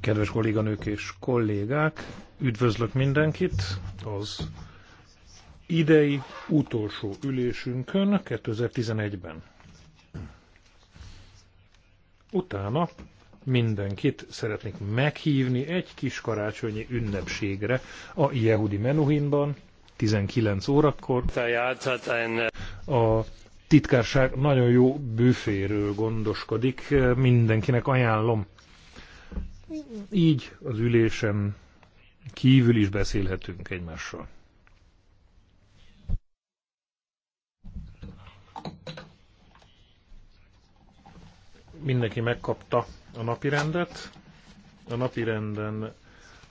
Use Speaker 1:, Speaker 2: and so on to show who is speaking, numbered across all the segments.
Speaker 1: Kedves kolléganők és kollégák, üdvözlök mindenkit az idei utolsó ülésünkön 2011-ben. Utána mindenkit szeretnék meghívni egy kis karácsonyi ünnepségre a Jehudi Menuhinban 19 órakor. A titkárság nagyon jó büféről gondoskodik, mindenkinek ajánlom. Így az ülésen kívül is beszélhetünk egymással. Mindenki megkapta a napirendet. A napirenden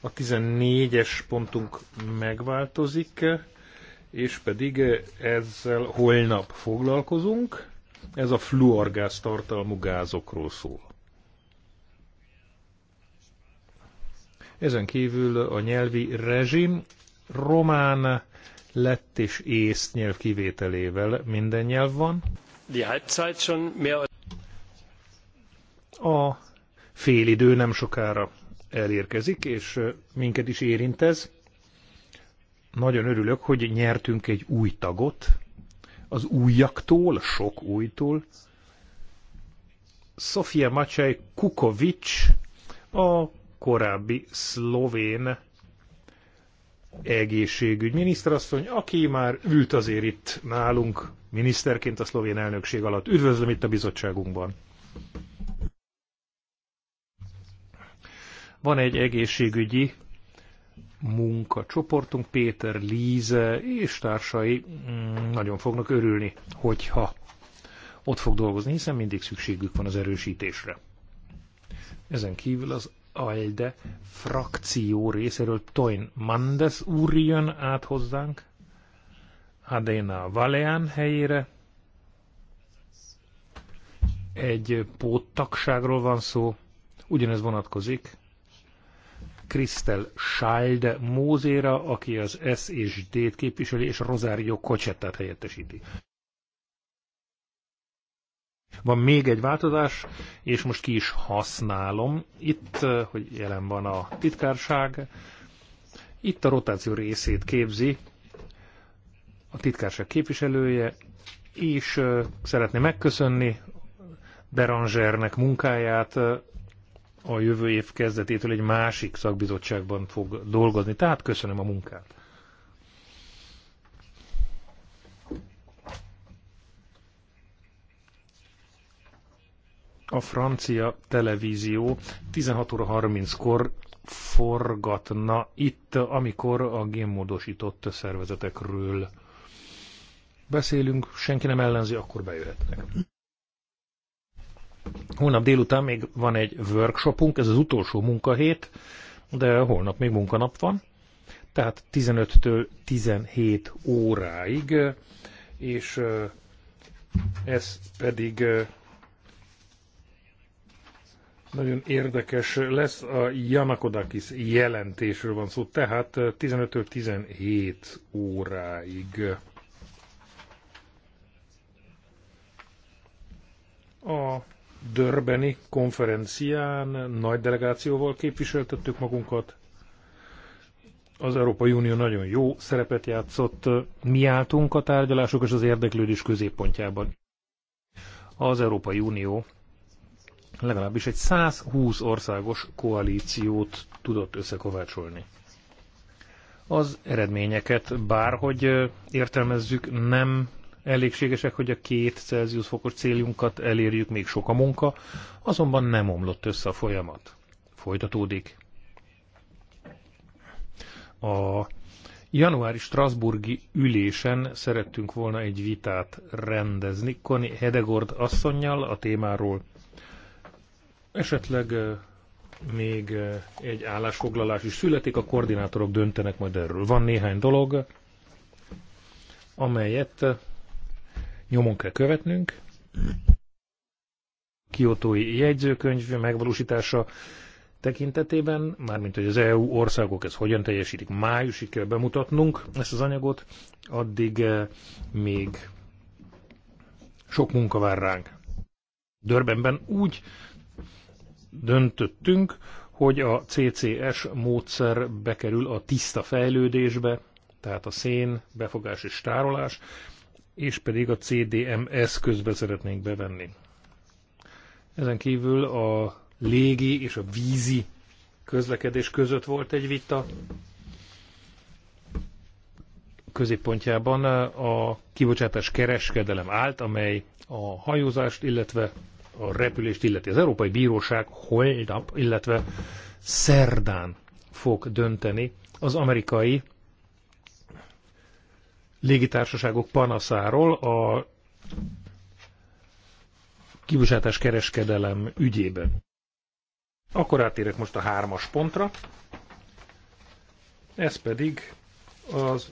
Speaker 1: a 14-es pontunk megváltozik és pedig ezzel holnap foglalkozunk. Ez a fluorgáz tartalmú gázokról szól. Ezen kívül a nyelvi rezsim román, lett és ész nyelv kivételével minden nyelv van. A félidő nem sokára elérkezik, és minket is érint ez nagyon örülök, hogy nyertünk egy új tagot, az újaktól, sok újtól. Sofia Macsej Kukovics, a korábbi szlovén egészségügyminiszterasszony, aki már ült azért itt nálunk miniszterként a szlovén elnökség alatt. Üdvözlöm itt a bizottságunkban! Van egy egészségügyi munkacsoportunk, Péter Líze és társai mm, nagyon fognak örülni, hogyha ott fog dolgozni, hiszen mindig szükségük van az erősítésre. Ezen kívül az ALDE frakció részéről Toin Mandes úr jön át hozzánk, Adéna Valean helyére. Egy póttagságról van szó, ugyanez vonatkozik Krisztel Schald, Mózéra, aki az S és D-t képviseli, és Rosario Cocsettát helyettesíti. Van még egy változás, és most ki is használom. Itt, eh, hogy jelen van a titkárság, itt a rotáció részét képzi a titkárság képviselője, és eh, szeretné megköszönni Berangernek munkáját, eh, a jövő év kezdetétől egy másik szakbizottságban fog dolgozni, tehát köszönöm a munkát. A francia televízió 16 óra 30-kor forgatna itt, amikor a génmódosított szervezetekről beszélünk, senki nem ellenzi, akkor bejöhetnek. Holnap délután még van egy workshopunk, ez az utolsó munkahét, de holnap még munkanap van, tehát 15-től 17 óráig, és eh, ez pedig eh, nagyon érdekes lesz, a Janakodakis jelentésről van szó, tehát 15-től eh, 17 óráig. A Dörbeni konferencián nagy delegációval képviseltettük magunkat. Az Európai Unió nagyon jó szerepet játszott. Mi álltunk a tárgyalások és az érdeklődés középpontjában. Az Európai Unió legalábbis egy 120 országos koalíciót tudott összekovácsolni. Az eredményeket bárhogy értelmezzük, nem elégségesek, hogy a két Celsius fokos céljunkat elérjük, még sok a munka, azonban nem omlott össze a folyamat. Folytatódik. A januári Strasburgi ülésen szerettünk volna egy vitát rendezni Koni Hedegord asszonynal a témáról. Esetleg még egy állásfoglalás is születik, a koordinátorok döntenek majd erről. Van néhány dolog, amelyet nyomon kell követnünk. Kiotói jegyzőkönyv megvalósítása tekintetében, mármint hogy az EU országok ez hogyan teljesítik, májusig kell bemutatnunk ezt az anyagot, addig eh, még sok munka vár ránk. Dörbenben úgy döntöttünk, hogy a CCS módszer bekerül a tiszta fejlődésbe, tehát a szén, befogás és tárolás, és pedig a CDMS közbe szeretnénk bevenni. Ezen kívül a légi és a vízi közlekedés között volt egy vita. Középpontjában a kibocsátás kereskedelem állt, amely a hajózást, illetve a repülést illeti. Az Európai Bíróság holnap, illetve szerdán fog dönteni az amerikai légitársaságok panaszáról a kibocsátás kereskedelem ügyében. Akkor átérek most a hármas pontra. Ez pedig az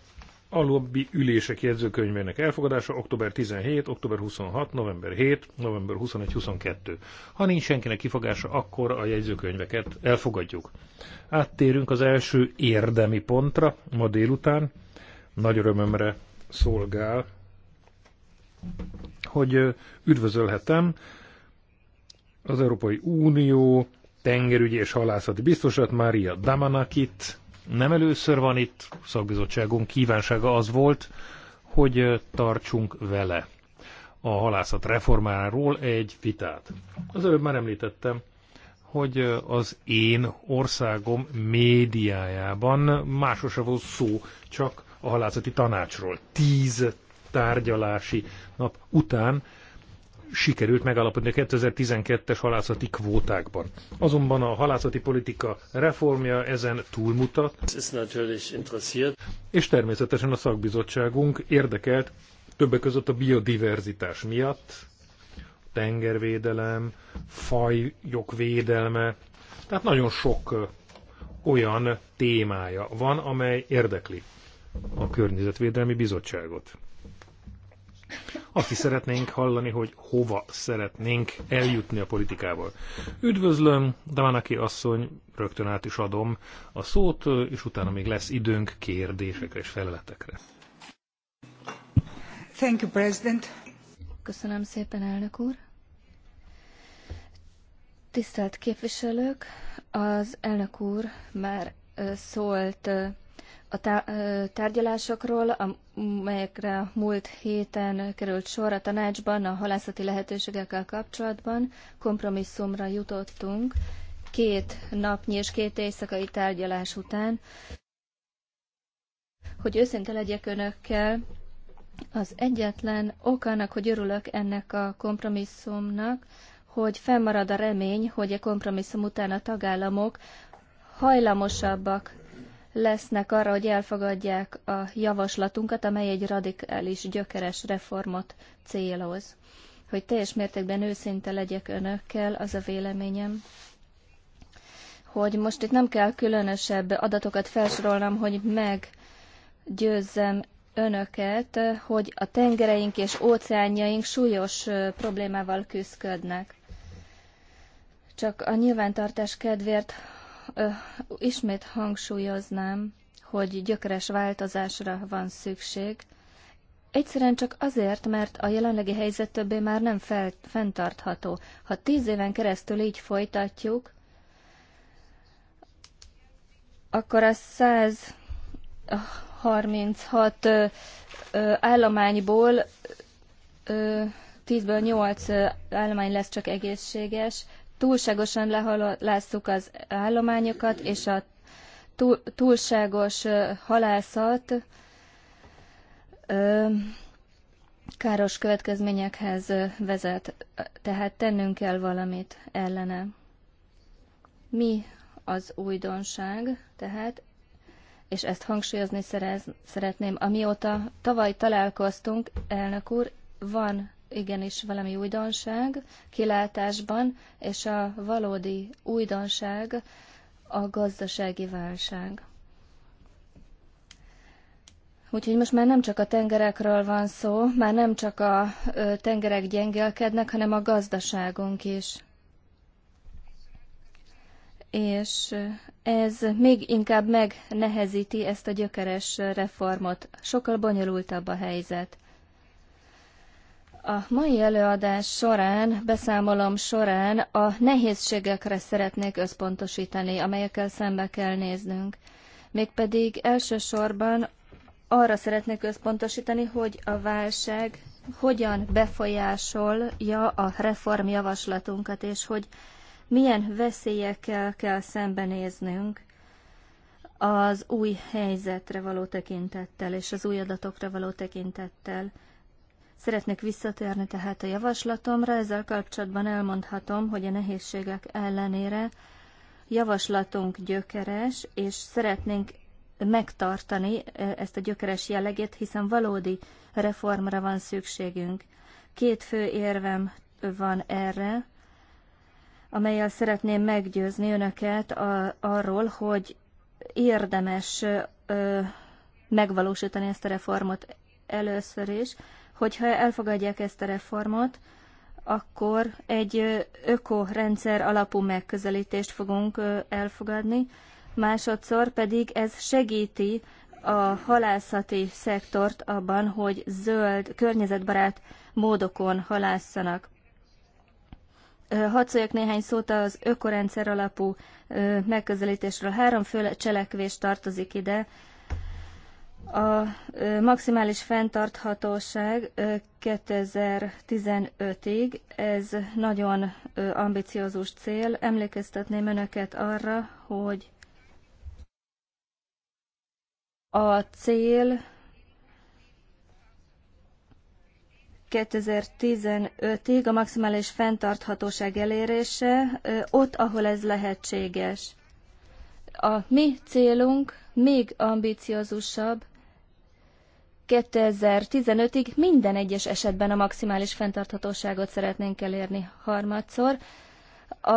Speaker 1: alubbi ülések jegyzőkönyvének elfogadása október 17, október 26, november 7, november 21-22. Ha nincs senkinek kifogása, akkor a jegyzőkönyveket elfogadjuk. Áttérünk az első érdemi pontra ma délután. Nagy örömömre szolgál, hogy üdvözölhetem az Európai Unió tengerügyi és halászati biztosát, Mária Damanakit. Nem először van itt, szakbizottságunk kívánsága az volt, hogy tartsunk vele a halászat reformáról egy vitát. Az előbb már említettem, hogy az én országom médiájában másosra volt szó, csak a halászati tanácsról. Tíz tárgyalási nap után sikerült megállapodni a 2012-es halászati kvótákban. Azonban a halászati politika reformja ezen túlmutat, és természetesen a szakbizottságunk érdekelt többek között a biodiverzitás miatt, tengervédelem, fajok védelme, tehát nagyon sok olyan témája van, amely érdekli a Környezetvédelmi Bizottságot. Azt is szeretnénk hallani, hogy hova szeretnénk eljutni a politikával. Üdvözlöm, aki asszony, rögtön át is adom a szót, és utána még lesz időnk kérdésekre és feleletekre.
Speaker 2: Thank you, President. Köszönöm szépen, elnök úr. Tisztelt képviselők, az elnök úr már szólt a tárgyalásokról, amelyekre múlt héten került sor a tanácsban a halászati lehetőségekkel kapcsolatban, kompromisszumra jutottunk két napnyi és két éjszakai tárgyalás után. Hogy őszinte legyek önökkel, az egyetlen annak, hogy örülök ennek a kompromisszumnak, hogy fennmarad a remény, hogy a kompromisszum után a tagállamok hajlamosabbak lesznek arra, hogy elfogadják a javaslatunkat, amely egy radikális, gyökeres reformot céloz. Hogy teljes mértékben őszinte legyek önökkel, az a véleményem, hogy most itt nem kell különösebb adatokat felsorolnom, hogy meggyőzzem önöket, hogy a tengereink és óceánjaink súlyos problémával küzdködnek. Csak a nyilvántartás kedvéért ismét hangsúlyoznám, hogy gyökeres változásra van szükség, Egyszerűen csak azért, mert a jelenlegi helyzet többé már nem fel, fenntartható. Ha tíz éven keresztül így folytatjuk, akkor a 136 ö, ö, állományból ö, 10-ből 8 állomány lesz csak egészséges, túlságosan lehalásszuk az állományokat, és a túlságos halászat káros következményekhez vezet, tehát tennünk kell valamit ellene. Mi az újdonság, tehát, és ezt hangsúlyozni szerez, szeretném, amióta tavaly találkoztunk, elnök úr, van igenis valami újdonság kilátásban, és a valódi újdonság a gazdasági válság. Úgyhogy most már nem csak a tengerekről van szó, már nem csak a tengerek gyengélkednek, hanem a gazdaságunk is. És ez még inkább megnehezíti ezt a gyökeres reformot. Sokkal bonyolultabb a helyzet. A mai előadás során, beszámolom során a nehézségekre szeretnék összpontosítani, amelyekkel szembe kell néznünk. Mégpedig elsősorban arra szeretnék összpontosítani, hogy a válság hogyan befolyásolja a reformjavaslatunkat, és hogy milyen veszélyekkel kell szembenéznünk az új helyzetre való tekintettel és az új adatokra való tekintettel. Szeretnék visszatérni tehát a javaslatomra, ezzel kapcsolatban elmondhatom, hogy a nehézségek ellenére javaslatunk gyökeres, és szeretnénk megtartani e, ezt a gyökeres jellegét, hiszen valódi reformra van szükségünk. Két fő érvem van erre, amelyel szeretném meggyőzni önöket a, arról, hogy érdemes ö, megvalósítani ezt a reformot először is hogyha elfogadják ezt a reformot, akkor egy ökorendszer alapú megközelítést fogunk elfogadni, másodszor pedig ez segíti a halászati szektort abban, hogy zöld, környezetbarát módokon halásszanak. Hadd szóljak néhány szót az ökorendszer alapú megközelítésről. Három fő cselekvés tartozik ide, a maximális fenntarthatóság 2015-ig, ez nagyon ambiciózus cél. Emlékeztetném önöket arra, hogy a cél 2015-ig a maximális fenntarthatóság elérése ott, ahol ez lehetséges. A mi célunk még ambiciózusabb, 2015-ig minden egyes esetben a maximális fenntarthatóságot szeretnénk elérni harmadszor. A,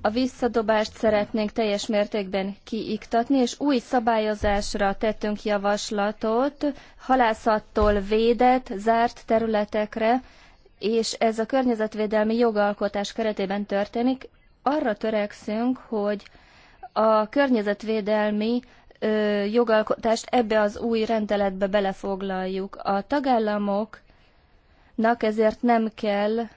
Speaker 2: a visszadobást szeretnénk teljes mértékben kiiktatni, és új szabályozásra tettünk javaslatot halászattól védett, zárt területekre, és ez a környezetvédelmi jogalkotás keretében történik. Arra törekszünk, hogy a környezetvédelmi jogalkotást ebbe az új rendeletbe belefoglaljuk. A tagállamoknak ezért nem kell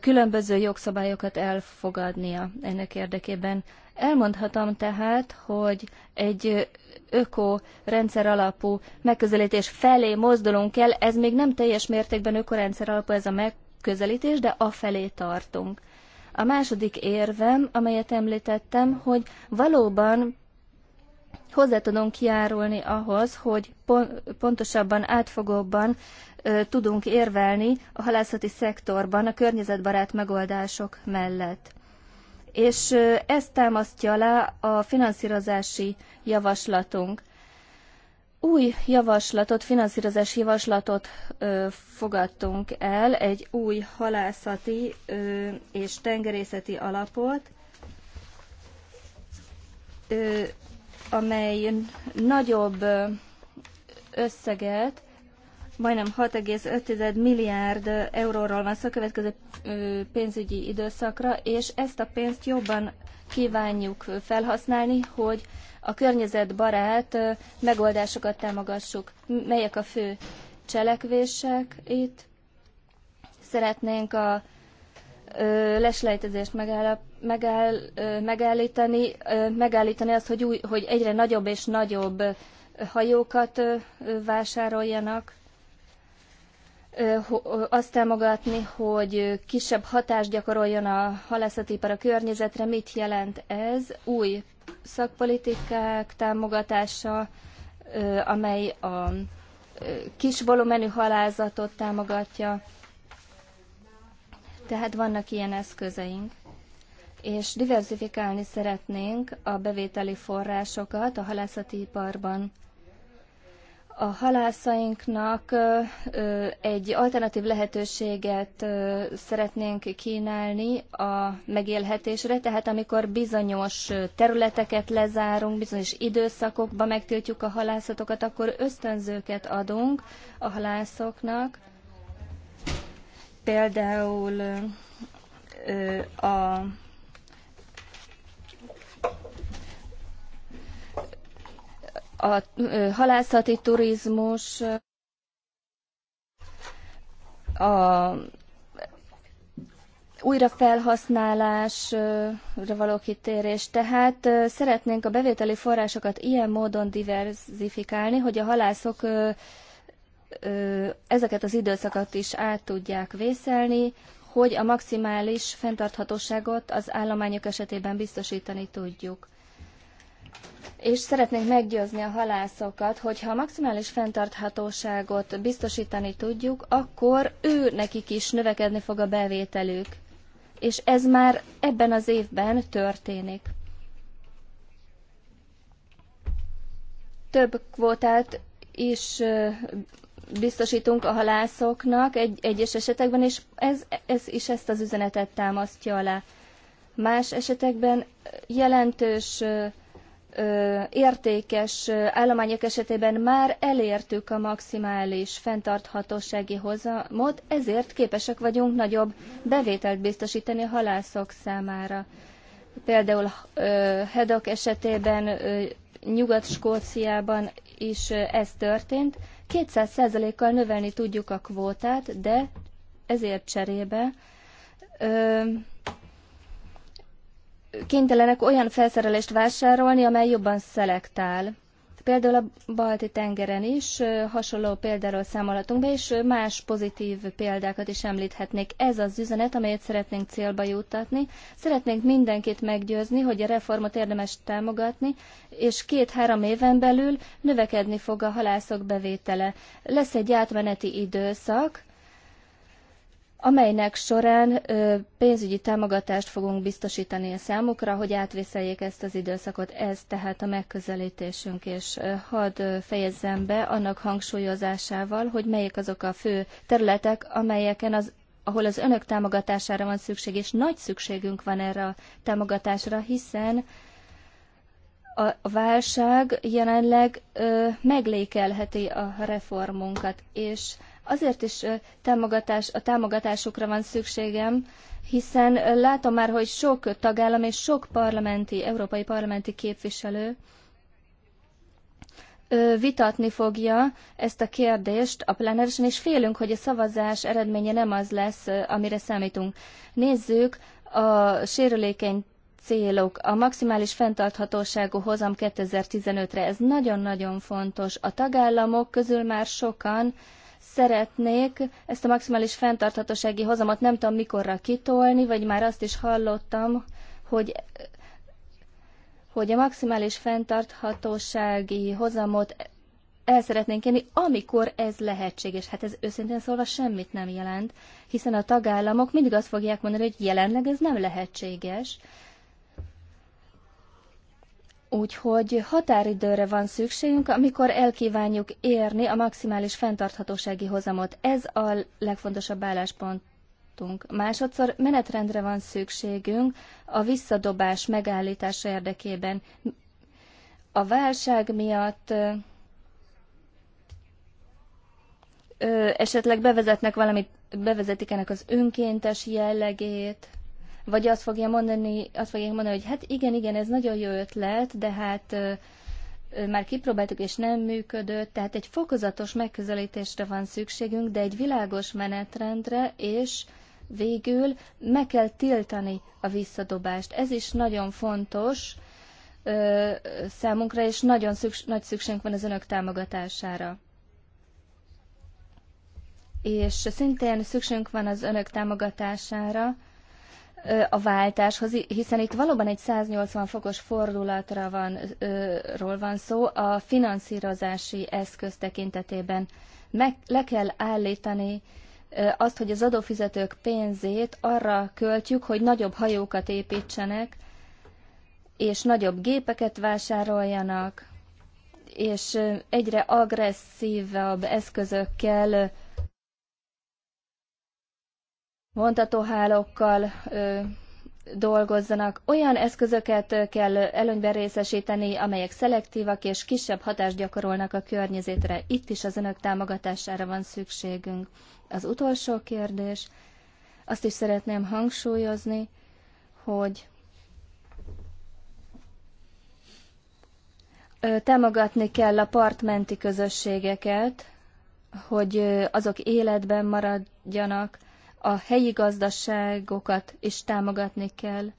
Speaker 2: különböző jogszabályokat elfogadnia ennek érdekében. Elmondhatom tehát, hogy egy öko rendszer alapú megközelítés felé mozdulunk el, ez még nem teljes mértékben ökorendszer alapú ez a megközelítés, de afelé tartunk. A második érvem, amelyet említettem, hogy valóban hozzá tudunk járulni ahhoz, hogy pontosabban, átfogóbban tudunk érvelni a halászati szektorban a környezetbarát megoldások mellett. És ezt támasztja alá a finanszírozási javaslatunk. Új javaslatot, finanszírozási javaslatot ö, fogadtunk el, egy új halászati ö, és tengerészeti alapot. Ö, amely nagyobb összeget, majdnem 6,5 milliárd euróról van szó a következő pénzügyi időszakra, és ezt a pénzt jobban kívánjuk felhasználni, hogy a környezetbarát megoldásokat támogassuk. Melyek a fő cselekvések itt? Szeretnénk a leselejtezést megáll, megáll, megállítani, megállítani azt, hogy, új, hogy egyre nagyobb és nagyobb hajókat vásároljanak, azt támogatni, hogy kisebb hatást gyakoroljon a halászatipar a környezetre. Mit jelent ez? Új szakpolitikák támogatása, amely a kis volumenű halázatot támogatja, tehát vannak ilyen eszközeink. És diversifikálni szeretnénk a bevételi forrásokat a halászati iparban. A halászainknak egy alternatív lehetőséget szeretnénk kínálni a megélhetésre, tehát amikor bizonyos területeket lezárunk, bizonyos időszakokban megtiltjuk a halászatokat, akkor ösztönzőket adunk a halászoknak, Például a a halászati turizmus, a újrafelhasználásra való kitérés. Tehát szeretnénk a bevételi forrásokat ilyen módon diverzifikálni, hogy a halászok ezeket az időszakat is át tudják vészelni, hogy a maximális fenntarthatóságot az állományok esetében biztosítani tudjuk. És szeretnénk meggyőzni a halászokat, hogy ha a maximális fenntarthatóságot biztosítani tudjuk, akkor ő nekik is növekedni fog a bevételük. És ez már ebben az évben történik. Több kvótát is biztosítunk a halászoknak egy, egyes esetekben, és ez, ez is ezt az üzenetet támasztja alá. Más esetekben jelentős értékes állományok esetében már elértük a maximális fenntarthatósági hozamot, ezért képesek vagyunk nagyobb bevételt biztosítani a halászok számára. Például Hedok esetében Nyugat-Skóciában is ez történt, 200%-kal növelni tudjuk a kvótát, de ezért cserébe ö, kénytelenek olyan felszerelést vásárolni, amely jobban szelektál. Például a Balti tengeren is hasonló példáról számolhatunk be, és más pozitív példákat is említhetnék. Ez az üzenet, amelyet szeretnénk célba juttatni. Szeretnénk mindenkit meggyőzni, hogy a reformot érdemes támogatni, és két-három éven belül növekedni fog a halászok bevétele. Lesz egy átmeneti időszak, amelynek során pénzügyi támogatást fogunk biztosítani a számukra, hogy átvészeljék ezt az időszakot. Ez tehát a megközelítésünk, és hadd fejezzem be annak hangsúlyozásával, hogy melyek azok a fő területek, amelyeken az ahol az önök támogatására van szükség, és nagy szükségünk van erre a támogatásra, hiszen a válság jelenleg ö, meglékelheti a reformunkat, és Azért is támogatás, a támogatásukra van szükségem, hiszen látom már, hogy sok tagállam és sok parlamenti, európai parlamenti képviselő vitatni fogja ezt a kérdést a plenárisan, és félünk, hogy a szavazás eredménye nem az lesz, amire számítunk. Nézzük a sérülékeny célok, a maximális fenntarthatóságú hozam 2015-re. Ez nagyon-nagyon fontos. A tagállamok közül már sokan szeretnék ezt a maximális fenntarthatósági hozamot nem tudom mikorra kitolni, vagy már azt is hallottam, hogy hogy a maximális fenntarthatósági hozamot el szeretnénk kérni, amikor ez lehetséges. Hát ez őszintén szólva semmit nem jelent, hiszen a tagállamok mindig azt fogják mondani, hogy jelenleg ez nem lehetséges, Úgyhogy határidőre van szükségünk, amikor elkívánjuk érni a maximális fenntarthatósági hozamot. Ez a legfontosabb álláspontunk. Másodszor menetrendre van szükségünk a visszadobás megállítása érdekében. A válság miatt ö, esetleg bevezetnek valamit, bevezetik ennek az önkéntes jellegét, vagy azt, fogja mondani, azt fogják mondani, hogy hát igen, igen, ez nagyon jó ötlet, de hát már kipróbáltuk és nem működött, tehát egy fokozatos megközelítésre van szükségünk, de egy világos menetrendre, és végül meg kell tiltani a visszadobást. Ez is nagyon fontos ö, számunkra, és nagyon szüks- nagy szükségünk van az önök támogatására. És szintén szükségünk van az önök támogatására, a váltáshoz, hiszen itt valóban egy 180 fokos fordulatra van, ról van szó. A finanszírozási eszköz tekintetében meg, le kell állítani azt, hogy az adófizetők pénzét arra költjük, hogy nagyobb hajókat építsenek, és nagyobb gépeket vásároljanak, és egyre agresszívabb eszközökkel vontatóhálókkal dolgozzanak, olyan eszközöket kell előnyben részesíteni, amelyek szelektívak és kisebb hatást gyakorolnak a környezetre. Itt is az önök támogatására van szükségünk. Az utolsó kérdés, azt is szeretném hangsúlyozni, hogy támogatni kell a partmenti közösségeket, hogy azok életben maradjanak, a helyi gazdaságokat is támogatni kell.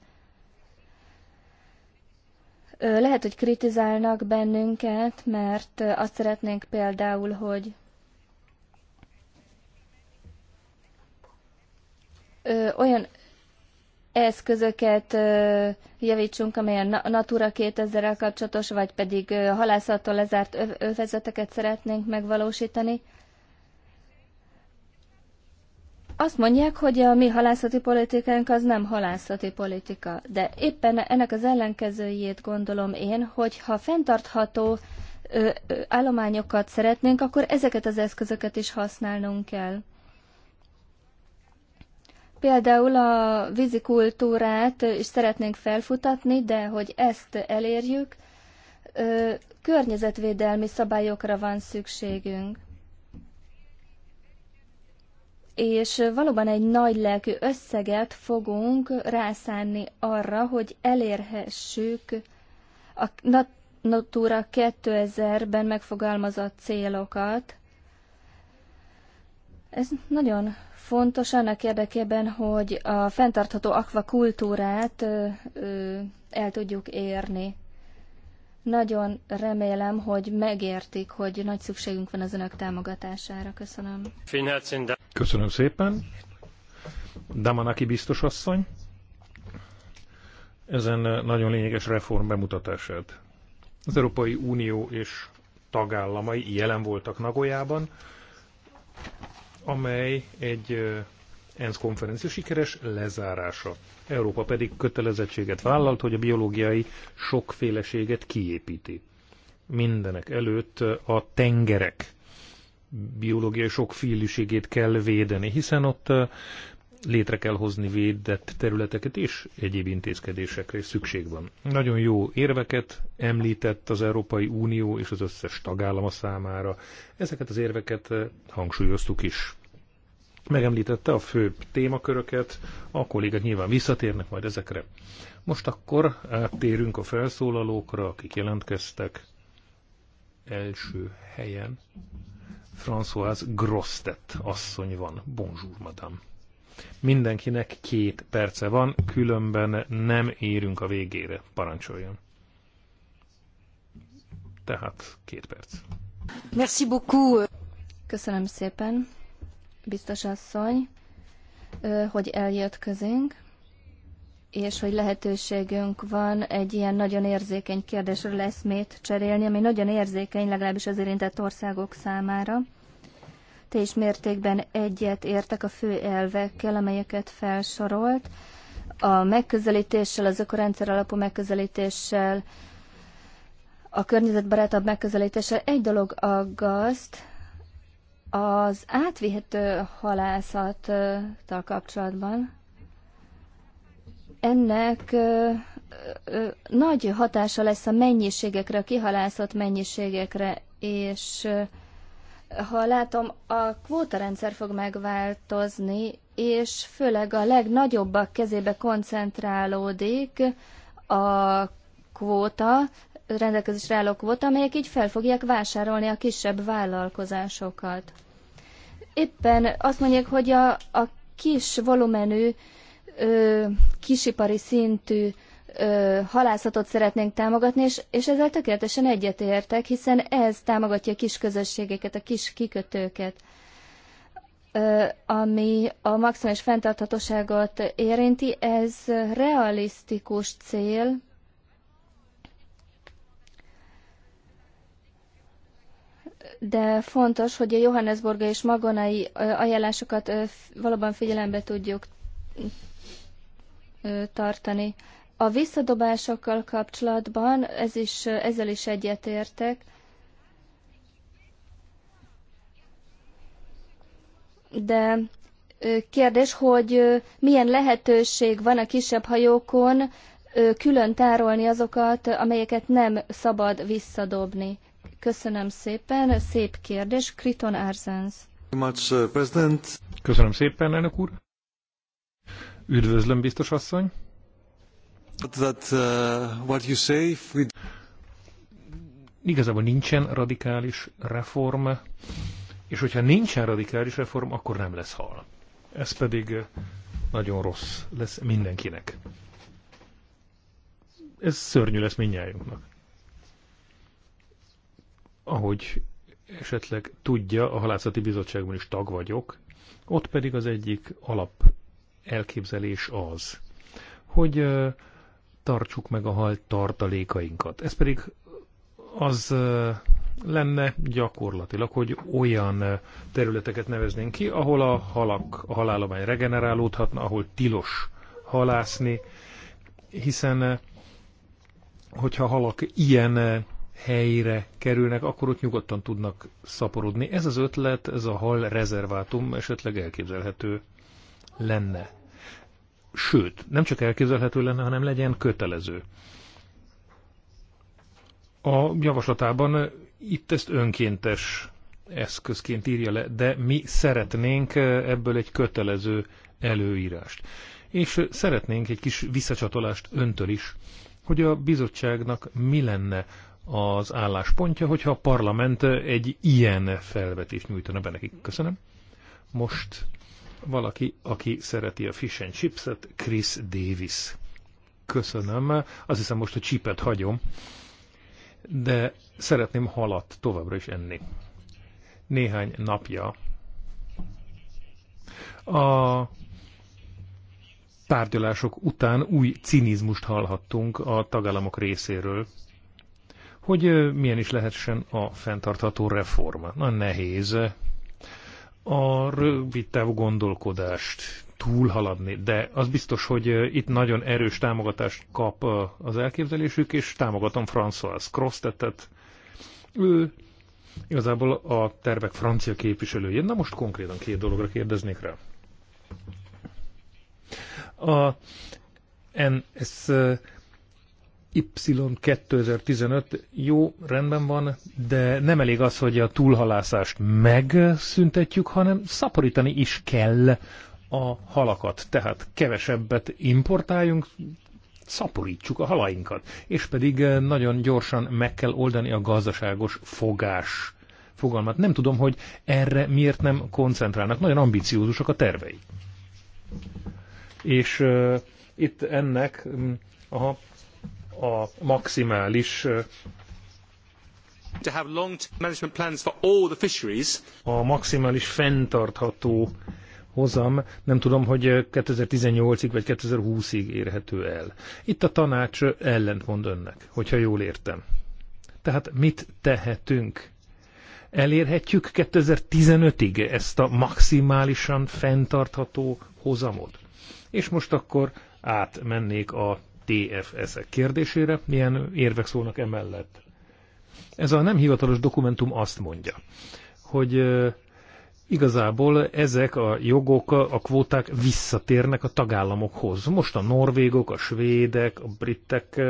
Speaker 2: Lehet, hogy kritizálnak bennünket, mert azt szeretnénk például, hogy olyan eszközöket javítsunk, amelyen Natura 2000-rel kapcsolatos, vagy pedig halászattól lezárt övezeteket szeretnénk megvalósítani azt mondják, hogy a mi halászati politikánk az nem halászati politika, de éppen ennek az ellenkezőjét gondolom én, hogy ha fenntartható ö, ö, állományokat szeretnénk, akkor ezeket az eszközöket is használnunk kell. Például a vízikultúrát is szeretnénk felfutatni, de hogy ezt elérjük, ö, környezetvédelmi szabályokra van szükségünk és valóban egy nagy lelkű összeget fogunk rászánni arra, hogy elérhessük a Natura 2000-ben megfogalmazott célokat. Ez nagyon fontos annak érdekében, hogy a fenntartható akvakultúrát el tudjuk érni. Nagyon remélem, hogy megértik, hogy nagy szükségünk van az önök támogatására. Köszönöm.
Speaker 1: Köszönöm szépen. Damanaki biztos asszony. Ezen nagyon lényeges reform bemutatását. Az Európai Unió és tagállamai jelen voltak Nagoyában, amely egy ENSZ konferencia sikeres lezárása. Európa pedig kötelezettséget vállalt, hogy a biológiai sokféleséget kiépíti. Mindenek előtt a tengerek biológiai sokféliségét kell védeni, hiszen ott létre kell hozni védett területeket és egyéb intézkedésekre is szükség van. Nagyon jó érveket említett az Európai Unió és az összes tagállama számára. Ezeket az érveket hangsúlyoztuk is megemlítette a fő témaköröket, a kollégák nyilván visszatérnek majd ezekre. Most akkor áttérünk a felszólalókra, akik jelentkeztek. Első helyen Françoise Grostet asszony van. Bonjour, madame. Mindenkinek két perce van, különben nem érünk a végére. Parancsoljon. Tehát két perc.
Speaker 2: Merci beaucoup. Köszönöm szépen biztos asszony, hogy eljött közénk, és hogy lehetőségünk van egy ilyen nagyon érzékeny kérdésről eszmét cserélni, ami nagyon érzékeny, legalábbis az érintett országok számára. Te is mértékben egyet értek a fő elvekkel, amelyeket felsorolt. A megközelítéssel, az ökorendszer alapú megközelítéssel, a környezetbarátabb megközelítéssel egy dolog aggaszt, az átvihet halászattal kapcsolatban ennek nagy hatása lesz a mennyiségekre, a kihalászott mennyiségekre, és ha látom, a kvótarendszer fog megváltozni, és főleg a legnagyobbak kezébe koncentrálódik a kvóta, rendelkezésre álló kvóta, amelyek így fel fogják vásárolni a kisebb vállalkozásokat. Éppen azt mondják, hogy a, a kis volumenű, ö, kisipari szintű ö, halászatot szeretnénk támogatni, és, és ezzel tökéletesen egyetértek, hiszen ez támogatja a kis közösségeket, a kis kikötőket ami a maximális fenntarthatóságot érinti, ez realisztikus cél, de fontos, hogy a Johannesburg és magonai ajánlásokat valóban figyelembe tudjuk tartani. A visszadobásokkal kapcsolatban ez is, ezzel is egyetértek. De kérdés, hogy milyen lehetőség van a kisebb hajókon külön tárolni azokat, amelyeket nem szabad visszadobni. Köszönöm szépen, szép kérdés. Kriton Arzenz.
Speaker 1: Uh, Köszönöm szépen, elnök úr. Üdvözlöm, biztos asszony. That, uh, what you say, we... Igazából nincsen radikális reform, és hogyha nincsen radikális reform, akkor nem lesz hal. Ez pedig uh, nagyon rossz lesz mindenkinek. Ez szörnyű lesz mindnyájunknak ahogy esetleg tudja, a halászati bizottságban is tag vagyok, ott pedig az egyik alap elképzelés az, hogy tartsuk meg a hal tartalékainkat. Ez pedig az lenne gyakorlatilag, hogy olyan területeket neveznénk ki, ahol a halak, a halállomány regenerálódhatna, ahol tilos halászni, hiszen hogyha halak ilyen helyre kerülnek, akkor ott nyugodtan tudnak szaporodni. Ez az ötlet, ez a hal rezervátum esetleg elképzelhető lenne. Sőt, nem csak elképzelhető lenne, hanem legyen kötelező. A javaslatában itt ezt önkéntes eszközként írja le, de mi szeretnénk ebből egy kötelező előírást. És szeretnénk egy kis visszacsatolást öntől is, hogy a bizottságnak mi lenne az álláspontja, hogyha a parlament egy ilyen felvetést nyújtana be nekik. Köszönöm. Most valaki, aki szereti a fish and chipset, Chris Davis. Köszönöm. Azt hiszem most a csipet hagyom, de szeretném halat továbbra is enni. Néhány napja a tárgyalások után új cinizmust hallhattunk a tagállamok részéről hogy milyen is lehessen a fenntartható reforma. Na nehéz a rövid távú gondolkodást túlhaladni, de az biztos, hogy itt nagyon erős támogatást kap az elképzelésük, és támogatom François Crostetet. Ő igazából a tervek francia képviselője. Na most konkrétan két dologra kérdeznék rá. A ez, Y2015 jó, rendben van, de nem elég az, hogy a túlhalászást megszüntetjük, hanem szaporítani is kell a halakat. Tehát kevesebbet importáljunk, szaporítsuk a halainkat. És pedig eh, nagyon gyorsan meg kell oldani a gazdaságos fogás fogalmat. Nem tudom, hogy erre miért nem koncentrálnak. Nagyon ambiciózusak a tervei. És uh, itt ennek, mm, aha, a maximális to have long management plans for all the fisheries. A maximális fenntartható hozam, nem tudom, hogy 2018-ig vagy 2020-ig érhető el. Itt a tanács ellentmond önnek, hogyha jól értem. Tehát mit tehetünk? Elérhetjük 2015-ig ezt a maximálisan fenntartható hozamot? És most akkor átmennék a TFS-ek kérdésére. Milyen érvek szólnak emellett? Ez a nem hivatalos dokumentum azt mondja, hogy igazából ezek a jogok, a kvóták visszatérnek a tagállamokhoz. Most a norvégok, a svédek, a britek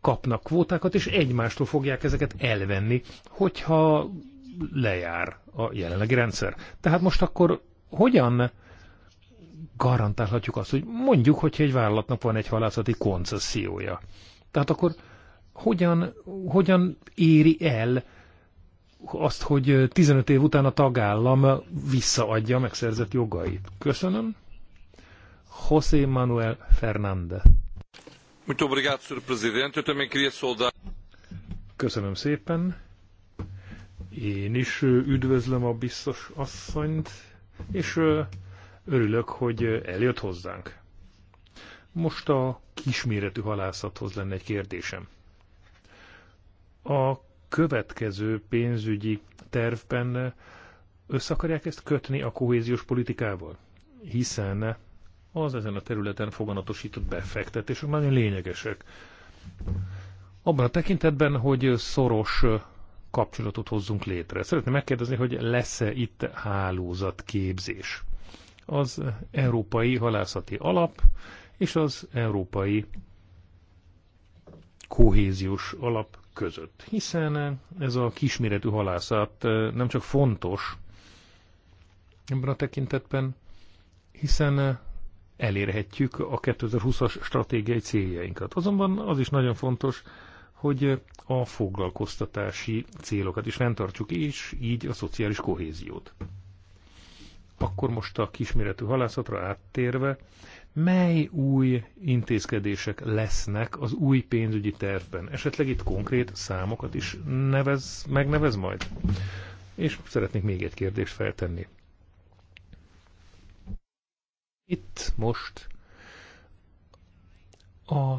Speaker 1: kapnak kvótákat, és egymástól fogják ezeket elvenni, hogyha lejár a jelenlegi rendszer. Tehát most akkor hogyan garantálhatjuk azt, hogy mondjuk, hogyha egy vállalatnak van egy halászati koncesziója. Tehát akkor hogyan, hogyan éri el azt, hogy 15 év után a tagállam visszaadja megszerzett jogait? Köszönöm. José Manuel Fernández.
Speaker 2: Muito obrigado, Sr. Presidente. Eu também queria saudar.
Speaker 1: Köszönöm szépen. Én is üdvözlöm a biztos asszonyt, és Örülök, hogy eljött hozzánk. Most a kisméretű halászathoz lenne egy kérdésem. A következő pénzügyi tervben össze akarják ezt kötni a kohéziós politikával? Hiszen az ezen a területen foganatosított befektetések nagyon lényegesek. Abban a tekintetben, hogy szoros kapcsolatot hozzunk létre. Szeretném megkérdezni, hogy lesz-e itt hálózatképzés? az Európai Halászati Alap és az Európai Kohéziós Alap között. Hiszen ez a kisméretű halászat nem csak fontos ebben a tekintetben, hiszen elérhetjük a 2020-as stratégiai céljainkat. Azonban az is nagyon fontos, hogy a foglalkoztatási célokat is fenntartsuk, és így a szociális kohéziót. Akkor most a kisméretű halászatra áttérve, mely új intézkedések lesznek az új pénzügyi tervben? Esetleg itt konkrét számokat is nevez, megnevez majd? És szeretnék még egy kérdést feltenni. Itt most a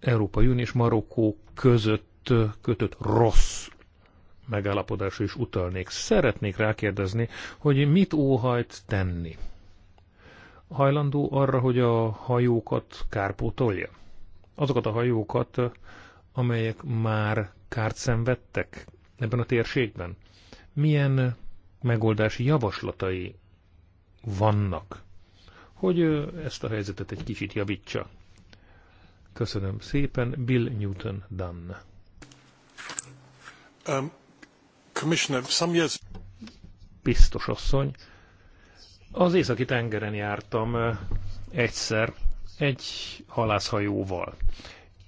Speaker 1: Európai Unió és Marokkó között kötött rossz megállapodásra is utalnék. Szeretnék rákérdezni, hogy mit óhajt tenni? Hajlandó arra, hogy a hajókat kárpótolja? Azokat a hajókat, amelyek már kárt szenvedtek ebben a térségben? Milyen megoldási javaslatai vannak, hogy ezt a helyzetet egy kicsit javítsa? Köszönöm szépen, Bill Newton Dunn. Um, Biztos asszony, az északi tengeren jártam egyszer egy halászhajóval,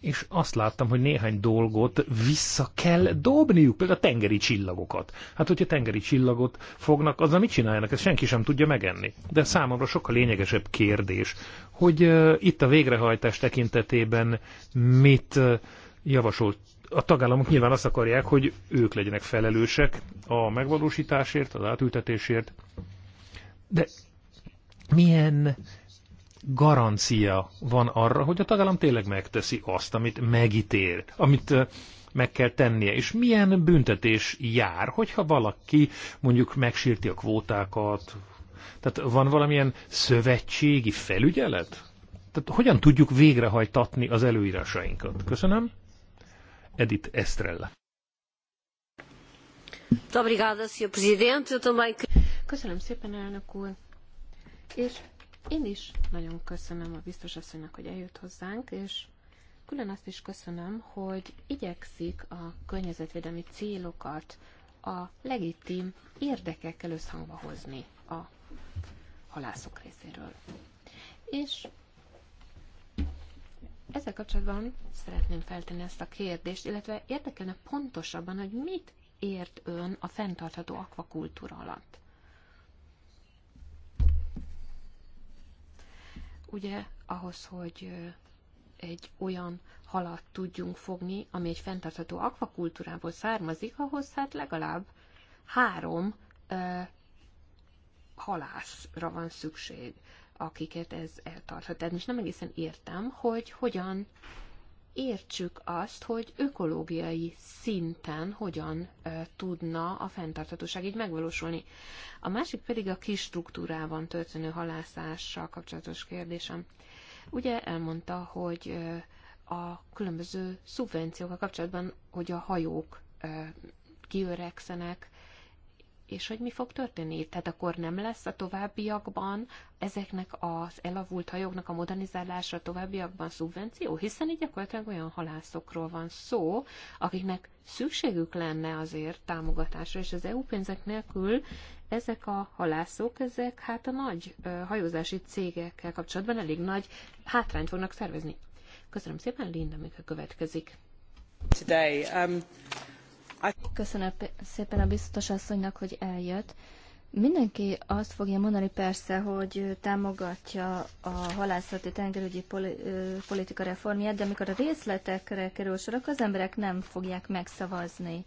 Speaker 1: és azt láttam, hogy néhány dolgot vissza kell dobniuk, például a tengeri csillagokat. Hát, hogyha tengeri csillagot fognak, Az mit csinálnak, Ezt senki sem tudja megenni. De számomra sokkal lényegesebb kérdés, hogy uh, itt a végrehajtás tekintetében mit uh, javasolt a tagállamok nyilván azt akarják, hogy ők legyenek felelősek a megvalósításért, az átültetésért. De milyen garancia van arra, hogy a tagállam tényleg megteszi azt, amit megítél, amit meg kell tennie, és milyen büntetés jár, hogyha valaki mondjuk megsírti a kvótákat, tehát van valamilyen szövetségi felügyelet? Tehát hogyan tudjuk végrehajtatni az előírásainkat? Köszönöm. Edith Estrella.
Speaker 3: Köszönöm szépen, elnök úr. És én is nagyon köszönöm a biztos asszonynak, hogy eljött hozzánk, és külön azt is köszönöm, hogy igyekszik a környezetvédelmi célokat a legitim érdekekkel összhangba hozni a halászok részéről. És ezzel kapcsolatban szeretném feltenni ezt a kérdést, illetve érdekelne pontosabban, hogy mit ért ön a fenntartható akvakultúra alatt. Ugye ahhoz, hogy egy olyan halat tudjunk fogni, ami egy fenntartható akvakultúrából származik, ahhoz hát legalább három ö, halászra van szükség akiket ez eltarthat. Tehát most nem egészen értem, hogy hogyan értsük azt, hogy ökológiai szinten hogyan ö, tudna a fenntarthatóság így megvalósulni. A másik pedig a kis struktúrában történő halászással kapcsolatos kérdésem. Ugye elmondta, hogy ö, a különböző szubvenciókkal kapcsolatban, hogy a hajók ö, kiöregszenek, és hogy mi fog történni? Tehát akkor nem lesz a továbbiakban ezeknek az elavult hajóknak a modernizálása a továbbiakban szubvenció? Hiszen így gyakorlatilag olyan halászokról van szó, akiknek szükségük lenne azért támogatásra, és az EU pénzek nélkül ezek a halászok, ezek hát a nagy hajózási cégekkel kapcsolatban elég nagy hátrányt fognak szervezni. Köszönöm szépen, Linda, mikor következik. Today, um...
Speaker 2: Köszönöm szépen a biztos asszonynak, hogy eljött. Mindenki azt fogja mondani persze, hogy támogatja a halászati tengerügyi politika reformját, de amikor a részletekre kerül sor, akkor az emberek nem fogják megszavazni.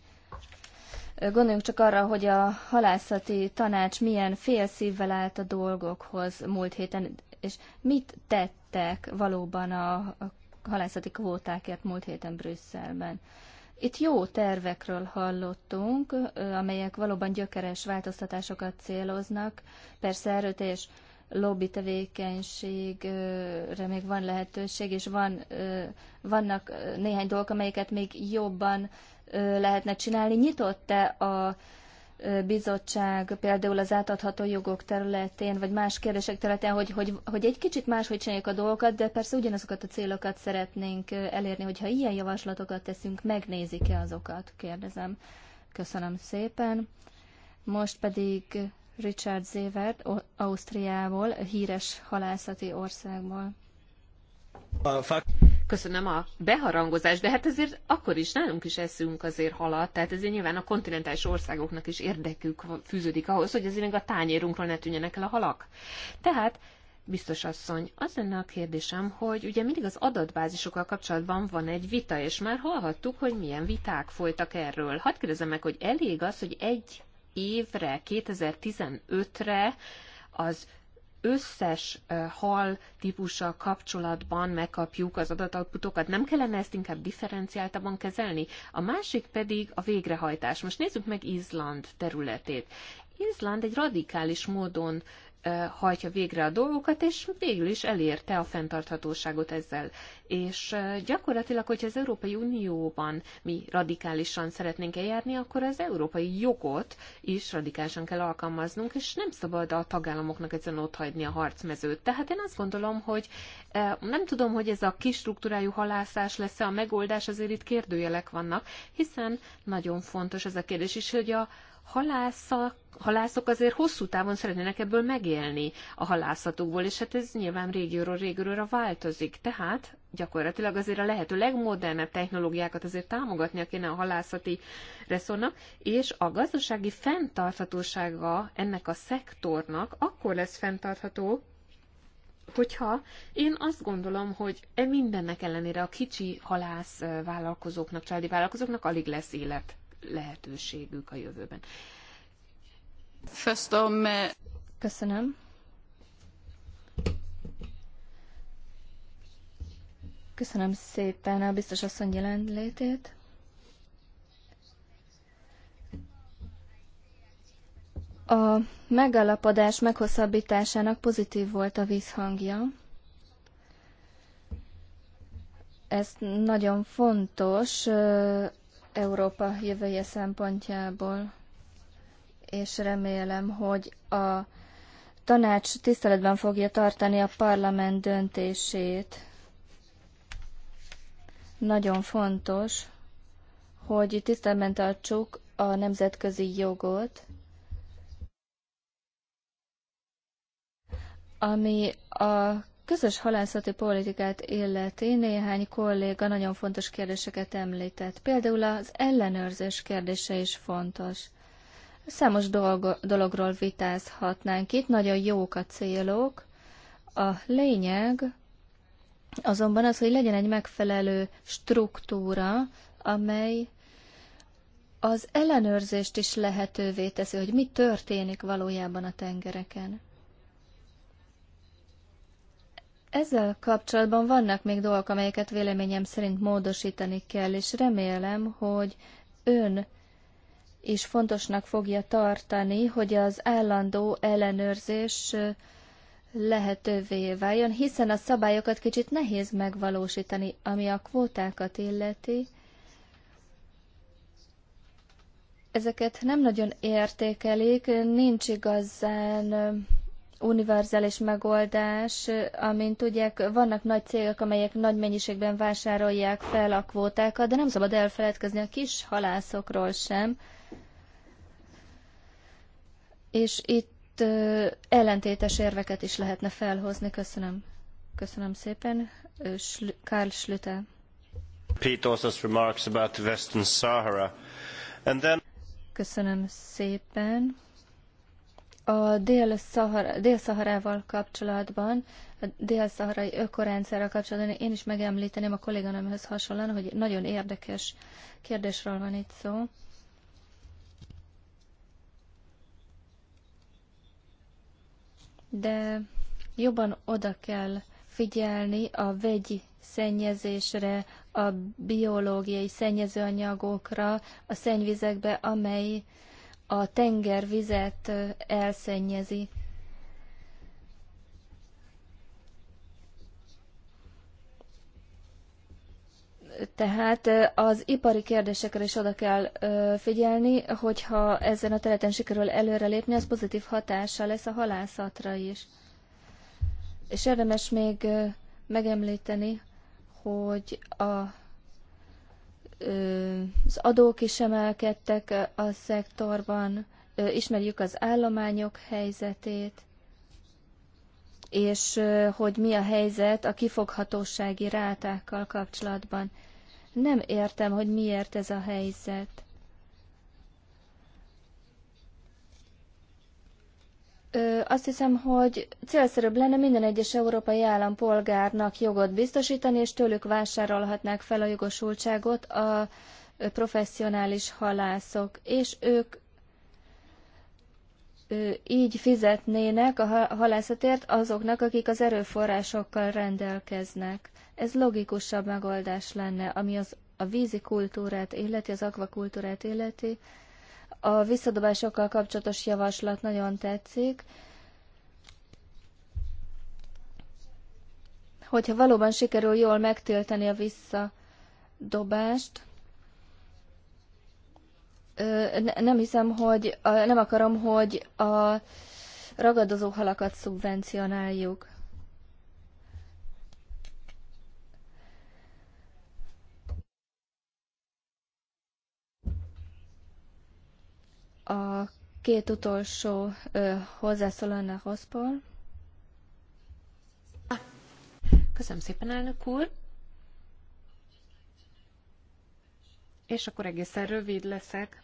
Speaker 2: Gondoljunk csak arra, hogy a halászati tanács milyen félszívvel állt a dolgokhoz múlt héten, és mit tettek valóban a halászati kvótákért múlt héten Brüsszelben. Itt jó tervekről hallottunk, amelyek valóban gyökeres változtatásokat céloznak. Persze erőteljes lobby tevékenységre még van lehetőség, és van, vannak néhány dolgok, amelyeket még jobban lehetne csinálni. Nyitott-e a bizottság például az átadható jogok területén, vagy más kérdések területén, hogy, hogy, hogy egy kicsit máshogy csináljuk a dolgokat, de persze ugyanazokat a célokat szeretnénk elérni, hogyha ilyen javaslatokat teszünk, megnézik-e azokat, kérdezem. Köszönöm szépen. Most pedig Richard Zévert, Ausztriából, híres halászati országból
Speaker 3: köszönöm a beharangozást, de hát azért akkor is nálunk is eszünk azért halat, tehát ezért nyilván a kontinentális országoknak is érdekük fűződik ahhoz, hogy azért még a tányérunkról ne tűnjenek el a halak. Tehát Biztos asszony, az lenne a kérdésem, hogy ugye mindig az adatbázisokkal kapcsolatban van egy vita, és már hallhattuk, hogy milyen viták folytak erről. Hadd kérdezem meg, hogy elég az, hogy egy évre, 2015-re az összes hal típussal kapcsolatban megkapjuk az adatalputokat. Nem kellene ezt inkább differenciáltabban kezelni? A másik pedig a végrehajtás. Most nézzük meg Izland területét. Izland egy radikális módon hajtja végre a dolgokat, és végül is elérte a fenntarthatóságot ezzel. És gyakorlatilag, hogyha az Európai Unióban mi radikálisan szeretnénk eljárni, akkor az európai jogot is radikálisan kell alkalmaznunk, és nem szabad a tagállamoknak ezen ott hagyni a harcmezőt. Tehát én azt gondolom, hogy nem tudom, hogy ez a kis struktúrájú halászás lesz -e a megoldás, azért itt kérdőjelek vannak, hiszen nagyon fontos ez a kérdés is, hogy a halászak, halászok azért hosszú távon szeretnének ebből megélni a halászatukból, és hát ez nyilván régióról régióra változik. Tehát gyakorlatilag azért a lehető legmodernebb technológiákat azért támogatnia kéne a halászati reszornak, és a gazdasági fenntarthatósága ennek a szektornak akkor lesz fenntartható, hogyha én azt gondolom, hogy e mindennek ellenére a kicsi halász vállalkozóknak, családi vállalkozóknak alig lesz élet lehetőségük a jövőben. Eh,
Speaker 2: Köszönöm. Köszönöm szépen a biztos asszony jelenlétét. A megállapodás meghosszabbításának pozitív volt a vízhangja. Ez nagyon fontos eh, Európa jövője szempontjából, és remélem, hogy a tanács tiszteletben fogja tartani a parlament döntését. Nagyon fontos, hogy tiszteletben tartsuk a nemzetközi jogot, ami a közös halászati politikát illeti néhány kolléga nagyon fontos kérdéseket említett. Például az ellenőrzés kérdése is fontos. Számos dolgo, dologról vitázhatnánk itt, nagyon jók a célok. A lényeg azonban az, hogy legyen egy megfelelő struktúra, amely az ellenőrzést is lehetővé teszi, hogy mi történik valójában a tengereken. Ezzel kapcsolatban vannak még dolgok, amelyeket véleményem szerint módosítani kell, és remélem, hogy ön is fontosnak fogja tartani, hogy az állandó ellenőrzés lehetővé váljon, hiszen a szabályokat kicsit nehéz megvalósítani, ami a kvótákat illeti. Ezeket nem nagyon értékelik, nincs igazán univerzális megoldás, amint tudják, vannak nagy cégek, amelyek nagy mennyiségben vásárolják fel a kvótákat, de nem szabad elfeledkezni a kis halászokról sem. És itt ö, ellentétes érveket is lehetne felhozni. Köszönöm. Köszönöm szépen. Karl Schlüter.
Speaker 1: remarks about Western
Speaker 3: Sahara. And then...
Speaker 2: Köszönöm szépen a Dél-Szaharával Dél kapcsolatban, a dél-szaharai ökorendszerrel kapcsolatban én is megemlíteném a kolléganőmhöz hasonlóan, hogy nagyon érdekes kérdésről van itt szó. De jobban oda kell figyelni a vegyi szennyezésre, a biológiai szennyezőanyagokra, a szennyvizekbe, amely a tengervizet elszennyezi. Tehát az ipari kérdésekre is oda kell figyelni, hogyha ezen a területen sikerül előrelépni, az pozitív hatással lesz a halászatra is. És érdemes még megemlíteni, hogy a az adók is emelkedtek a szektorban, ismerjük az állományok helyzetét, és hogy mi a helyzet a kifoghatósági rátákkal kapcsolatban. Nem értem, hogy miért ez a helyzet. azt hiszem, hogy célszerűbb lenne minden egyes európai állampolgárnak jogot biztosítani, és tőlük vásárolhatnák fel a jogosultságot a professzionális halászok, és ők így fizetnének a halászatért azoknak, akik az erőforrásokkal rendelkeznek. Ez logikusabb megoldás lenne, ami az, a vízi kultúrát illeti, az akvakultúrát illeti, a visszadobásokkal kapcsolatos javaslat nagyon tetszik. Hogyha valóban sikerül jól megtölteni a visszadobást, nem hiszem, hogy nem akarom, hogy a ragadozó halakat szubvencionáljuk. A két utolsó ö, hozzászólónak Rosszból. Köszönöm szépen, elnök úr. És akkor
Speaker 3: egészen rövid leszek.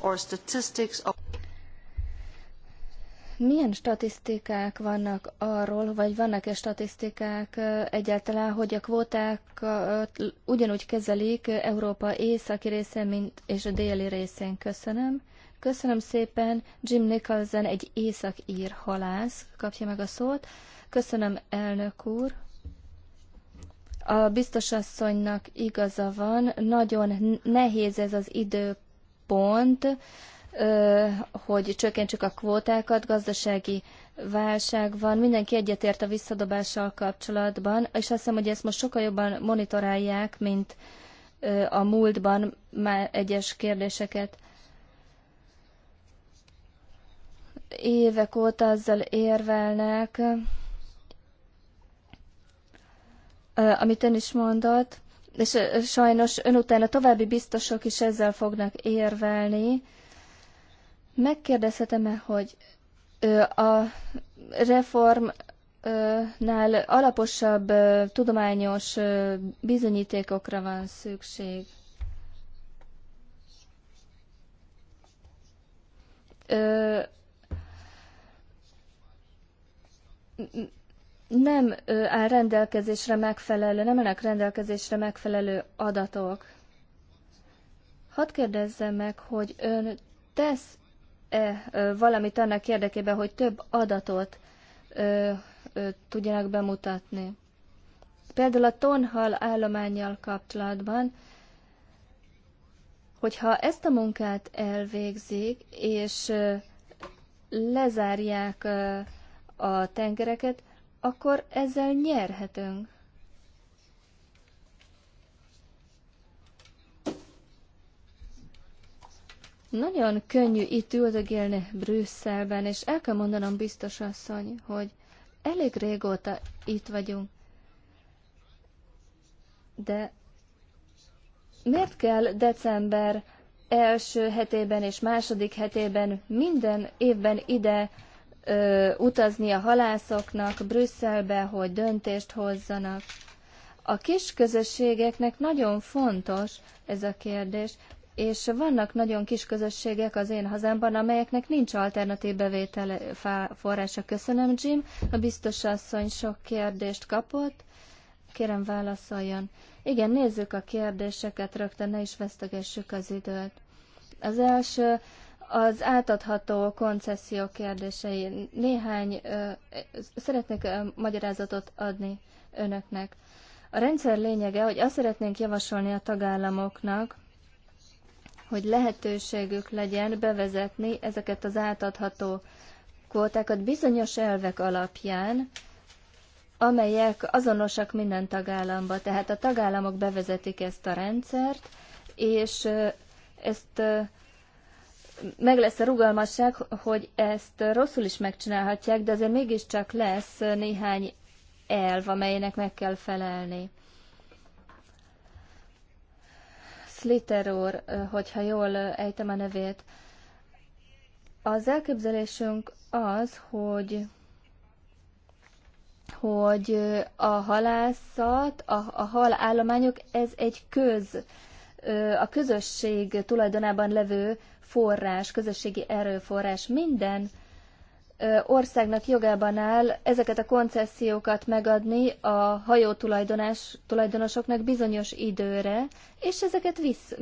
Speaker 3: Or statistics of
Speaker 2: milyen statisztikák vannak arról, vagy vannak-e statisztikák egyáltalán, hogy a kvóták ugyanúgy kezelik Európa északi részén, mint és a déli részén? Köszönöm. Köszönöm szépen, Jim Nicholson, egy észak-ír halász, kapja meg a szót. Köszönöm, elnök úr. A biztosasszonynak igaza van, nagyon nehéz ez az időpont, hogy csökkentsük a kvótákat, gazdasági válság van, mindenki egyetért a visszadobással kapcsolatban, és azt hiszem, hogy ezt most sokkal jobban monitorálják, mint a múltban már egyes kérdéseket évek óta azzal érvelnek, amit ön is mondott, és sajnos ön után a további biztosok is ezzel fognak érvelni. Megkérdezhetem-e, hogy a reformnál alaposabb tudományos bizonyítékokra van szükség? nem áll rendelkezésre megfelelő, nem állnak rendelkezésre megfelelő adatok. Hadd kérdezzem meg, hogy ön tesz-e valamit annak érdekében, hogy több adatot ö, ö, tudjanak bemutatni? Például a tonhal állományjal kapcsolatban, hogyha ezt a munkát elvégzik, és lezárják a tengereket, akkor ezzel nyerhetünk. Nagyon könnyű itt üldögélni Brüsszelben, és el kell mondanom biztos asszony, hogy elég régóta itt vagyunk. De miért kell december első hetében és második hetében minden évben ide ö, utazni a halászoknak Brüsszelbe, hogy döntést hozzanak. A kis közösségeknek nagyon fontos ez a kérdés, és vannak nagyon kis közösségek az én hazámban, amelyeknek nincs alternatív bevétele forrása. Köszönöm, Jim. A biztos asszony sok kérdést kapott. Kérem, válaszoljon. Igen, nézzük a kérdéseket rögtön, ne is vesztegessük az időt. Az első az átadható koncesszió kérdései. Néhány, szeretnék magyarázatot adni önöknek. A rendszer lényege, hogy azt szeretnénk javasolni a tagállamoknak, hogy lehetőségük legyen bevezetni ezeket az átadható kvótákat bizonyos elvek alapján, amelyek azonosak minden tagállamba. Tehát a tagállamok bevezetik ezt a rendszert, és ezt meg lesz a rugalmasság, hogy ezt rosszul is megcsinálhatják, de azért mégiscsak lesz néhány elv, amelynek meg kell felelni. Sliter úr, hogyha jól ejtem a nevét, az elképzelésünk az, hogy hogy a halászat, a, a halállományok, ez egy köz, a közösség tulajdonában levő forrás, közösségi erőforrás minden országnak jogában áll ezeket a koncesziókat megadni a hajó tulajdonosoknak bizonyos időre, és ezeket visz,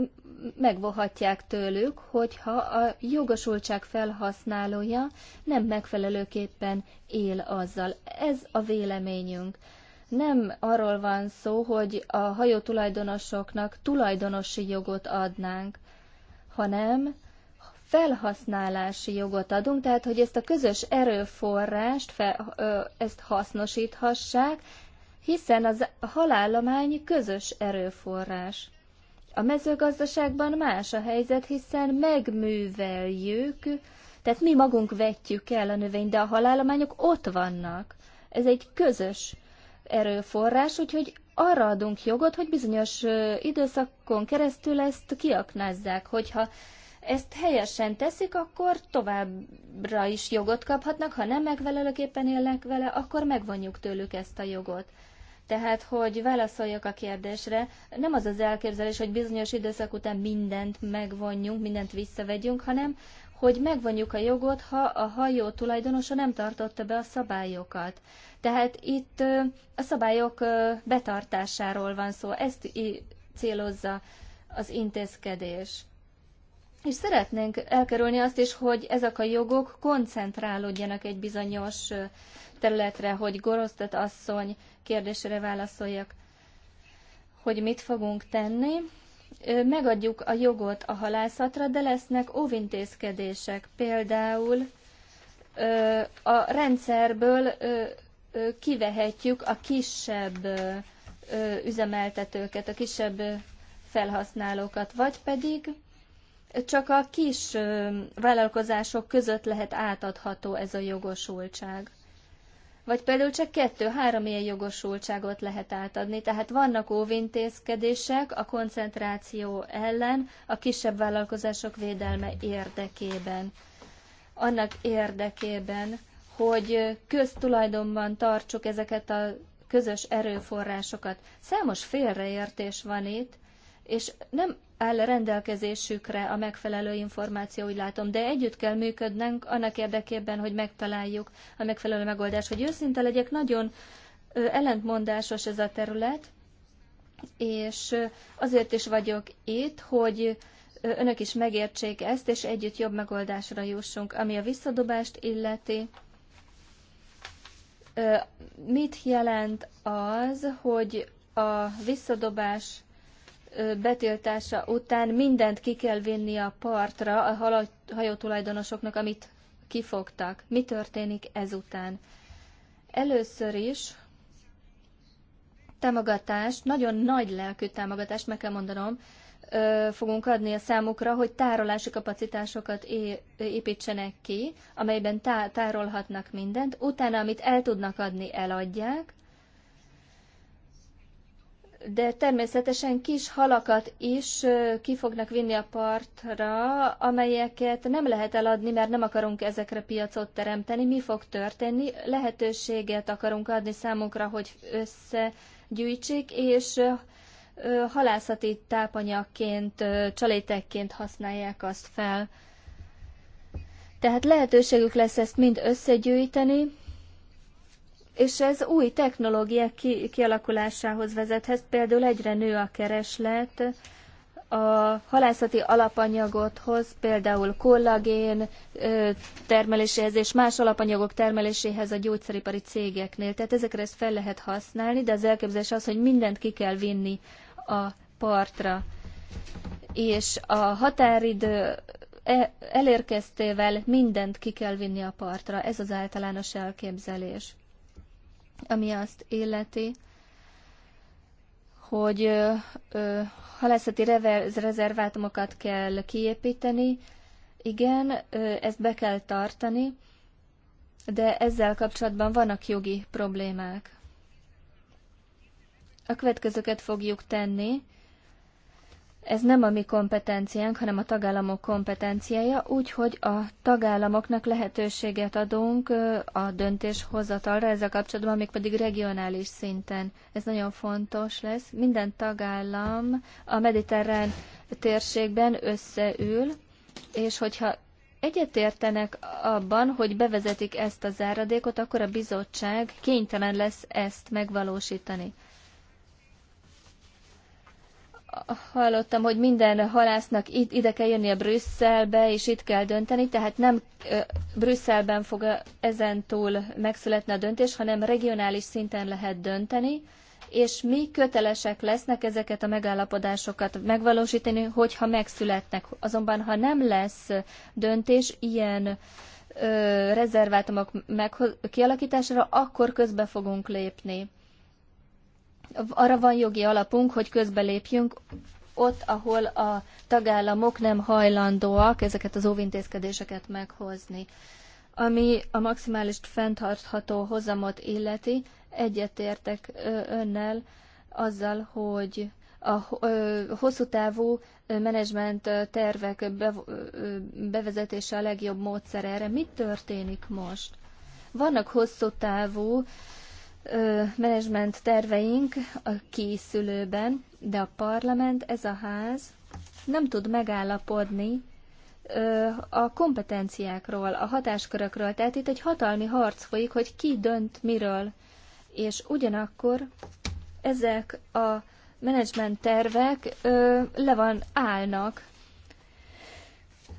Speaker 2: megvohatják tőlük, hogyha a jogosultság felhasználója nem megfelelőképpen él azzal. Ez a véleményünk. Nem arról van szó, hogy a hajó tulajdonosoknak tulajdonosi jogot adnánk, hanem felhasználási jogot adunk, tehát hogy ezt a közös erőforrást fel, ö, ezt hasznosíthassák, hiszen az halállomány közös erőforrás. A mezőgazdaságban más a helyzet, hiszen megműveljük, tehát mi magunk vetjük el a növényt, de a halállományok ott vannak. Ez egy közös erőforrás, úgyhogy arra adunk jogot, hogy bizonyos időszakon keresztül ezt kiaknázzák, hogyha ezt helyesen teszik, akkor továbbra is jogot kaphatnak, ha nem megfelelőképpen élnek vele, akkor megvonjuk tőlük ezt a jogot. Tehát, hogy válaszoljak a kérdésre, nem az az elképzelés, hogy bizonyos időszak után mindent megvonjunk, mindent visszavegyünk, hanem hogy megvonjuk a jogot, ha a hajó tulajdonosa nem tartotta be a szabályokat. Tehát itt a szabályok betartásáról van szó, ezt célozza az intézkedés és szeretnénk elkerülni azt is, hogy ezek a jogok koncentrálódjanak egy bizonyos területre, hogy gorosztat asszony kérdésére válaszoljak, hogy mit fogunk tenni. Megadjuk a jogot a halászatra, de lesznek óvintézkedések, például a rendszerből kivehetjük a kisebb üzemeltetőket, a kisebb felhasználókat, vagy pedig csak a kis vállalkozások között lehet átadható ez a jogosultság. Vagy például csak kettő-három ilyen jogosultságot lehet átadni. Tehát vannak óvintézkedések a koncentráció ellen, a kisebb vállalkozások védelme érdekében. Annak érdekében, hogy köztulajdonban tartsuk ezeket a közös erőforrásokat. Számos félreértés van itt, és nem áll rendelkezésükre a megfelelő információ, úgy látom, de együtt kell működnünk annak érdekében, hogy megtaláljuk a megfelelő megoldást. Hogy őszinte legyek, nagyon ellentmondásos ez a terület, és azért is vagyok itt, hogy önök is megértsék ezt, és együtt jobb megoldásra jussunk, ami a visszadobást illeti. Mit jelent az, hogy a visszadobás betiltása után mindent ki kell vinni a partra a hajótulajdonosoknak, amit kifogtak. Mi történik ezután? Először is támogatást, nagyon nagy lelkű támogatást, meg kell mondanom, fogunk adni a számukra, hogy tárolási kapacitásokat építsenek ki, amelyben tá- tárolhatnak mindent. Utána, amit el tudnak adni, eladják, de természetesen kis halakat is ki fognak vinni a partra, amelyeket nem lehet eladni, mert nem akarunk ezekre piacot teremteni. Mi fog történni? Lehetőséget akarunk adni számukra, hogy összegyűjtsék, és halászati tápanyagként, csalétekként használják azt fel. Tehát lehetőségük lesz ezt mind összegyűjteni, és ez új technológiák ki, kialakulásához vezethet, például egyre nő a kereslet, a halászati alapanyagothoz, például kollagén termeléséhez és más alapanyagok termeléséhez a gyógyszeripari cégeknél. Tehát ezekre ezt fel lehet használni, de az elképzelés az, hogy mindent ki kell vinni a partra. És a határidő e, elérkeztével mindent ki kell vinni a partra. Ez az általános elképzelés ami azt illeti, hogy ö, ö, halászati rezervátumokat kell kiépíteni. Igen, ö, ezt be kell tartani, de ezzel kapcsolatban vannak jogi problémák. A következőket fogjuk tenni ez nem a mi kompetenciánk, hanem a tagállamok kompetenciája, úgyhogy a tagállamoknak lehetőséget adunk a döntéshozatalra ezzel kapcsolatban, pedig regionális szinten. Ez nagyon fontos lesz. Minden tagállam a mediterrán térségben összeül, és hogyha egyetértenek abban, hogy bevezetik ezt a záradékot, akkor a bizottság kénytelen lesz ezt megvalósítani hallottam, hogy minden halásznak itt, ide kell jönnie Brüsszelbe, és itt kell dönteni, tehát nem Brüsszelben fog ezentúl megszületni a döntés, hanem regionális szinten lehet dönteni, és mi kötelesek lesznek ezeket a megállapodásokat megvalósítani, hogyha megszületnek. Azonban, ha nem lesz döntés ilyen ö, rezervátumok kialakítására, akkor közbe fogunk lépni arra van jogi alapunk, hogy közbelépjünk ott, ahol a tagállamok nem hajlandóak ezeket az óvintézkedéseket meghozni. Ami a maximális fenntartható hozamot illeti, egyetértek önnel azzal, hogy a hosszú távú menedzsment tervek bevezetése a legjobb módszer erre. Mit történik most? Vannak hosszú távú menedzsment terveink a készülőben, de a parlament, ez a ház nem tud megállapodni a kompetenciákról, a hatáskörökről. Tehát itt egy hatalmi harc folyik, hogy ki dönt miről. És ugyanakkor ezek a menedzsment tervek le van állnak.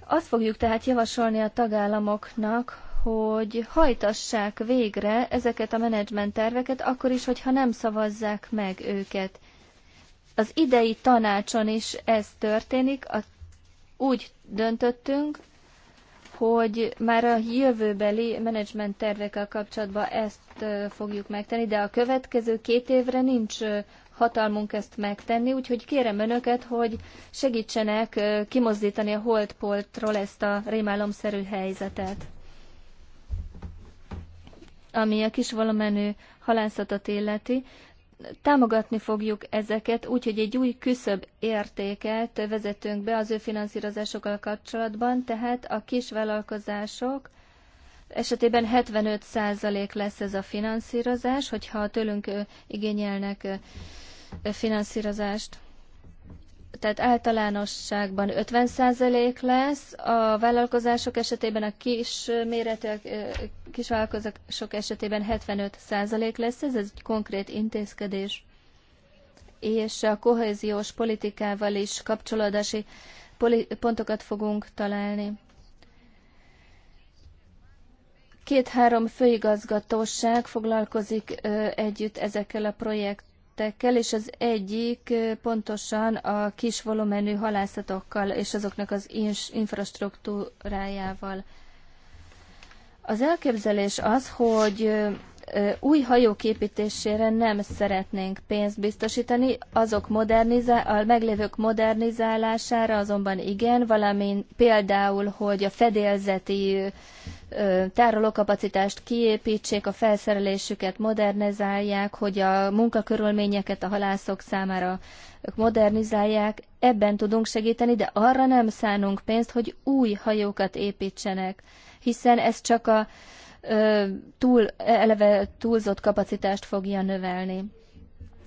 Speaker 2: Azt fogjuk tehát javasolni a tagállamoknak, hogy hajtassák végre ezeket a menedzsment terveket, akkor is, hogyha nem szavazzák meg őket. Az idei tanácson is ez történik, a, úgy döntöttünk, hogy már a jövőbeli menedzsment tervekkel kapcsolatban ezt fogjuk megtenni, de a következő két évre nincs hatalmunk ezt megtenni, úgyhogy kérem önöket, hogy segítsenek kimozdítani a holdpoltról ezt a rémálomszerű helyzetet ami a kis valamenő halászatot illeti, támogatni fogjuk ezeket, úgyhogy egy új küszöb értéket vezetünk be az ő finanszírozásokkal kapcsolatban, tehát a kis vállalkozások esetében 75% lesz ez a finanszírozás, hogyha tőlünk igényelnek finanszírozást tehát általánosságban 50% lesz, a vállalkozások esetében, a kis méretűek, vállalkozások esetében 75% lesz, ez egy konkrét intézkedés, és a kohéziós politikával is kapcsolódási pontokat fogunk találni. Két-három főigazgatóság foglalkozik együtt ezekkel a projekt területekkel, és az egyik pontosan a kis volumenű halászatokkal és azoknak az infrastruktúrájával. Az elképzelés az, hogy új hajók építésére nem szeretnénk pénzt biztosítani, azok modernizá- a meglévők modernizálására azonban igen, valamint például, hogy a fedélzeti tárolókapacitást kiépítsék, a felszerelésüket modernizálják, hogy a munkakörülményeket a halászok számára modernizálják, ebben tudunk segíteni, de arra nem szánunk pénzt, hogy új hajókat építsenek, hiszen ez csak a túl, eleve túlzott kapacitást fogja növelni.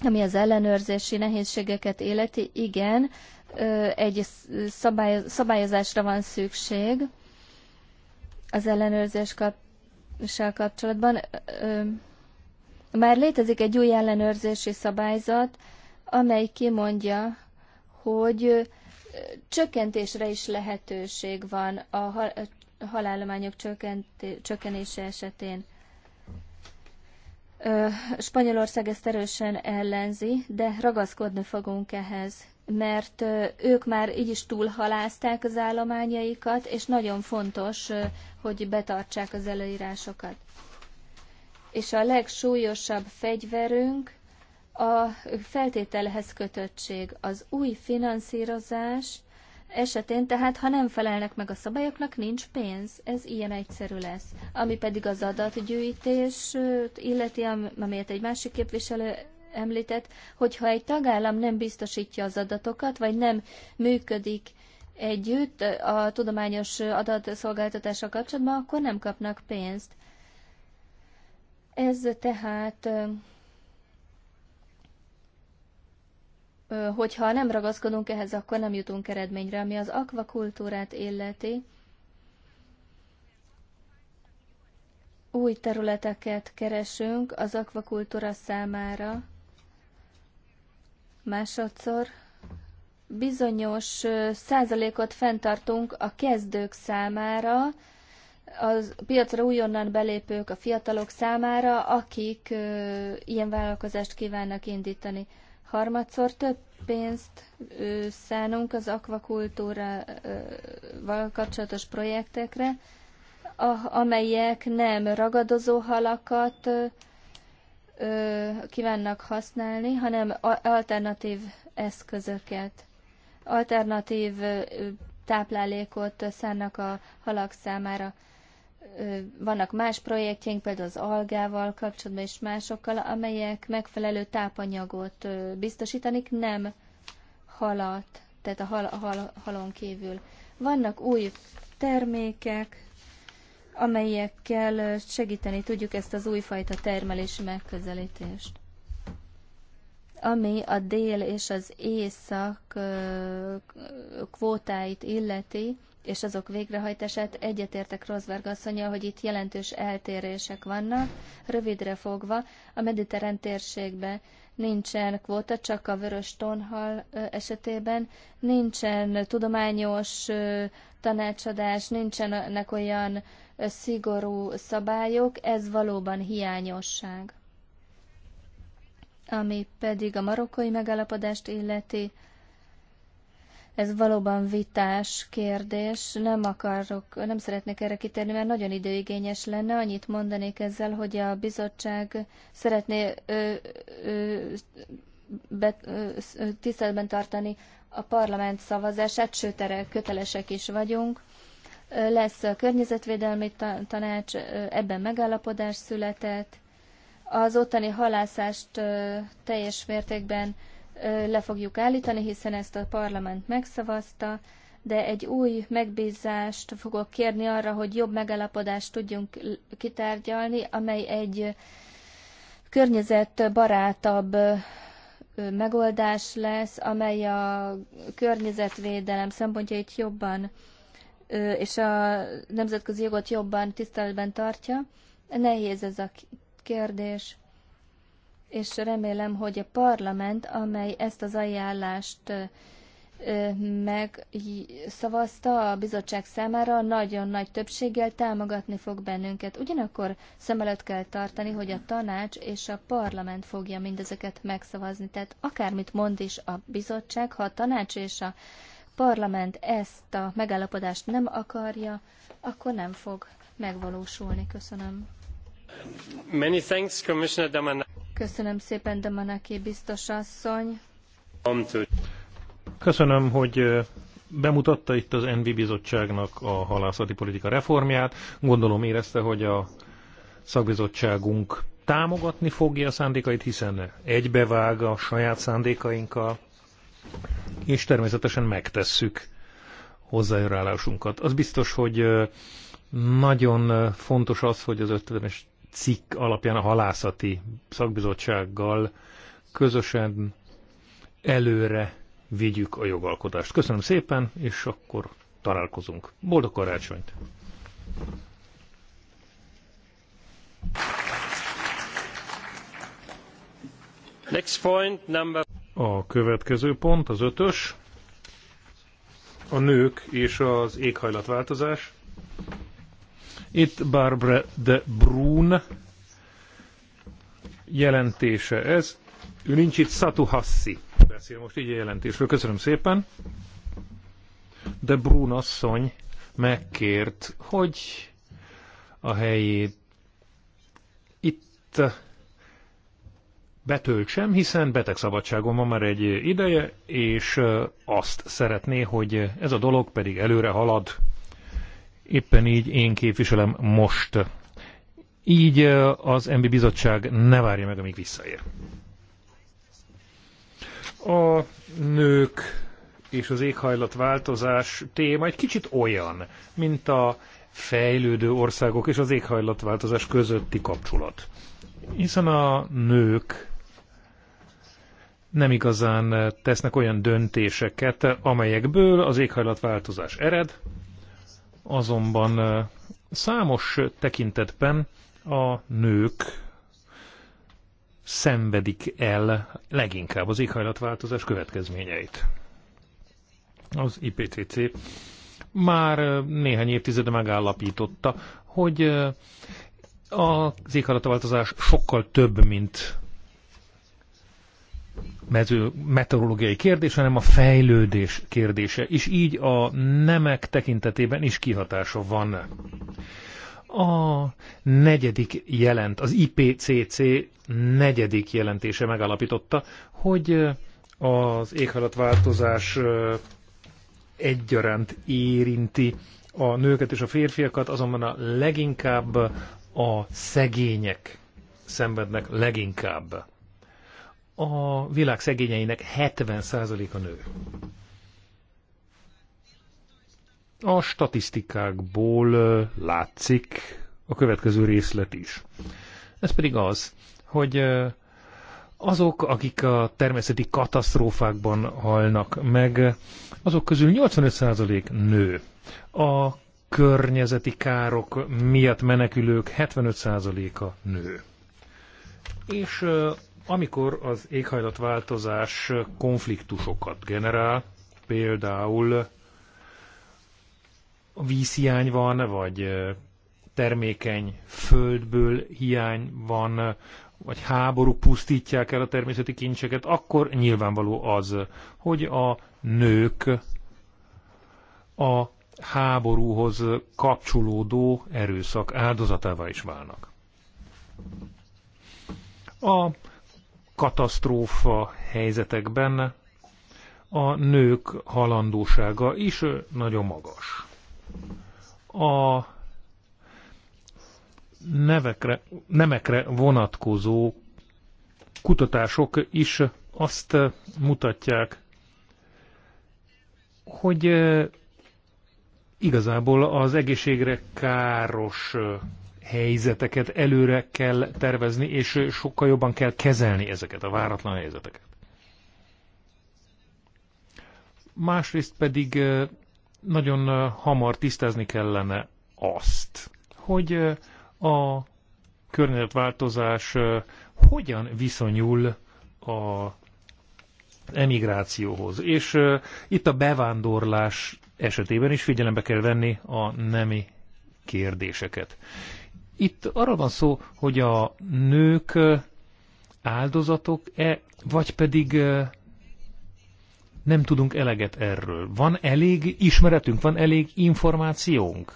Speaker 2: Ami az ellenőrzési nehézségeket életi, igen, egy szabály, szabályozásra van szükség az ellenőrzés kapcsolatban. kapcsolatban. Már létezik egy új ellenőrzési szabályzat, amely kimondja, hogy csökkentésre is lehetőség van a halállományok csökkenése esetén. Spanyolország ezt erősen ellenzi, de ragaszkodni fogunk ehhez, mert ők már így is túlhalázták az állományaikat, és nagyon fontos, hogy betartsák az előírásokat. És a legsúlyosabb fegyverünk a feltételhez kötöttség, az új finanszírozás, esetén tehát, ha nem felelnek meg a szabályoknak, nincs pénz. Ez ilyen egyszerű lesz. Ami pedig az adatgyűjtés illeti, amelyet egy másik képviselő említett, hogyha egy tagállam nem biztosítja az adatokat, vagy nem működik együtt a tudományos adatszolgáltatással kapcsolatban, akkor nem kapnak pénzt. Ez tehát hogyha nem ragaszkodunk ehhez, akkor nem jutunk eredményre, ami az akvakultúrát illeti. Új területeket keresünk az akvakultúra számára. Másodszor bizonyos százalékot fenntartunk a kezdők számára, az piacra újonnan belépők a fiatalok számára, akik ilyen vállalkozást kívánnak indítani. Harmadszor több pénzt szánunk az akvakultúrával kapcsolatos projektekre, amelyek nem ragadozó halakat kívánnak használni, hanem alternatív eszközöket, alternatív táplálékot szánnak a halak számára vannak más projektjeink, például az algával kapcsolatban és másokkal, amelyek megfelelő tápanyagot biztosítanik, nem halat, tehát a hal, hal, halon kívül. Vannak új termékek, amelyekkel segíteni tudjuk ezt az újfajta termelési megközelítést. Ami a dél és az észak kvótáit illeti, és azok végrehajtását egyetértek Rosberg asszonya, hogy itt jelentős eltérések vannak. Rövidre fogva, a mediterrán térségben nincsen kvóta, csak a vörös tonhal esetében, nincsen tudományos tanácsadás, nincsenek olyan szigorú szabályok, ez valóban hiányosság. Ami pedig a marokkai megállapodást illeti, ez valóban vitás kérdés, nem akarok, nem szeretnék erre kitérni, mert nagyon időigényes lenne. Annyit mondanék ezzel, hogy a bizottság szeretné ö, ö, be, ö, tiszteletben tartani a parlament szavazását, sőt erre kötelesek is vagyunk. Lesz a környezetvédelmi tanács, ebben megállapodás született. Az ottani halászást teljes mértékben le fogjuk állítani, hiszen ezt a parlament megszavazta, de egy új megbízást fogok kérni arra, hogy jobb megalapodást tudjunk kitárgyalni, amely egy környezetbarátabb megoldás lesz, amely a környezetvédelem szempontjait jobban és a nemzetközi jogot jobban tiszteletben tartja. Nehéz ez a kérdés és remélem, hogy a parlament, amely ezt az ajánlást megszavazta a bizottság számára, nagyon nagy többséggel támogatni fog bennünket. Ugyanakkor szem előtt kell tartani, hogy a tanács és a parlament fogja mindezeket megszavazni. Tehát akármit mond is a bizottság, ha a tanács és a parlament ezt a megállapodást nem akarja, akkor nem fog megvalósulni. Köszönöm.
Speaker 1: Many thanks, Commissioner Damanaki.
Speaker 2: Köszönöm szépen, Demanaki biztos asszony.
Speaker 1: Köszönöm, hogy bemutatta itt az NV bizottságnak a halászati politika reformját. Gondolom érezte, hogy a szakbizottságunk támogatni fogja a szándékait, hiszen egybevág a saját szándékainkkal, és természetesen megtesszük hozzájárulásunkat. Az biztos, hogy nagyon fontos az, hogy az 50-es cikk alapján a halászati szakbizottsággal közösen előre vigyük a jogalkotást. Köszönöm szépen, és akkor találkozunk. Boldog karácsonyt! Next point, number... A következő pont, az ötös, a nők és az éghajlatváltozás. Itt Barbara de Brun jelentése ez. Ő nincs itt, Satu Hassi beszél most így a jelentésről. Köszönöm szépen. De Brun asszony megkért, hogy a helyét itt betöltsem, hiszen betegszabadságon van már egy ideje, és azt szeretné, hogy ez a dolog pedig előre halad éppen így én képviselem most. Így az MB bizottság ne várja meg, amíg visszaér. A nők és az éghajlatváltozás téma egy kicsit olyan, mint a fejlődő országok és az éghajlatváltozás közötti kapcsolat. Hiszen a nők nem igazán tesznek olyan döntéseket, amelyekből az éghajlatváltozás ered, azonban számos tekintetben a nők szenvedik el leginkább az éghajlatváltozás következményeit. Az IPCC már néhány évtizede megállapította, hogy az éghajlatváltozás sokkal több, mint mező meteorológiai kérdés, hanem a fejlődés kérdése, és így a nemek tekintetében is kihatása van. A negyedik jelent, az IPCC negyedik jelentése megalapította, hogy az éghajlatváltozás egyaránt érinti a nőket és a férfiakat, azonban a leginkább a szegények szenvednek leginkább a világ szegényeinek 70%-a nő. A statisztikákból látszik a következő részlet is. Ez pedig az, hogy azok, akik a természeti katasztrófákban halnak meg, azok közül 85% nő. A környezeti károk miatt menekülők 75%-a nő. És amikor az éghajlatváltozás konfliktusokat generál, például vízhiány van, vagy termékeny földből hiány van, vagy háborúk pusztítják el a természeti kincseket, akkor nyilvánvaló az, hogy a nők a háborúhoz kapcsolódó erőszak áldozatává is válnak. A katasztrófa helyzetekben a nők halandósága is nagyon magas. A nevekre, nemekre vonatkozó kutatások is azt mutatják, hogy igazából az egészségre káros helyzeteket előre kell tervezni, és sokkal jobban kell kezelni ezeket a váratlan helyzeteket. Másrészt pedig nagyon hamar tisztázni kellene azt, hogy a környezetváltozás hogyan viszonyul a emigrációhoz. És itt a bevándorlás esetében is figyelembe kell venni a nemi kérdéseket. Itt arról van szó, hogy a nők áldozatok-e, vagy pedig nem tudunk eleget erről. Van elég ismeretünk, van elég információnk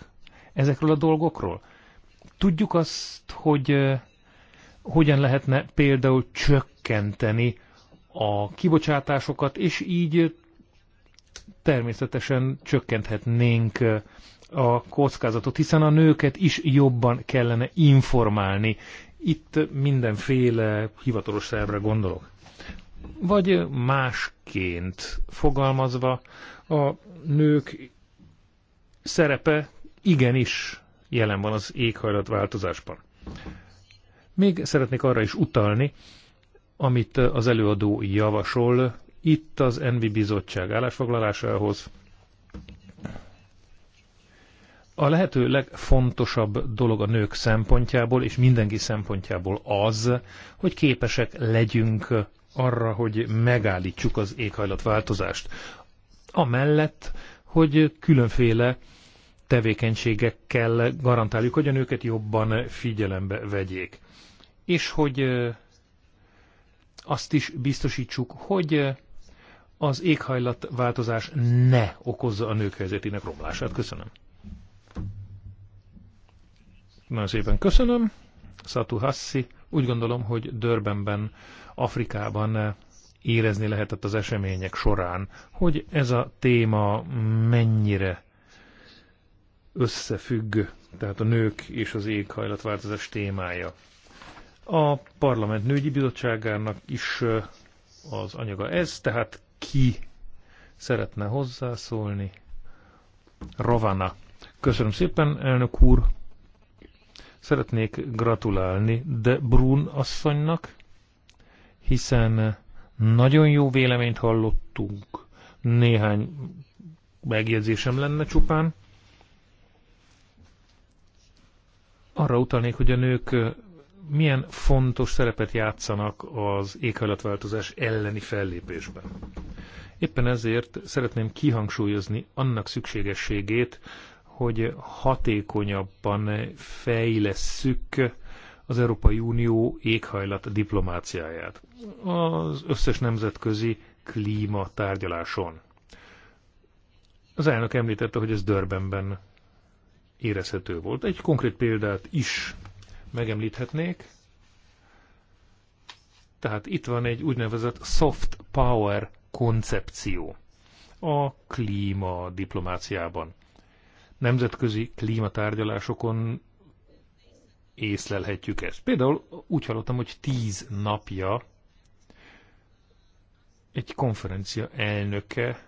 Speaker 1: ezekről a dolgokról? Tudjuk azt, hogy hogyan lehetne például csökkenteni a kibocsátásokat, és így természetesen csökkenthetnénk a kockázatot, hiszen a nőket is jobban kellene informálni. Itt mindenféle hivatalos szervre gondolok. Vagy másként fogalmazva, a nők szerepe igenis jelen van az éghajlatváltozásban. Még szeretnék arra is utalni, amit az előadó javasol itt az Envi Bizottság állásfoglalásához, a lehető legfontosabb dolog a nők szempontjából és mindenki szempontjából az, hogy képesek legyünk arra, hogy megállítsuk az éghajlatváltozást. Amellett, hogy különféle tevékenységekkel garantáljuk, hogy a nőket jobban figyelembe vegyék. És hogy azt is biztosítsuk, hogy az éghajlatváltozás ne okozza a nők helyzetének romlását. Köszönöm. Nagyon szépen köszönöm. Satu Hassi, úgy gondolom, hogy Dörbenben, Afrikában eh, érezni lehetett az események során, hogy ez a téma mennyire összefügg, tehát a nők és az éghajlatváltozás témája. A Parlament Nőgyi Bizottságának is eh, az anyaga ez, tehát ki szeretne hozzászólni? Rovana. Köszönöm szépen, elnök úr! Szeretnék gratulálni de Brun asszonynak, hiszen nagyon jó véleményt hallottunk. Néhány megjegyzésem lenne csupán. Arra utalnék, hogy a nők milyen fontos szerepet játszanak az éghajlatváltozás elleni fellépésben. Éppen ezért szeretném kihangsúlyozni annak szükségességét, hogy hatékonyabban fejlesszük az Európai Unió éghajlat diplomáciáját az összes nemzetközi klímatárgyaláson. Az elnök említette, hogy ez Dörbenben érezhető volt. Egy konkrét példát is megemlíthetnék. Tehát itt van egy úgynevezett soft power koncepció a klíma diplomáciában nemzetközi klímatárgyalásokon észlelhetjük ezt. Például úgy hallottam, hogy tíz napja egy konferencia elnöke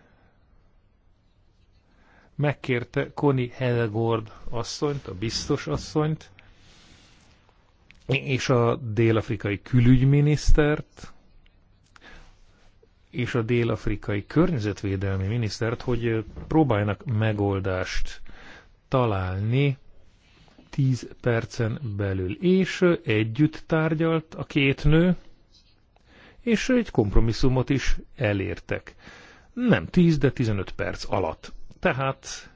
Speaker 1: megkérte Koni Helgord asszonyt, a biztos asszonyt, és a dél-afrikai külügyminisztert, és a dél-afrikai környezetvédelmi minisztert, hogy próbáljanak megoldást találni 10 percen belül. És együtt tárgyalt a két nő, és egy kompromisszumot is elértek. Nem 10, de 15 perc alatt. Tehát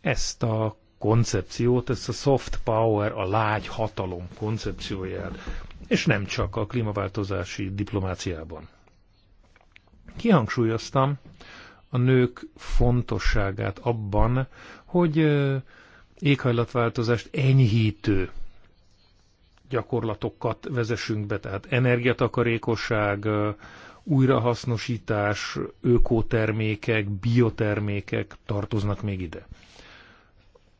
Speaker 1: ezt a koncepciót, ezt a soft power, a lágy hatalom koncepcióját, és nem csak a klímaváltozási diplomáciában. Kihangsúlyoztam, a nők fontosságát abban, hogy éghajlatváltozást enyhítő gyakorlatokat vezessünk be, tehát energiatakarékosság, újrahasznosítás, ökotermékek, biotermékek tartoznak még ide.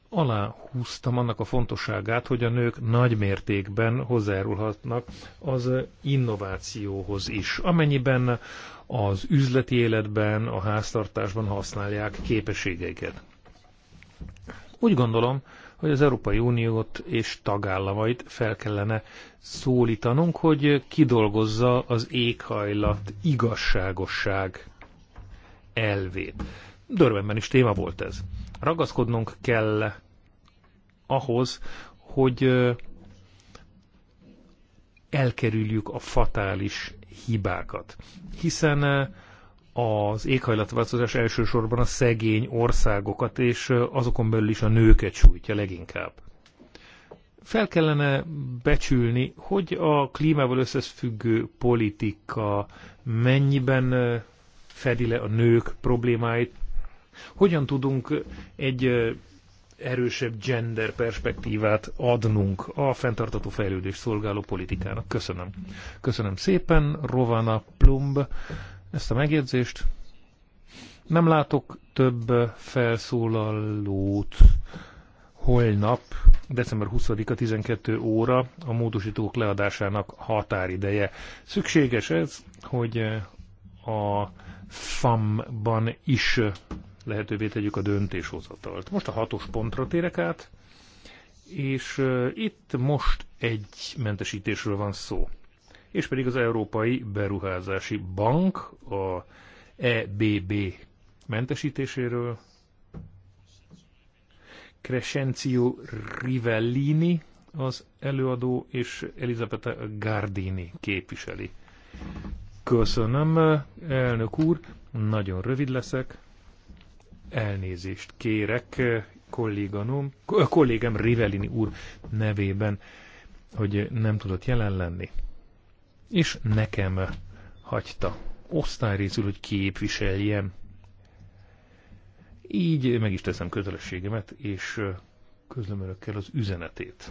Speaker 1: Alá húztam annak a fontosságát, hogy a nők nagy mértékben hozzájárulhatnak az innovációhoz is, amennyiben az üzleti életben, a háztartásban használják képességeiket. Úgy gondolom, hogy az Európai Uniót és tagállamait fel kellene szólítanunk, hogy kidolgozza az éghajlat igazságosság elvét. Dörvenben is téma volt ez. Ragaszkodnunk kell ahhoz, hogy elkerüljük a fatális hibákat. Hiszen eh, az éghajlatváltozás elsősorban a szegény országokat és eh, azokon belül is a nőket sújtja leginkább. Fel kellene becsülni, hogy a klímával összefüggő politika mennyiben eh, fedi le a nők problémáit, hogyan tudunk egy erősebb gender perspektívát adnunk a fenntartató fejlődés szolgáló politikának. Köszönöm. Köszönöm szépen, Rovana Plumb, ezt a megjegyzést. Nem látok több felszólalót holnap, december 20-a 12 óra a módosítók leadásának határideje. Szükséges ez, hogy a FAM-ban is lehetővé tegyük a döntéshozatalt. Most a hatos pontra térek át, és itt most egy mentesítésről van szó. És pedig az Európai Beruházási Bank, a EBB mentesítéséről, Crescencio Rivellini az előadó, és Elisabetta Gardini képviseli. Köszönöm, elnök úr, nagyon rövid leszek elnézést kérek eh, kolléganom, eh, kollégám Rivelini úr nevében, hogy nem tudott jelen lenni. És nekem hagyta osztályrészül, hogy képviseljem. Így meg is teszem kötelességemet, és eh, közlöm önökkel az üzenetét.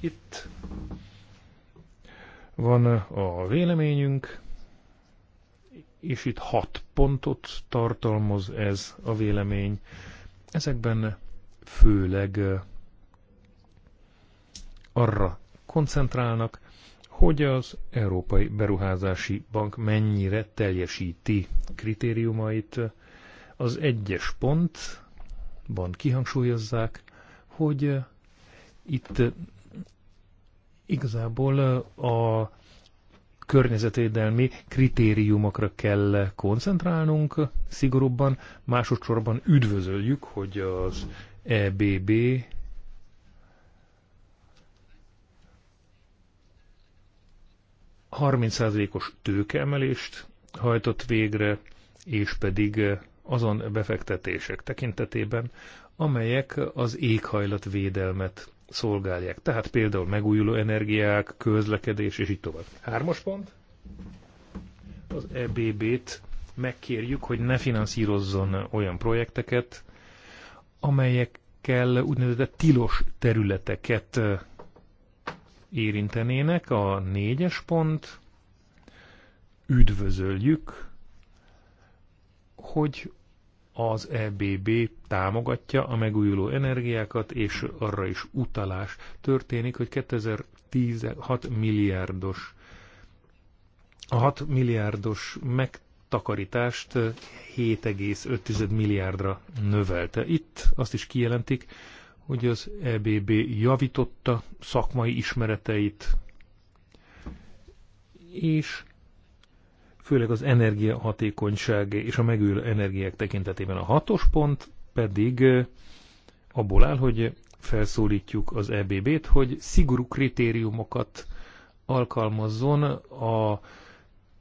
Speaker 1: Itt van a véleményünk, és itt hat pontot tartalmaz ez a vélemény. Ezekben főleg arra koncentrálnak, hogy az Európai Beruházási Bank mennyire teljesíti kritériumait. Az egyes pontban kihangsúlyozzák, hogy itt igazából a környezetvédelmi kritériumokra kell koncentrálnunk szigorúbban. Másodszorban üdvözöljük, hogy az EBB os tőkeemelést hajtott végre, és pedig azon befektetések tekintetében, amelyek az éghajlatvédelmet szolgálják. Tehát például megújuló energiák, közlekedés, és így tovább. Hármas pont. Az EBB-t megkérjük, hogy ne finanszírozzon olyan projekteket, amelyekkel úgynevezett tilos területeket érintenének. A négyes pont. Üdvözöljük, hogy az EBB támogatja a megújuló energiákat, és arra is utalás történik, hogy 2016 milliárdos a 6 milliárdos megtakarítást 7,5 milliárdra növelte. Itt azt is kijelentik, hogy az EBB javította szakmai ismereteit, és főleg az energiahatékonyság és a megülő energiák tekintetében. A hatos pont pedig abból áll, hogy felszólítjuk az EBB-t, hogy szigorú kritériumokat alkalmazzon a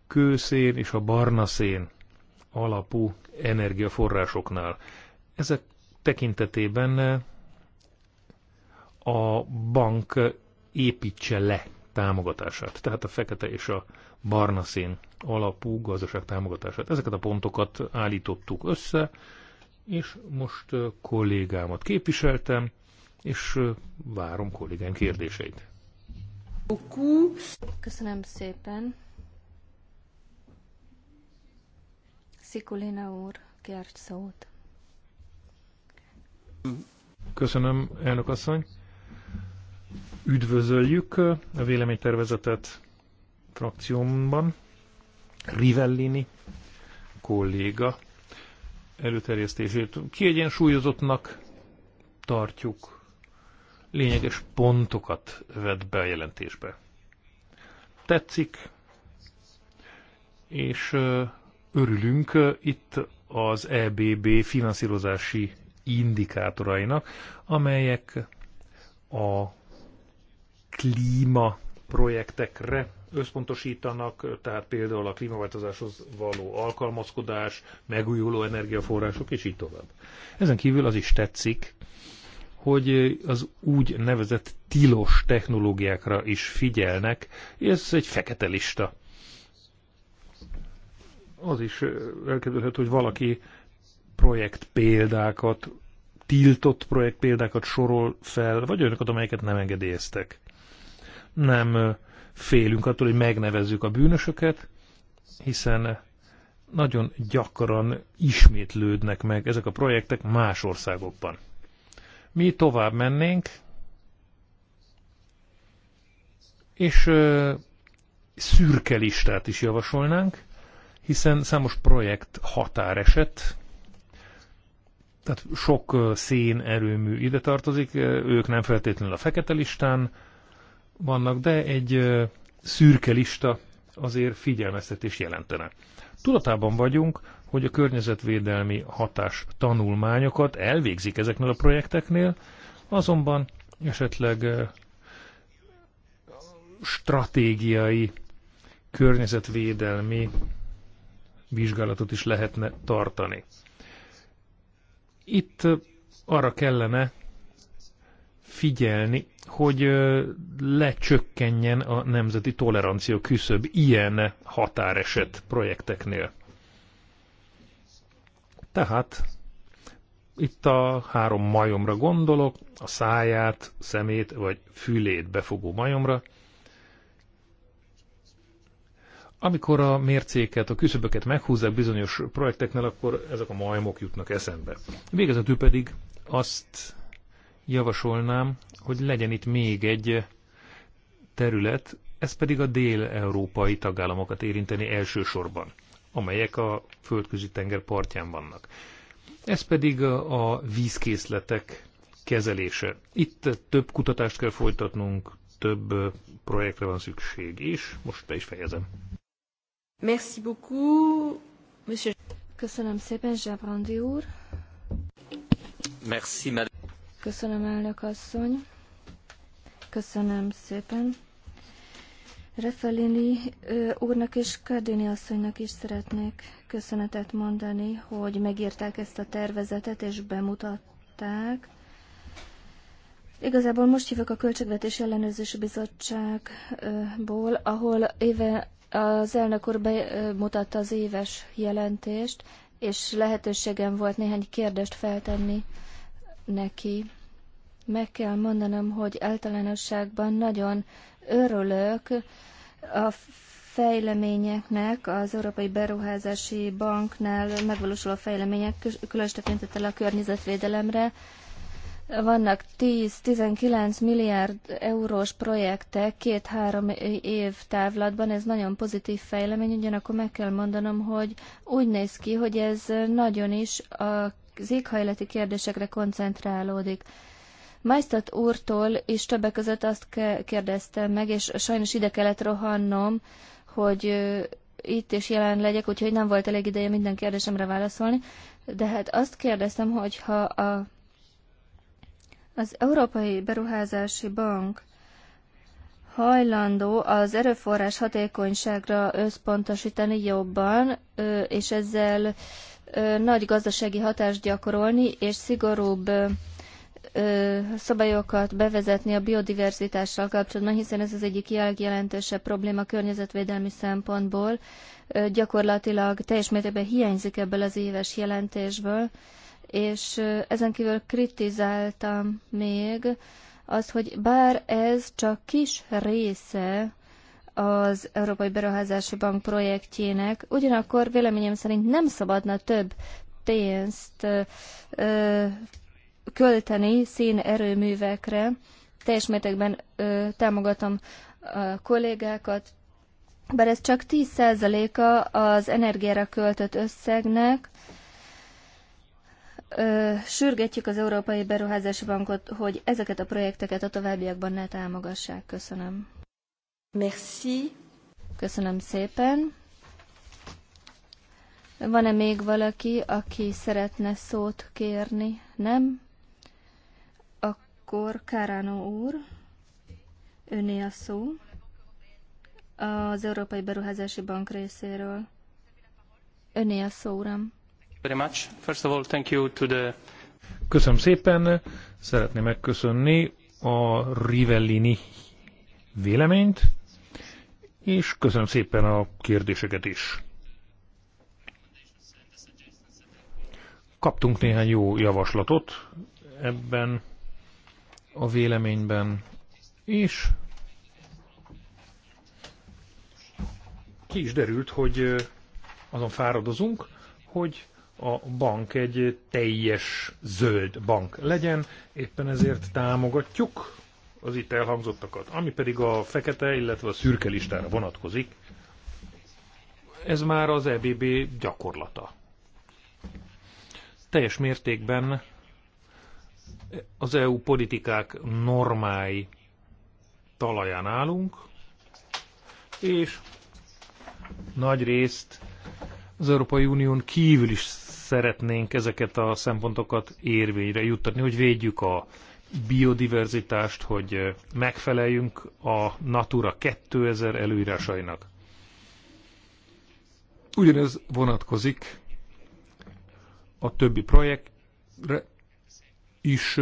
Speaker 1: kőszén és a barnaszén alapú energiaforrásoknál. Ezek tekintetében a bank építse le támogatását, tehát a fekete és a barna szén alapú gazdaság támogatását. Ezeket a pontokat állítottuk össze, és most kollégámat képviseltem, és várom kollégám kérdéseit.
Speaker 2: Köszönöm szépen. Szikulina úr, kért szót.
Speaker 1: Köszönöm, elnök asszony. Üdvözöljük a véleménytervezetet frakciómban. Rivellini kolléga előterjesztését kiegyensúlyozottnak tartjuk, lényeges pontokat vet be a jelentésbe. Tetszik, és örülünk itt az EBB finanszírozási indikátorainak, amelyek a klíma projektekre összpontosítanak, tehát például a klímaváltozáshoz való alkalmazkodás, megújuló energiaforrások, és így tovább. Ezen kívül az is tetszik, hogy az úgy nevezett tilos technológiákra is figyelnek, és ez egy fekete lista. Az is elkezdődhet, hogy valaki projekt példákat, tiltott projekt példákat sorol fel, vagy olyanokat, amelyeket nem engedélyeztek. Nem félünk attól, hogy megnevezzük a bűnösöket, hiszen nagyon gyakran ismétlődnek meg ezek a projektek más országokban. Mi tovább mennénk, és ö, szürke listát is javasolnánk, hiszen számos projekt határeset, tehát sok szén erőmű ide tartozik, ők nem feltétlenül a fekete listán vannak, de egy szürke lista azért figyelmeztetés jelentene. Tudatában vagyunk, hogy a környezetvédelmi hatás tanulmányokat elvégzik ezeknél a projekteknél, azonban esetleg stratégiai környezetvédelmi vizsgálatot is lehetne tartani. Itt arra kellene figyelni, hogy lecsökkenjen a nemzeti tolerancia küszöb ilyen határeset projekteknél. Tehát itt a három majomra gondolok, a száját, szemét vagy fülét befogó majomra. Amikor a mércéket, a küszöböket meghúzzák bizonyos projekteknél, akkor ezek a majmok jutnak eszembe. Végezetül pedig azt javasolnám, hogy legyen itt még egy terület, ez pedig a dél-európai tagállamokat érinteni elsősorban, amelyek a földközi tenger partján vannak. Ez pedig a vízkészletek kezelése. Itt több kutatást kell folytatnunk, több projektre van szükség, és most be is fejezem.
Speaker 2: Merci beaucoup, monsieur. Köszönöm szépen, Zsabrandi úr.
Speaker 1: Merci, madame.
Speaker 2: Köszönöm, elnök asszony. Köszönöm szépen. Refelini úrnak és Kardini asszonynak is szeretnék köszönetet mondani, hogy megírták ezt a tervezetet és bemutatták. Igazából most hívok a Költségvetési Ellenőrzési Bizottságból, ahol éve az elnök úr bemutatta az éves jelentést, és lehetőségem volt néhány kérdést feltenni neki. Meg kell mondanom, hogy általánosságban nagyon örülök a fejleményeknek, az Európai Beruházási Banknál megvalósuló fejlemények, különös tekintettel a környezetvédelemre, vannak 10-19 milliárd eurós projektek két-három év távlatban, ez nagyon pozitív fejlemény, ugyanakkor meg kell mondanom, hogy úgy néz ki, hogy ez nagyon is a az éghajlati kérdésekre koncentrálódik. Majsztat úrtól is többek között azt kérdeztem meg, és sajnos ide kellett rohannom, hogy itt és jelen legyek, úgyhogy nem volt elég ideje minden kérdésemre válaszolni, de hát azt kérdeztem, hogy ha a, az Európai Beruházási Bank hajlandó az erőforrás hatékonyságra összpontosítani jobban, és ezzel nagy gazdasági hatást gyakorolni, és szigorúbb szabályokat bevezetni a biodiverzitással kapcsolatban, hiszen ez az egyik jelentősebb probléma környezetvédelmi szempontból. Gyakorlatilag teljes mértékben hiányzik ebből az éves jelentésből, és ezen kívül kritizáltam még azt, hogy bár ez csak kis része az Európai Beruházási Bank projektjének, ugyanakkor véleményem szerint nem szabadna több pénzt ö, költeni szénerőművekre. Teljes mértékben ö, támogatom a kollégákat, bár ez csak 10%-a az energiára költött összegnek, sürgetjük az Európai Beruházási Bankot, hogy ezeket a projekteket a továbbiakban ne támogassák. Köszönöm. Merci. Köszönöm szépen. Van-e még valaki, aki szeretne szót kérni? Nem? Akkor Káránó úr, öné a szó az Európai Beruházási Bank részéről. Öné a szó, uram.
Speaker 1: Very much. First of all, thank you to the... Köszönöm szépen. Szeretném megköszönni a Rivellini véleményt, és köszönöm szépen a kérdéseket is. Kaptunk néhány jó javaslatot ebben a véleményben, és ki is derült, hogy azon fáradozunk, hogy a bank egy teljes zöld bank legyen, éppen ezért támogatjuk az itt elhangzottakat. Ami pedig a fekete, illetve a szürke listára vonatkozik, ez már az EBB gyakorlata. Teljes mértékben az EU politikák normái talaján állunk, és nagy részt az Európai Unión kívül is szeretnénk ezeket a szempontokat érvényre juttatni, hogy védjük a biodiverzitást, hogy megfeleljünk a Natura 2000 előírásainak. Ugyanez vonatkozik a többi projektre is,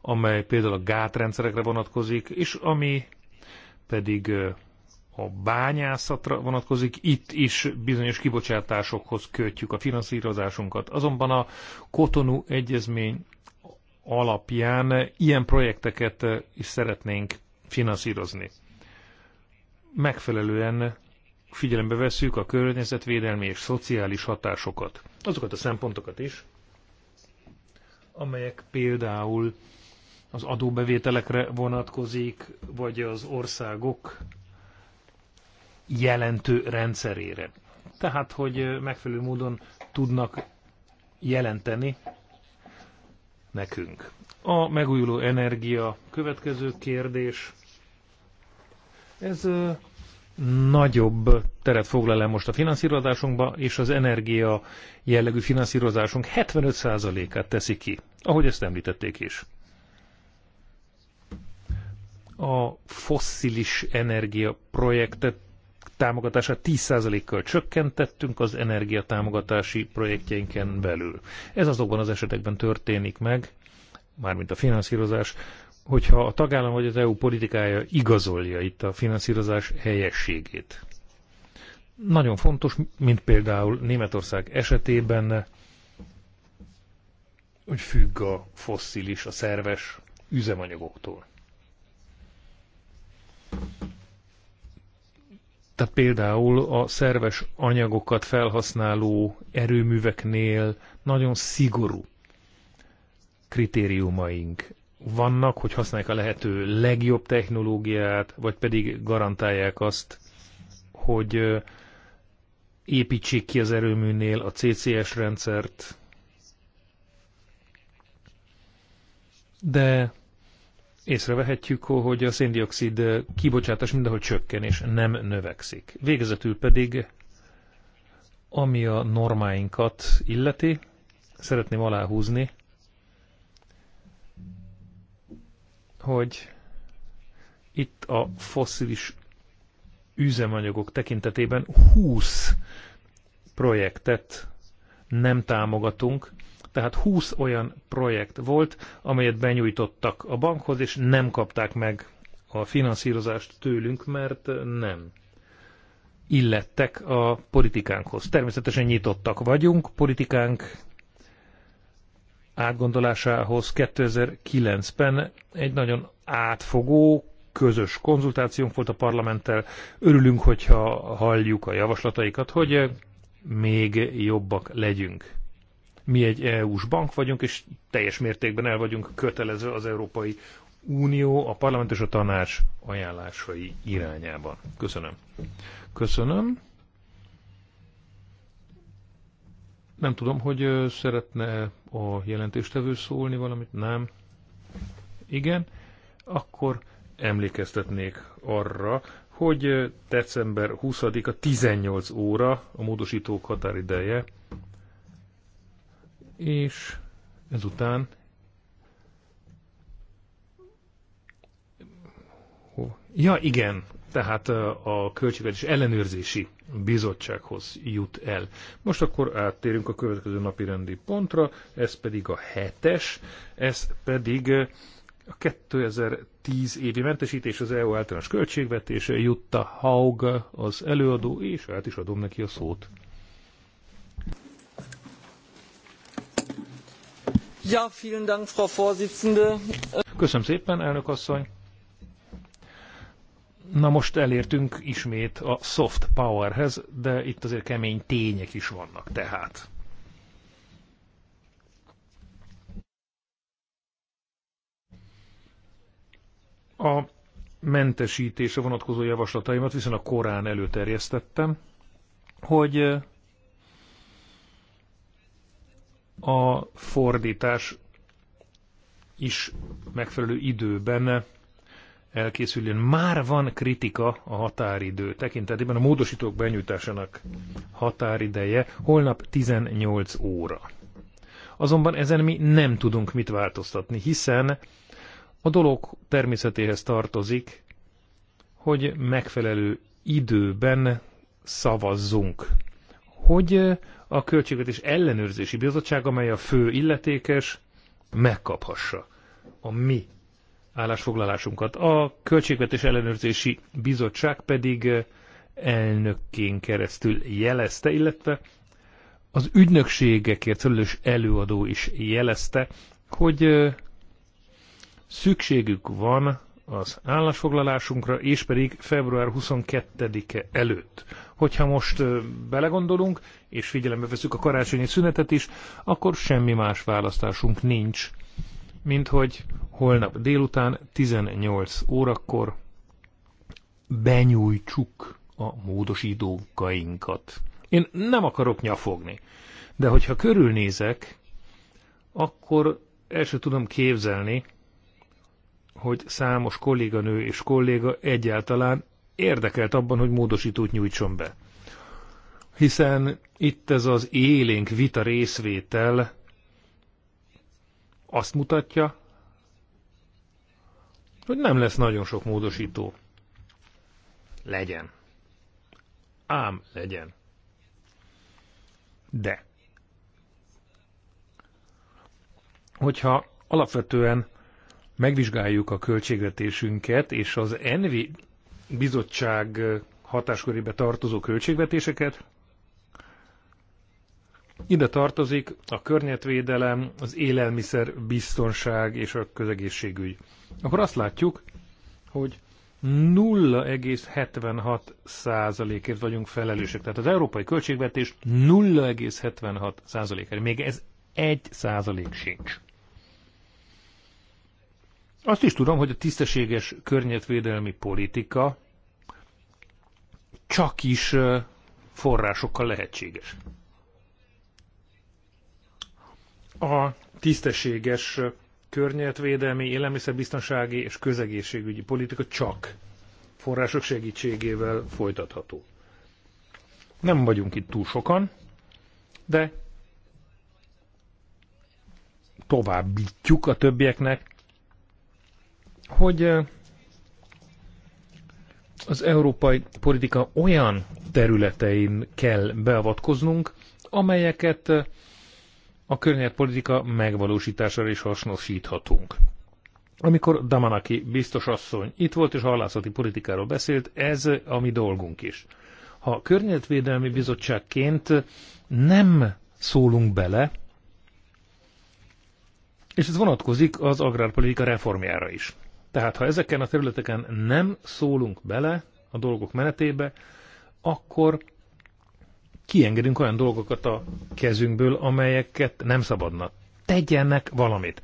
Speaker 1: amely például a gátrendszerekre vonatkozik, és ami pedig a bányászatra vonatkozik, itt is bizonyos kibocsátásokhoz kötjük a finanszírozásunkat. Azonban a Kotonu egyezmény alapján ilyen projekteket eh, is szeretnénk finanszírozni. Megfelelően figyelembe vesszük a környezetvédelmi és szociális hatásokat, azokat a szempontokat is, amelyek például az adóbevételekre vonatkozik, vagy az országok jelentő rendszerére. Tehát, hogy eh, megfelelő módon tudnak jelenteni nekünk. A megújuló energia következő kérdés. Ez nagyobb teret foglal el most a finanszírozásunkba, és az energia jellegű finanszírozásunk 75%-át teszi ki, ahogy ezt említették is. A fosszilis energia projektet támogatását 10%-kal csökkentettünk az energiatámogatási projektjeinken belül. Ez azokban az esetekben történik meg, mármint a finanszírozás, hogyha a tagállam vagy az EU politikája igazolja itt a finanszírozás helyességét. Nagyon fontos, mint például Németország esetében, hogy függ a fosszilis, a szerves üzemanyagoktól. Tehát például a szerves anyagokat felhasználó erőműveknél nagyon szigorú kritériumaink vannak, hogy használják a lehető legjobb technológiát, vagy pedig garantálják azt, hogy építsék ki az erőműnél a CCS rendszert. De észrevehetjük, hogy a széndiokszid kibocsátás mindenhol csökken és nem növekszik. Végezetül pedig, ami a normáinkat illeti, szeretném aláhúzni, hogy itt a fosszilis üzemanyagok tekintetében 20 projektet nem támogatunk, tehát 20 olyan projekt volt, amelyet benyújtottak a bankhoz, és nem kapták meg a finanszírozást tőlünk, mert nem illettek a politikánkhoz. Természetesen nyitottak vagyunk, politikánk átgondolásához 2009-ben egy nagyon átfogó, közös konzultációnk volt a parlamenttel. Örülünk, hogyha halljuk a javaslataikat, hogy még jobbak legyünk mi egy EU-s bank vagyunk, és teljes mértékben el vagyunk kötelező az Európai Unió, a parlament és a tanács ajánlásai irányában. Köszönöm. Köszönöm. Nem tudom, hogy szeretne a jelentéstevő szólni valamit? Nem. Igen. Akkor emlékeztetnék arra, hogy december 20-a 18 óra a módosítók határideje, és ezután Ja, igen, tehát a Költségvetés Ellenőrzési Bizottsághoz jut el. Most akkor áttérünk a következő napi rendi pontra, ez pedig a hetes, ez pedig a 2010 évi mentesítés az EU általános költségvetése, Jutta Haug az előadó, és át is adom neki a szót.
Speaker 2: Ja, vielen Dank, Frau Vorsitzende.
Speaker 1: Köszönöm szépen, elnök asszony. Na most elértünk ismét a soft powerhez, de itt azért kemény tények is vannak tehát. A mentesítése vonatkozó javaslataimat viszont a korán előterjesztettem, hogy a fordítás is megfelelő időben elkészüljön. Már van kritika a határidő tekintetében, a módosítók benyújtásának határideje holnap 18 óra. Azonban ezen mi nem tudunk mit változtatni, hiszen a dolog természetéhez tartozik, hogy megfelelő időben szavazzunk, hogy a Költségvetés Ellenőrzési Bizottság, amely a fő illetékes, megkaphassa a mi állásfoglalásunkat. A Költségvetés Ellenőrzési Bizottság pedig eh, elnökként keresztül jelezte, illetve az ügynökségekért felelős előadó is jelezte, hogy eh, szükségük van az állásfoglalásunkra, és pedig február 22-e előtt. Hogyha most belegondolunk, és figyelembe veszük a karácsonyi szünetet is, akkor semmi más választásunk nincs, mint hogy holnap délután 18 órakor benyújtsuk a módosítókainkat. Én nem akarok nyafogni, de hogyha körülnézek, akkor el sem tudom képzelni, hogy számos kolléganő és kolléga egyáltalán érdekelt abban, hogy módosítót nyújtson be. Hiszen itt ez az élénk vita részvétel azt mutatja, hogy nem lesz nagyon sok módosító. Legyen. Ám legyen. De. Hogyha alapvetően megvizsgáljuk a költségvetésünket és az ENVI bizottság hatáskörébe tartozó költségvetéseket, ide tartozik a környezetvédelem, az élelmiszer biztonság és a közegészségügy. Akkor azt látjuk, hogy 0,76 százalékért vagyunk felelősek. Tehát az európai költségvetés 0,76 százalékért. Még ez 1 százalék sincs. Azt is tudom, hogy a tisztességes környezetvédelmi politika csak is forrásokkal lehetséges. A tisztességes környezetvédelmi, élelmiszerbiztonsági és közegészségügyi politika csak források segítségével folytatható. Nem vagyunk itt túl sokan, de továbbítjuk a többieknek hogy az európai politika olyan területein kell beavatkoznunk, amelyeket a környezetpolitika megvalósítására is hasznosíthatunk. Amikor Damanaki biztos asszony itt volt és hallászati politikáról beszélt, ez a mi dolgunk is. Ha Környezetvédelmi Bizottságként nem szólunk bele, és ez vonatkozik az agrárpolitika reformjára is. Tehát ha ezeken a területeken nem szólunk bele a dolgok menetébe, akkor kiengedünk olyan dolgokat a kezünkből, amelyeket nem szabadna. Tegyenek valamit.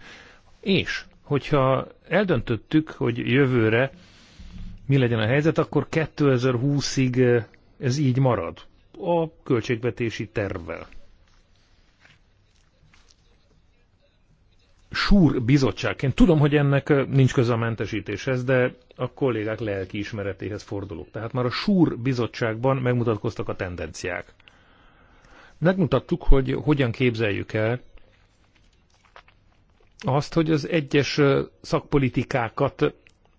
Speaker 1: És, hogyha eldöntöttük, hogy jövőre mi legyen a helyzet, akkor 2020-ig ez így marad a költségvetési tervvel. súr bizottságként, tudom, hogy ennek nincs köze a mentesítéshez, de a kollégák lelki ismeretéhez fordulok. Tehát már a súr bizottságban megmutatkoztak a tendenciák. Megmutattuk, hogy hogyan képzeljük el azt, hogy az egyes szakpolitikákat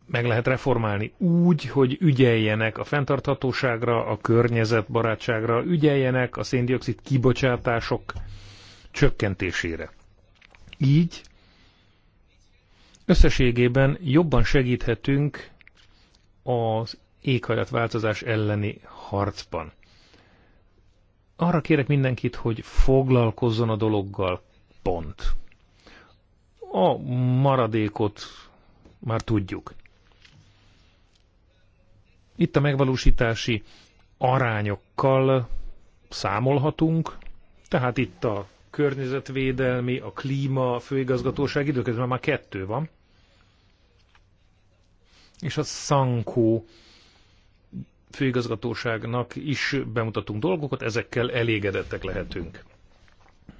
Speaker 1: meg lehet reformálni úgy, hogy ügyeljenek a fenntarthatóságra, a környezetbarátságra, ügyeljenek a széndiokszid kibocsátások csökkentésére. Így Összességében jobban segíthetünk az éghajlatváltozás elleni harcban. Arra kérek mindenkit, hogy foglalkozzon a dologgal, pont. A maradékot már tudjuk. Itt a megvalósítási arányokkal számolhatunk, tehát itt a környezetvédelmi, a klíma főigazgatóság időközben már kettő van és a Szankó főigazgatóságnak is bemutatunk dolgokat, ezekkel elégedettek lehetünk.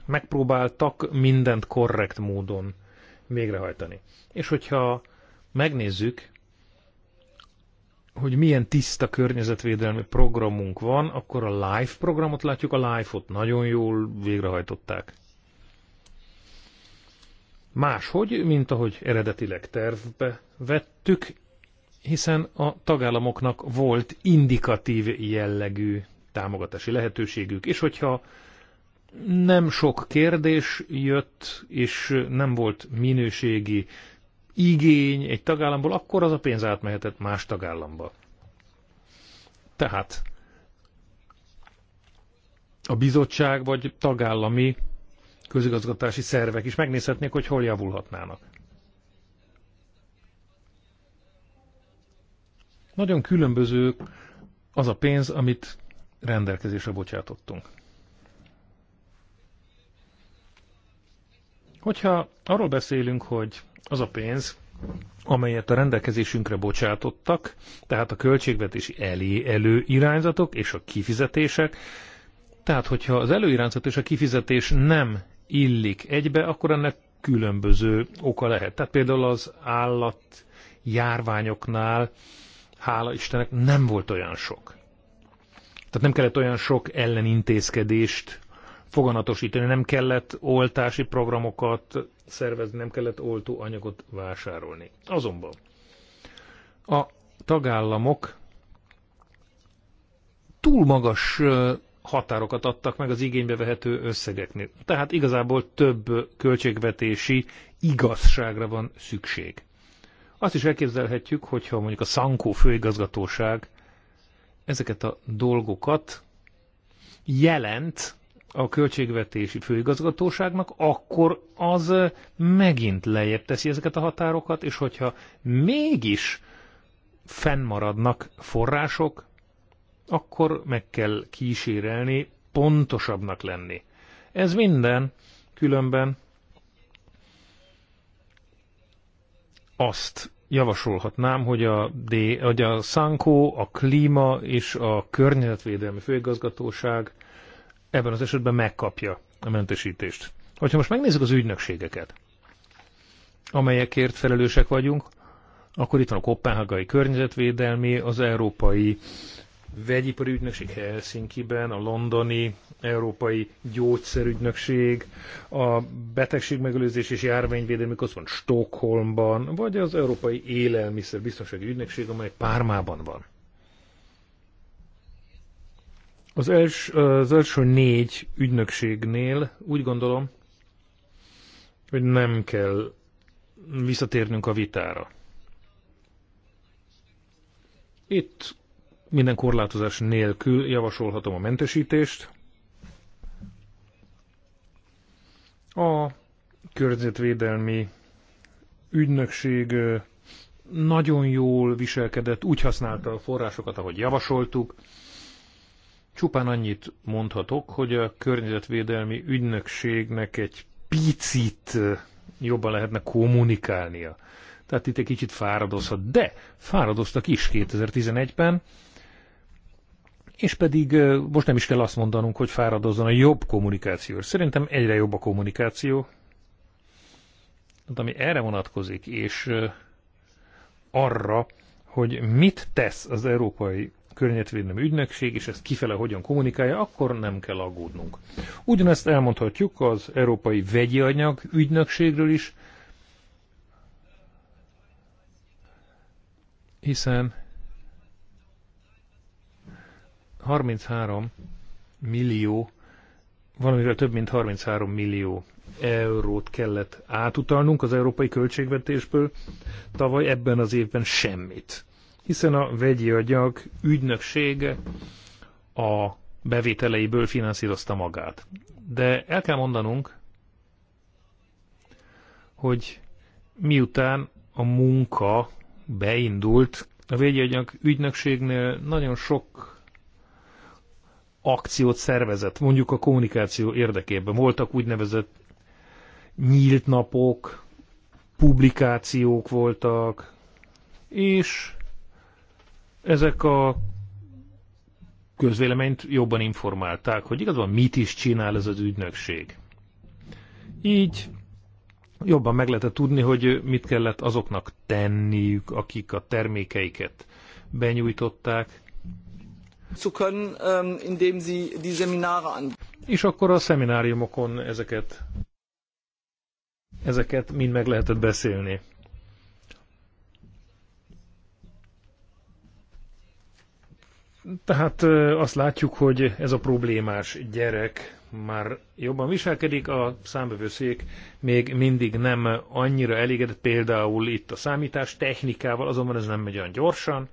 Speaker 1: Megpróbáltak mindent korrekt módon végrehajtani. És hogyha megnézzük, hogy milyen tiszta környezetvédelmi programunk van, akkor a LIFE programot látjuk, a LIFE-ot nagyon jól végrehajtották. Máshogy, mint ahogy eredetileg tervbe vettük, hiszen a tagállamoknak volt indikatív jellegű támogatási lehetőségük, és hogyha nem sok kérdés jött, és nem volt minőségi igény egy tagállamból, akkor az a pénz átmehetett más tagállamba. Tehát a bizottság vagy tagállami közigazgatási szervek is megnézhetnék, hogy hol javulhatnának. Nagyon különböző az a pénz, amit rendelkezésre bocsátottunk. Hogyha arról beszélünk, hogy az a pénz, amelyet a rendelkezésünkre bocsátottak, tehát a költségvetési elé előirányzatok és a kifizetések, tehát hogyha az előirányzat és a kifizetés nem illik egybe, akkor ennek különböző oka lehet. Tehát például az állat járványoknál hála Istennek nem volt olyan sok. Tehát nem kellett olyan sok ellenintézkedést foganatosítani, nem kellett oltási programokat szervezni, nem kellett oltó anyagot vásárolni. Azonban a tagállamok túl magas határokat adtak meg az igénybe vehető összegeknél. Tehát igazából több költségvetési igazságra van szükség. Azt is elképzelhetjük, hogyha mondjuk a Szankó főigazgatóság ezeket a dolgokat jelent a költségvetési főigazgatóságnak, akkor az megint lejjebb teszi ezeket a határokat, és hogyha mégis fennmaradnak források, akkor meg kell kísérelni, pontosabbnak lenni. Ez minden, különben azt javasolhatnám, hogy a, D, hogy a Szánkó, a Klíma és a Környezetvédelmi Főigazgatóság ebben az esetben megkapja a mentesítést. Hogyha most megnézzük az ügynökségeket, amelyekért felelősek vagyunk, akkor itt van a Kopenhágai Környezetvédelmi, az Európai vegyipari ügynökség Helsinki-ben, a londoni Európai Gyógyszerügynökség, a Betegségmegelőzés és Járványvédelmi Központ Stockholmban, vagy az Európai Élelmiszerbiztonsági Ügynökség, amely Pármában van. Az, els, az első négy ügynökségnél úgy gondolom, hogy nem kell visszatérnünk a vitára. Itt minden korlátozás nélkül javasolhatom a mentesítést. A környezetvédelmi ügynökség nagyon jól viselkedett, úgy használta a forrásokat, ahogy javasoltuk. Csupán annyit mondhatok, hogy a környezetvédelmi ügynökségnek egy picit jobban lehetne kommunikálnia. Tehát itt egy kicsit fáradozhat, de fáradoztak is 2011-ben, és pedig most nem is kell azt mondanunk, hogy fáradozzon a jobb kommunikáció. Szerintem egyre jobb a kommunikáció, ami erre vonatkozik, és arra, hogy mit tesz az Európai Környezetvédelmi Ügynökség, és ezt kifele hogyan kommunikálja, akkor nem kell aggódnunk. Ugyanezt elmondhatjuk az Európai Vegyi Anyag Ügynökségről is, hiszen 33 millió, valamivel több mint 33 millió eurót kellett átutalnunk az európai költségvetésből, tavaly ebben az évben semmit. Hiszen a vegyi agyag ügynöksége a bevételeiből finanszírozta magát. De el kell mondanunk, hogy miután a munka beindult, a vegyi agyag ügynökségnél nagyon sok akciót szervezett, mondjuk a kommunikáció érdekében. Voltak úgynevezett nyílt napok, publikációk voltak, és ezek a közvéleményt jobban informálták, hogy igazából mit is csinál ez az ügynökség. Így jobban meg lehetett tudni, hogy mit kellett azoknak tenniük, akik a termékeiket benyújtották,
Speaker 2: zu können, ähm, indem sie
Speaker 1: die Seminare És akkor a szemináriumokon ezeket, ezeket mind meg lehetett beszélni. Tehát azt látjuk, hogy ez a problémás gyerek már jobban viselkedik, a számbevőszék még mindig nem annyira elégedett, például itt a számítás technikával, azonban ez nem megy olyan gyorsan,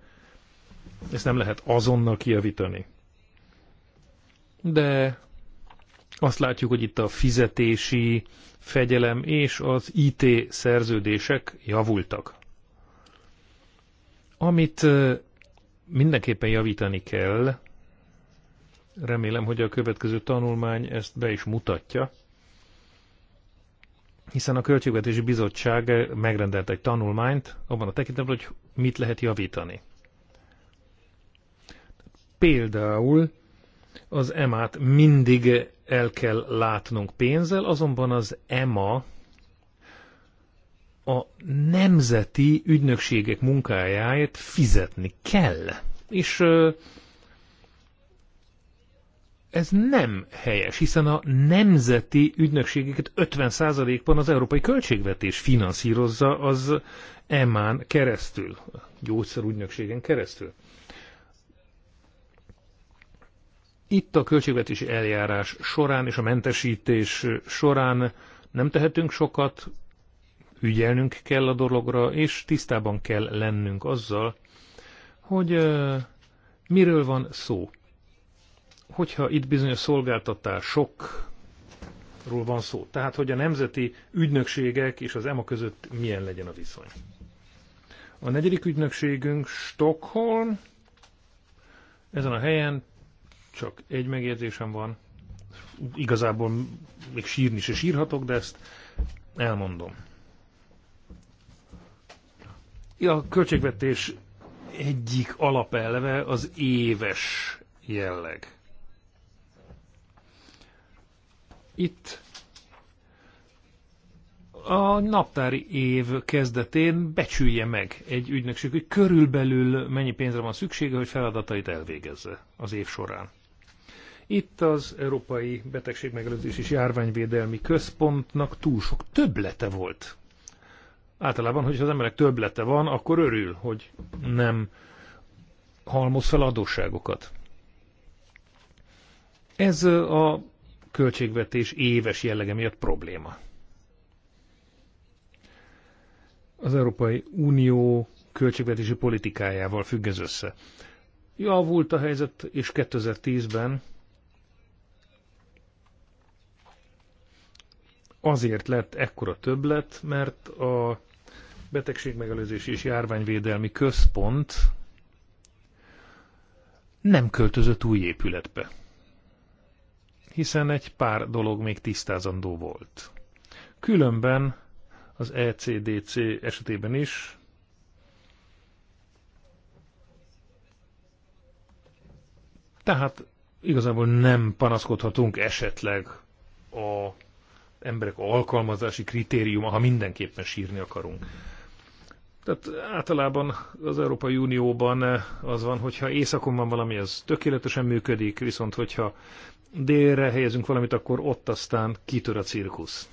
Speaker 1: ezt nem lehet azonnal kijavítani. De azt látjuk, hogy itt a fizetési fegyelem és az IT szerződések javultak. Amit mindenképpen javítani kell, remélem, hogy a következő tanulmány ezt be is mutatja, hiszen a Költségvetési Bizottság megrendelt egy tanulmányt abban a tekintetben, hogy mit lehet javítani. Például az EMA-t mindig el kell látnunk pénzzel, azonban az EMA a nemzeti ügynökségek munkájáért fizetni kell. És ez nem helyes, hiszen a nemzeti ügynökségeket 50%-ban az európai költségvetés finanszírozza az EMA-n keresztül, gyógyszerügynökségen keresztül. Itt a költségvetési eljárás során és a mentesítés során nem tehetünk sokat, ügyelnünk kell a dologra, és tisztában kell lennünk azzal, hogy miről van szó. Hogyha itt bizonyos szolgáltatásokról van szó, tehát hogy a nemzeti ügynökségek és az EMA között milyen legyen a viszony. A negyedik ügynökségünk Stockholm, ezen a helyen csak egy megérzésem van. Igazából még sírni se sírhatok, de ezt elmondom. A költségvetés egyik alapelve az éves jelleg. Itt a naptári év kezdetén becsülje meg egy ügynökség, hogy körülbelül mennyi pénzre van szüksége, hogy feladatait elvégezze az év során. Itt az Európai Betegségmegelőzés és Járványvédelmi Központnak túl sok töblete volt. Általában, hogyha az emberek töblete van, akkor örül, hogy nem halmoz fel adósságokat. Ez a költségvetés éves jellege miatt probléma. Az Európai Unió költségvetési politikájával függ ez össze. Javult a helyzet, és 2010-ben azért lett ekkora többlet, mert a Betegségmegelőzési és Járványvédelmi Központ nem költözött új épületbe. Hiszen egy pár dolog még tisztázandó volt. Különben az ECDC esetében is tehát igazából nem panaszkodhatunk esetleg a emberek alkalmazási kritériuma, ha mindenképpen sírni akarunk. Tehát általában az Európai Unióban eh, az van, hogyha északon van valami, az tökéletesen működik, viszont hogyha délre helyezünk valamit, akkor ott aztán kitör a cirkusz.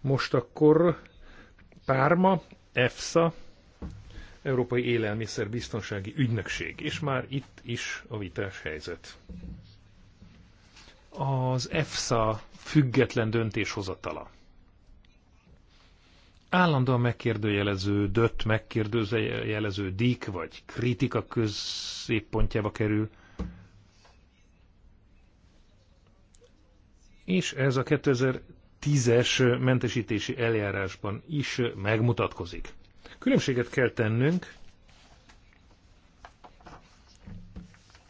Speaker 1: Most akkor Párma, EFSA, Európai Élelmiszerbiztonsági Ügynökség, és már itt is a vitás helyzet az EFSA független döntéshozatala. Állandóan megkérdőjeleződött, megkérdőjeleződik, vagy kritika középpontjába kerül. És ez a 2010-es mentesítési eljárásban is megmutatkozik. Különbséget kell tennünk,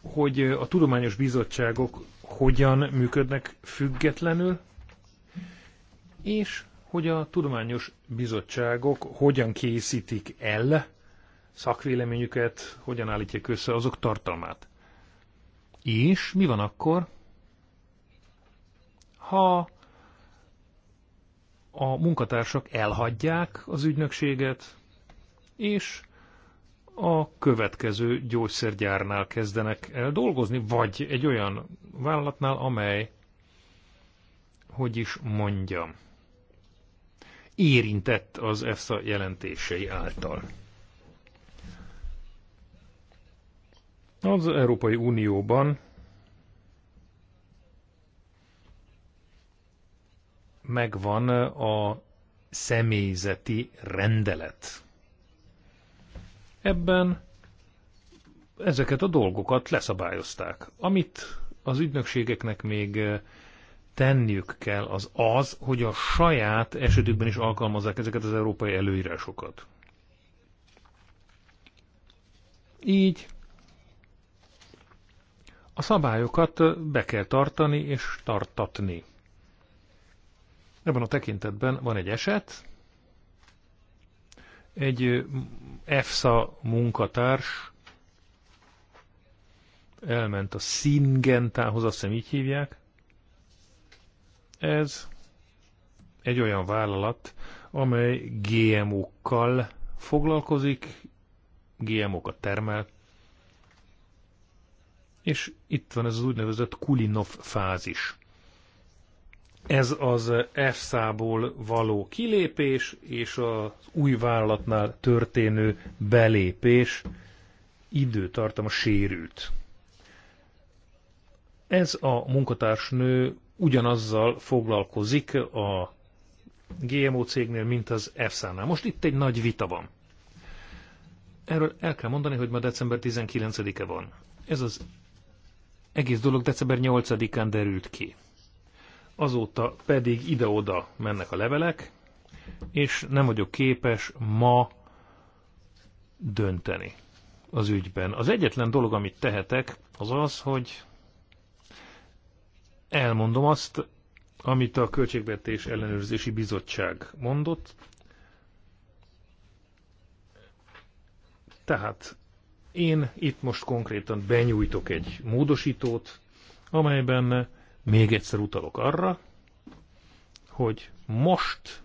Speaker 1: hogy a tudományos bizottságok hogyan működnek függetlenül, és hogy a tudományos bizottságok hogyan készítik el szakvéleményüket, hogyan állítják össze azok tartalmát. És mi van akkor, ha a munkatársak elhagyják az ügynökséget, és a következő gyógyszergyárnál kezdenek el dolgozni, vagy egy olyan vállalatnál, amely, hogy is mondjam, érintett az EFSA jelentései által. Az Európai Unióban megvan a személyzeti rendelet. Ebben ezeket a dolgokat leszabályozták. Amit az ügynökségeknek még eh, tenniük kell, az az, hogy a saját esetükben is alkalmazzák ezeket az európai előírásokat. Így a szabályokat eh, be kell tartani és tartatni. Ebben a tekintetben van egy eset, egy EFSA munkatárs elment a Szingentához, azt hiszem így hívják. Ez egy olyan vállalat, amely GMO-kkal foglalkozik, GMO-kat termel, és itt van ez az úgynevezett Kulinov fázis. Ez az EFSA-ból való kilépés és az új vállalatnál történő belépés időtartama sérült. Ez a munkatársnő ugyanazzal foglalkozik a GMO cégnél, mint az EFSA-nál. Most itt egy nagy vita van. Erről el kell mondani, hogy ma december 19-e van. Ez az egész dolog december 8-án derült ki azóta pedig ide-oda mennek a levelek, és nem vagyok képes ma dönteni az ügyben. Az egyetlen dolog, amit tehetek, az az, hogy elmondom azt, amit a Költségvetés Ellenőrzési Bizottság mondott. Tehát én itt most konkrétan benyújtok egy módosítót, amelyben még egyszer utalok arra, hogy most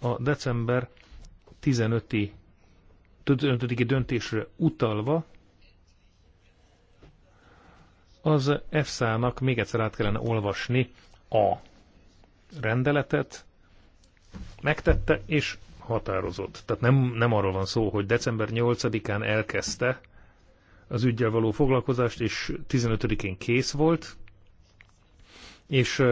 Speaker 1: a december 15-i 15 döntésre utalva az EFSA-nak még egyszer át kellene olvasni a rendeletet, megtette és határozott. Tehát nem, nem arról van szó, hogy december 8-án elkezdte az ügyel való foglalkozást, és 15-én kész volt, és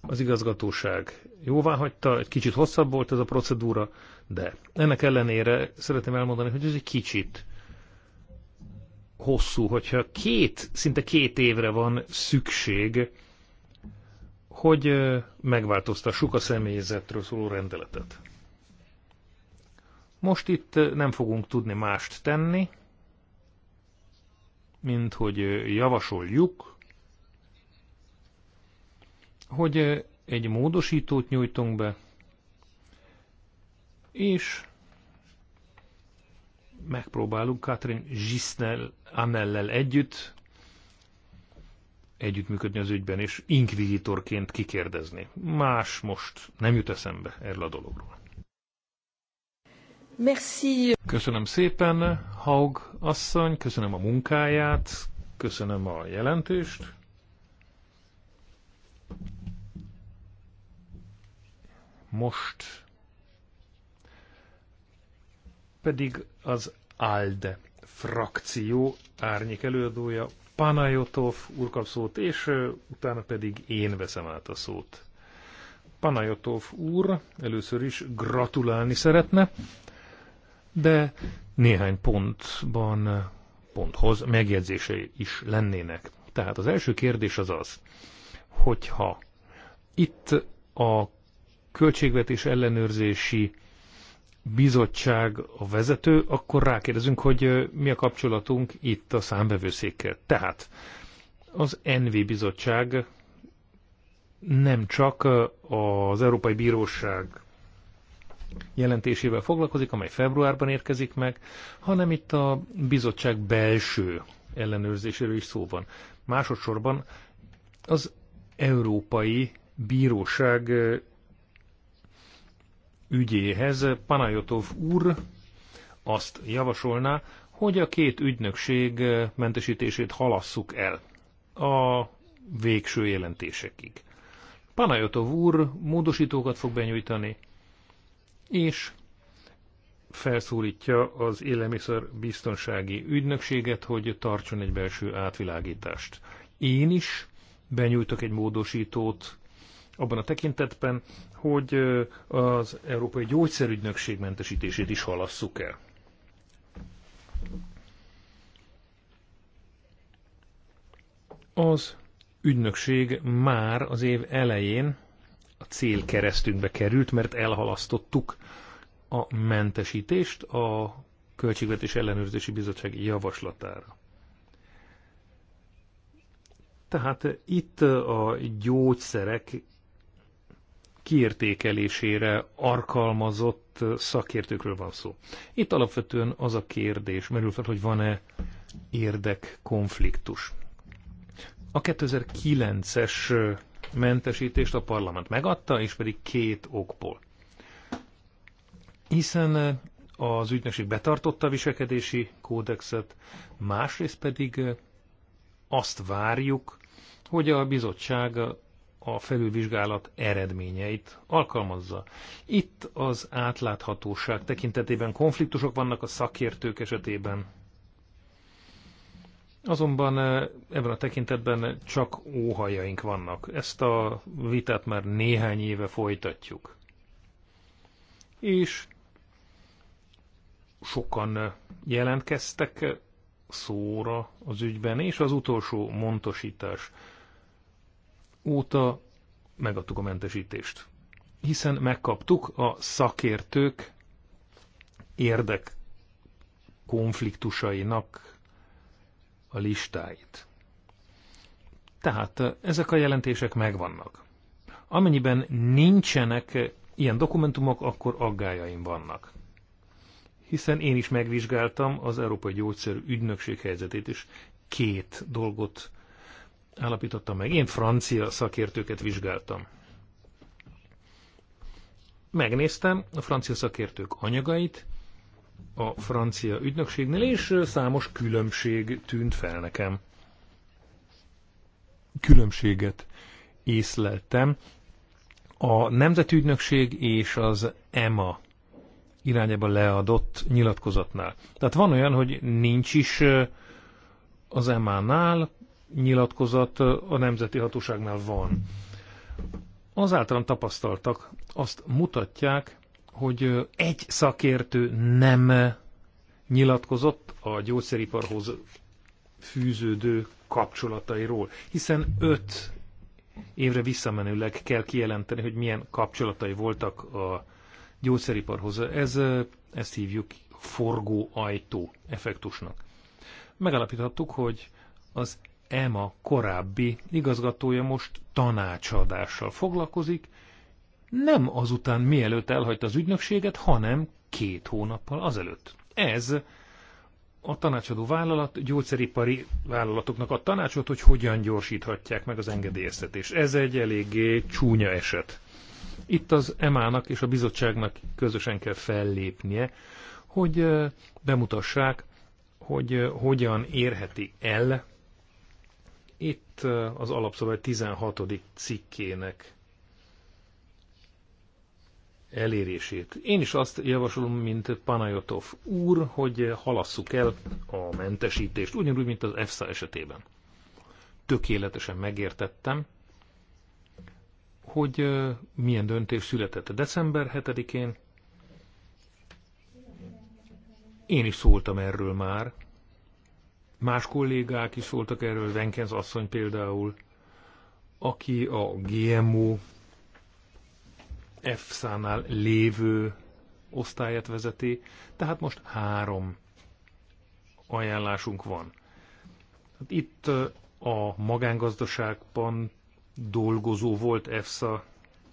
Speaker 1: az igazgatóság jóvá hagyta, egy kicsit hosszabb volt ez a procedúra, de ennek ellenére szeretném elmondani, hogy ez egy kicsit hosszú, hogyha két, szinte két évre van szükség, hogy megváltoztassuk a személyzetről szóló rendeletet. Most itt nem fogunk tudni mást tenni, mint hogy javasoljuk hogy egy módosítót nyújtunk be, és megpróbálunk Katrin Zsisznel Anellel együtt együttműködni az ügyben, és inkvizitorként kikérdezni. Más most nem jut eszembe erről a dologról. Merci. Köszönöm szépen, Haug asszony, köszönöm a munkáját, köszönöm a jelentést. Most pedig az ALDE frakció árnyék előadója Panajotov úr kap szót, és utána pedig én veszem át a szót. Panajotov úr először is gratulálni szeretne, de néhány pontban, ponthoz megjegyzései is lennének. Tehát az első kérdés az az, hogyha itt a költségvetés ellenőrzési bizottság a vezető, akkor rákérdezünk, hogy mi a kapcsolatunk itt a számbevőszékkel. Tehát az NV bizottság nem csak az Európai Bíróság jelentésével foglalkozik, amely februárban érkezik meg, hanem itt a bizottság belső ellenőrzéséről is szó van. Másodszorban az Európai Bíróság ügyéhez Panajotov úr azt javasolná, hogy a két ügynökség mentesítését halasszuk el a végső jelentésekig. Panajotov úr módosítókat fog benyújtani, és felszólítja az élelmiszer biztonsági ügynökséget, hogy tartson egy belső átvilágítást. Én is benyújtok egy módosítót abban a tekintetben, hogy az Európai Gyógyszerügynökség mentesítését is halasszuk el. Az ügynökség már az év elején a cél keresztünkbe került, mert elhalasztottuk a mentesítést a Költségvetés Ellenőrzési Bizottság javaslatára. Tehát itt a gyógyszerek kiértékelésére alkalmazott szakértőkről van szó. Itt alapvetően az a kérdés merül fel, hogy van-e érdekkonfliktus. A 2009-es mentesítést a parlament megadta, és pedig két okból. Hiszen az ügynökség betartotta a viselkedési kódexet, másrészt pedig azt várjuk, hogy a bizottság a felülvizsgálat eredményeit alkalmazza. Itt az átláthatóság tekintetében konfliktusok vannak a szakértők esetében. Azonban eh, ebben a tekintetben csak óhajaink vannak. Ezt a vitát már néhány éve folytatjuk. És sokan eh, jelentkeztek eh, szóra az ügyben, és az utolsó montosítás óta megadtuk a mentesítést, hiszen megkaptuk a szakértők érdek konfliktusainak a listáit. Tehát eh, ezek a jelentések megvannak. Amennyiben nincsenek eh, ilyen dokumentumok, akkor aggájaim vannak. Hiszen én is megvizsgáltam az Európai Gyógyszerű Ügynökség helyzetét, és két dolgot állapítottam meg. Én francia szakértőket vizsgáltam. Megnéztem a francia szakértők anyagait a francia ügynökségnél, és számos különbség tűnt fel nekem. Különbséget észleltem a Nemzeti Ügynökség és az EMA irányába leadott nyilatkozatnál. Tehát van olyan, hogy nincs is az EMA-nál nyilatkozat a nemzeti hatóságnál van. Az általam tapasztaltak azt mutatják, hogy egy szakértő nem nyilatkozott a gyógyszeriparhoz fűződő kapcsolatairól, hiszen öt évre visszamenőleg kell kijelenteni, hogy milyen kapcsolatai voltak a gyógyszeriparhoz. Ez, ezt hívjuk forgóajtó effektusnak. Megalapíthattuk, hogy az EMA korábbi igazgatója most tanácsadással foglalkozik, nem azután mielőtt elhagyta az ügynökséget, hanem két hónappal azelőtt. Ez a tanácsadó vállalat gyógyszeripari vállalatoknak a tanácsot, hogy hogyan gyorsíthatják meg az engedélyeztetést. Ez egy eléggé csúnya eset. Itt az EMA-nak és a bizottságnak közösen kell fellépnie, hogy bemutassák, hogy hogyan érheti el itt az alapszabály 16. cikkének elérését. Én is azt javasolom, mint Panajotov úr, hogy halasszuk el a mentesítést, ugyanúgy, mint az EFSA esetében. Tökéletesen megértettem, hogy milyen döntés született december 7-én. Én is szóltam erről már, Más kollégák is szóltak erről, Venkens asszony például, aki a GMO f nál lévő osztályát vezeti, tehát most három ajánlásunk van. Hát itt a magángazdaságban dolgozó volt EFSA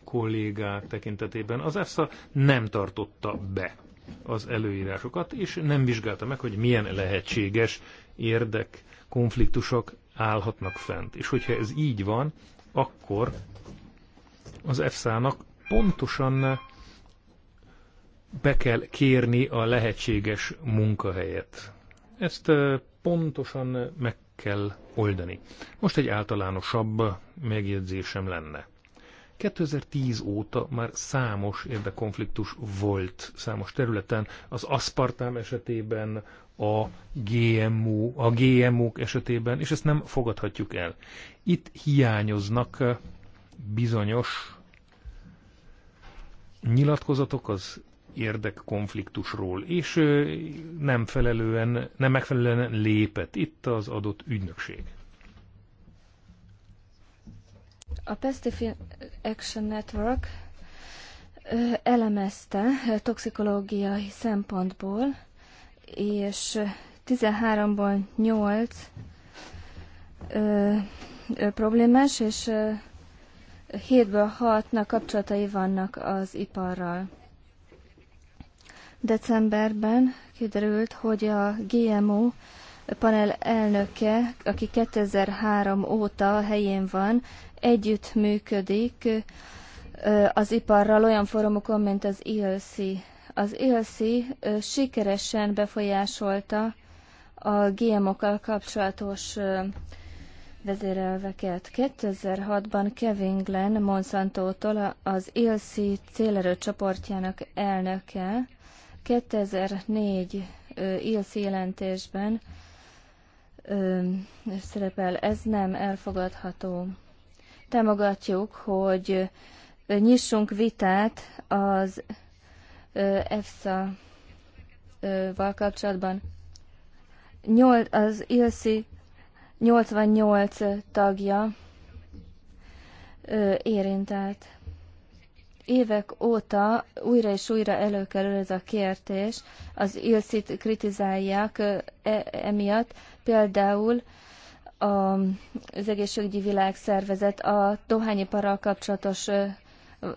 Speaker 1: kollégák tekintetében. Az EFSA nem tartotta be az előírásokat, és nem vizsgálta meg, hogy milyen lehetséges érdek, konfliktusok állhatnak fent. És hogyha ez így van, akkor az EFSA-nak pontosan be kell kérni a lehetséges munkahelyet. Ezt pontosan meg kell oldani. Most egy általánosabb megjegyzésem lenne. 2010 óta már számos érdekkonfliktus volt számos területen, az aszpartám esetében, a GMO, a GMO-k esetében, és ezt nem fogadhatjuk el. Itt hiányoznak eh, bizonyos nyilatkozatok az érdekkonfliktusról, és eh, nem, felelően, nem megfelelően lépett itt az adott ügynökség.
Speaker 2: A Pacific Action Network elemezte toxikológiai szempontból, és 13-ból 8 ö, ö, problémás, és ö, 7-ből 6-nak kapcsolatai vannak az iparral. Decemberben kiderült, hogy a GMO panel elnöke, aki 2003 óta a helyén van, együttműködik az iparral olyan fórumokon, mint az ILC. Az ILC sikeresen befolyásolta a GMO-kkal kapcsolatos vezérelveket. 2006-ban Kevin Glenn Monsanto-tól az ILC célerő csoportjának elnöke 2004 ILC jelentésben szerepel. Ez nem elfogadható támogatjuk, hogy nyissunk vitát az EFSA-val kapcsolatban. Az ILSZI 88 tagja érintett. Évek óta újra és újra előkerül ez a kérdés, az ilszit kritizálják e-, emiatt, például az egészségügyi világszervezet a dohányiparral kapcsolatos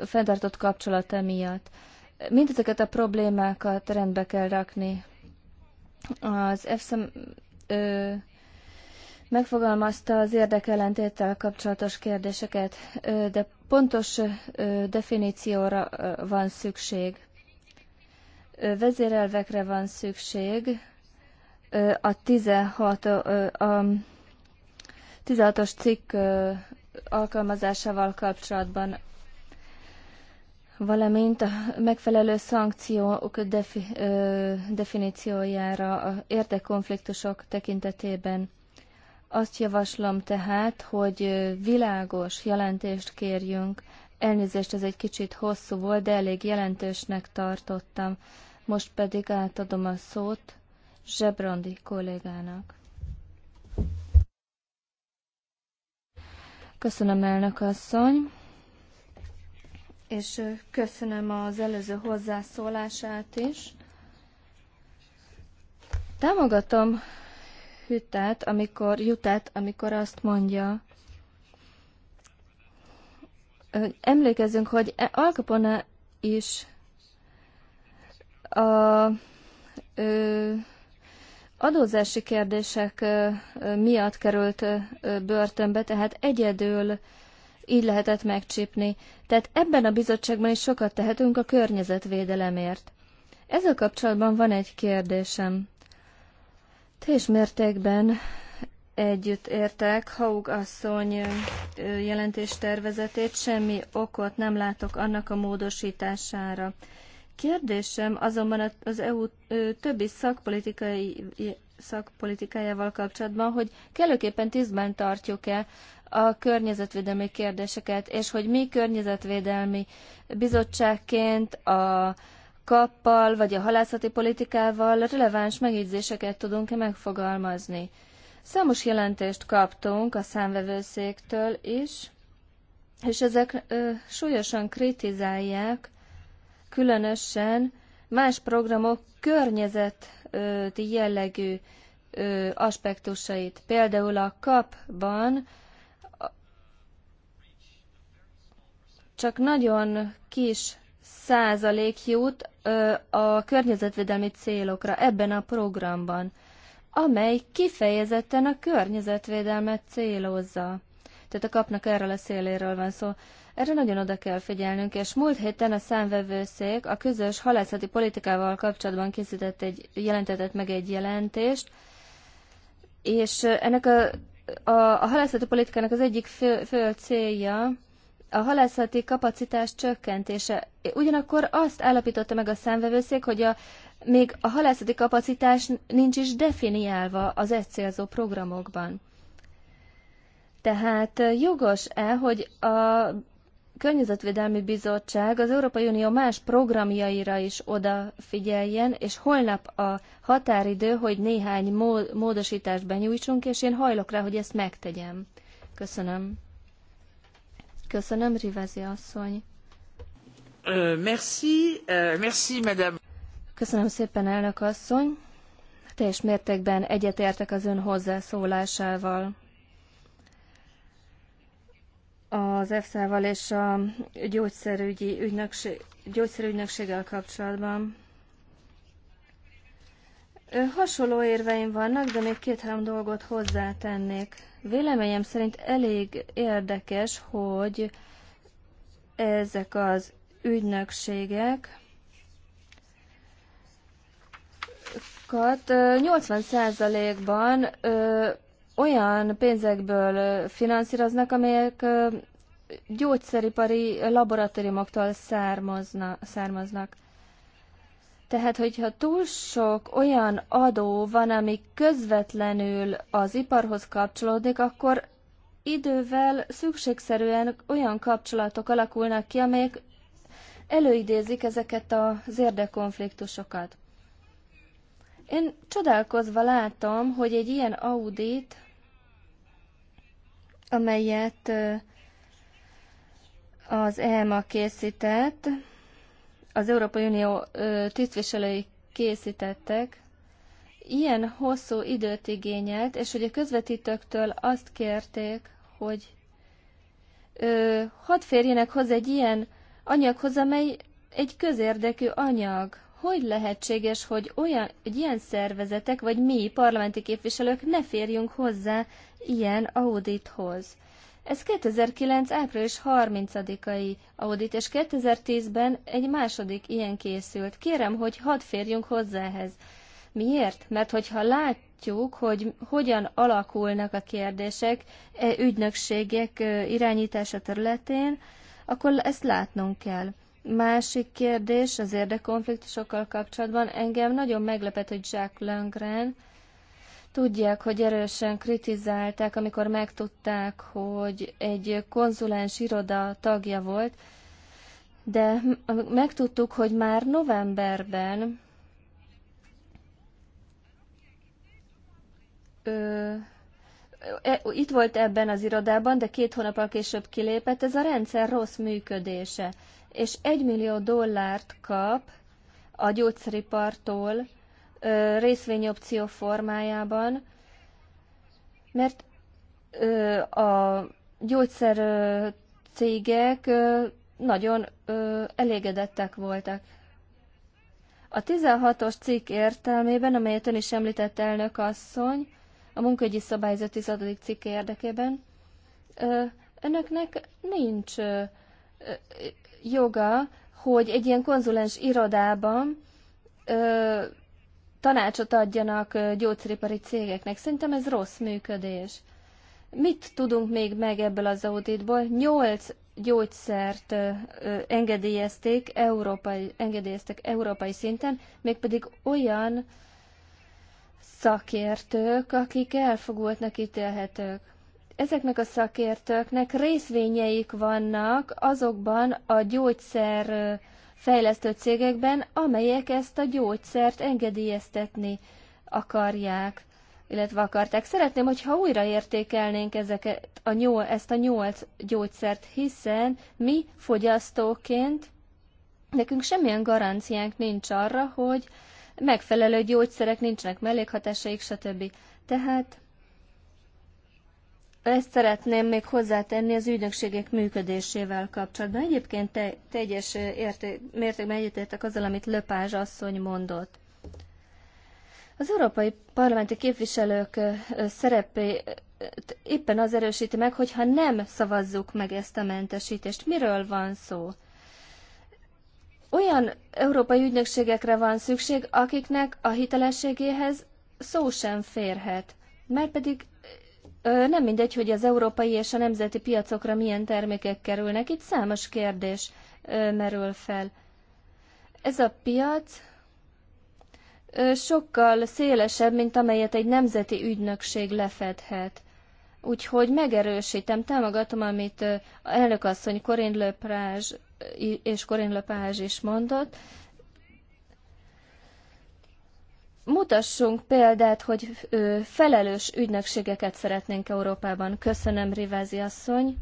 Speaker 2: fenntartott kapcsolata miatt. Mindezeket a problémákat rendbe kell rakni. Az EFSA ö, megfogalmazta az érdekellentéttel kapcsolatos kérdéseket, ö, de pontos ö, definícióra ö, van szükség. Ö, vezérelvekre van szükség. Ö, a 16 ö, a 16-os cikk alkalmazásával kapcsolatban, valamint a megfelelő szankciók defi, ö, definíciójára a érdekkonfliktusok tekintetében. Azt javaslom tehát, hogy világos jelentést kérjünk. Elnézést, ez egy kicsit hosszú volt, de elég jelentősnek tartottam. Most pedig átadom a szót Zsebrandi kollégának. Köszönöm, elnök asszony, és köszönöm az előző hozzászólását is. Támogatom hütet, amikor, Jutát, amikor azt mondja, emlékezzünk, hogy e- Al Capone is a ö, adózási kérdések miatt került börtönbe, tehát egyedül így lehetett megcsípni. Tehát ebben a bizottságban is sokat tehetünk a környezetvédelemért. Ezzel kapcsolatban van egy kérdésem. Teljes mértékben együtt értek Haug asszony jelentéstervezetét, semmi okot nem látok annak a módosítására. Kérdésem azonban az EU többi szakpolitikai szakpolitikájával kapcsolatban, hogy kellőképpen tízben tartjuk-e a környezetvédelmi kérdéseket, és hogy mi környezetvédelmi bizottságként a kappal vagy a halászati politikával releváns megjegyzéseket tudunk-e megfogalmazni. Számos jelentést kaptunk a számvevőszéktől is, és ezek ö, súlyosan kritizálják különösen más programok környezeti jellegű aspektusait. Például a kapban csak nagyon kis százalék jut a környezetvédelmi célokra ebben a programban, amely kifejezetten a környezetvédelmet célozza tehát a kapnak erről a széléről van szó. Erre nagyon oda kell figyelnünk, és múlt héten a számvevőszék a közös halászati politikával kapcsolatban készített egy, jelentetett meg egy jelentést, és ennek a, a, a halászati politikának az egyik fő, fő célja, a halászati kapacitás csökkentése. Ugyanakkor azt állapította meg a számvevőszék, hogy a, még a halászati kapacitás nincs is definiálva az ezt célzó programokban. Tehát jogos-e, hogy a Környezetvédelmi Bizottság az Európai Unió más programjaira is odafigyeljen, és holnap a határidő, hogy néhány módosítást benyújtsunk, és én hajlok rá, hogy ezt megtegyem. Köszönöm. Köszönöm, Rivezi asszony.
Speaker 1: Merci,
Speaker 3: merci, madame.
Speaker 2: Köszönöm szépen, elnök asszony. Teljes mértékben egyetértek az ön hozzászólásával az EFSA-val és a gyógyszerügyi ügynökség, gyógyszerügynökséggel kapcsolatban. Hasonló érveim vannak, de még két-három dolgot hozzátennék. Véleményem szerint elég érdekes, hogy ezek az ügynökségek 80%-ban olyan pénzekből finanszíroznak, amelyek gyógyszeripari laboratóriumoktól származna, származnak. Tehát, hogyha túl sok olyan adó van, ami közvetlenül az iparhoz kapcsolódik, akkor idővel szükségszerűen olyan kapcsolatok alakulnak ki, amelyek előidézik ezeket az érdekkonfliktusokat. Én csodálkozva látom, hogy egy ilyen audit amelyet az EMA készített, az Európai Unió tisztviselői készítettek, ilyen hosszú időt igényelt, és hogy a közvetítőktől azt kérték, hogy hadd férjenek hozzá egy ilyen anyaghoz, amely egy közérdekű anyag hogy lehetséges, hogy olyan, hogy ilyen szervezetek, vagy mi, parlamenti képviselők ne férjünk hozzá ilyen audithoz. Ez 2009. április 30-ai audit, és 2010-ben egy második ilyen készült. Kérem, hogy hadd férjünk hozzá ehhez. Miért? Mert hogyha látjuk, hogy hogyan alakulnak a kérdések e ügynökségek irányítása területén, akkor ezt látnunk kell. Másik kérdés az érdekonfliktusokkal kapcsolatban. Engem nagyon meglepett, hogy Jacques Lundgren tudják, hogy erősen kritizálták, amikor megtudták, hogy egy konzulens iroda tagja volt, de megtudtuk, hogy már novemberben ö, e, itt volt ebben az irodában, de két hónappal később kilépett, ez a rendszer rossz működése és 1 millió dollárt kap a gyógyszeripartól ö, részvényopció formájában, mert ö, a gyógyszer ö, cégek ö, nagyon ö, elégedettek voltak. A 16-os cikk értelmében, amelyet ön is említett elnök asszony, a munkaügyi szabályzat 10. cikke érdekében, ö, önöknek nincs ö, joga, hogy egy ilyen konzulens irodában ö, tanácsot adjanak gyógyszeripari cégeknek. Szerintem ez rossz működés. Mit tudunk még meg ebből az auditból? Nyolc gyógyszert ö, engedélyezték európai, engedélyeztek európai szinten, mégpedig olyan szakértők, akik elfogultnak ítélhetők ezeknek a szakértőknek részvényeik vannak azokban a gyógyszer fejlesztő cégekben, amelyek ezt a gyógyszert engedélyeztetni akarják, illetve akarták. Szeretném, hogyha újra értékelnénk ezeket a nyol, ezt a nyolc gyógyszert, hiszen mi fogyasztóként nekünk semmilyen garanciánk nincs arra, hogy megfelelő gyógyszerek nincsenek mellékhatásaik, stb. Tehát ezt szeretném még hozzátenni az ügynökségek működésével kapcsolatban. Egyébként te, teljes mértékben egyetértek azzal, amit Löpázs asszony mondott. Az európai parlamenti képviselők szerepé éppen az erősíti meg, hogyha nem szavazzuk meg ezt a mentesítést. Miről van szó? Olyan európai ügynökségekre van szükség, akiknek a hitelességéhez szó sem férhet. pedig nem mindegy, hogy az európai és a nemzeti piacokra milyen termékek kerülnek. Itt számos kérdés merül fel. Ez a piac sokkal szélesebb, mint amelyet egy nemzeti ügynökség lefedhet. Úgyhogy megerősítem, támogatom, amit elnökasszony Corinne Lepage és Corinne Lepage is mondott, mutassunk példát, hogy felelős ügynökségeket szeretnénk Európában. Köszönöm, Rivázi asszony.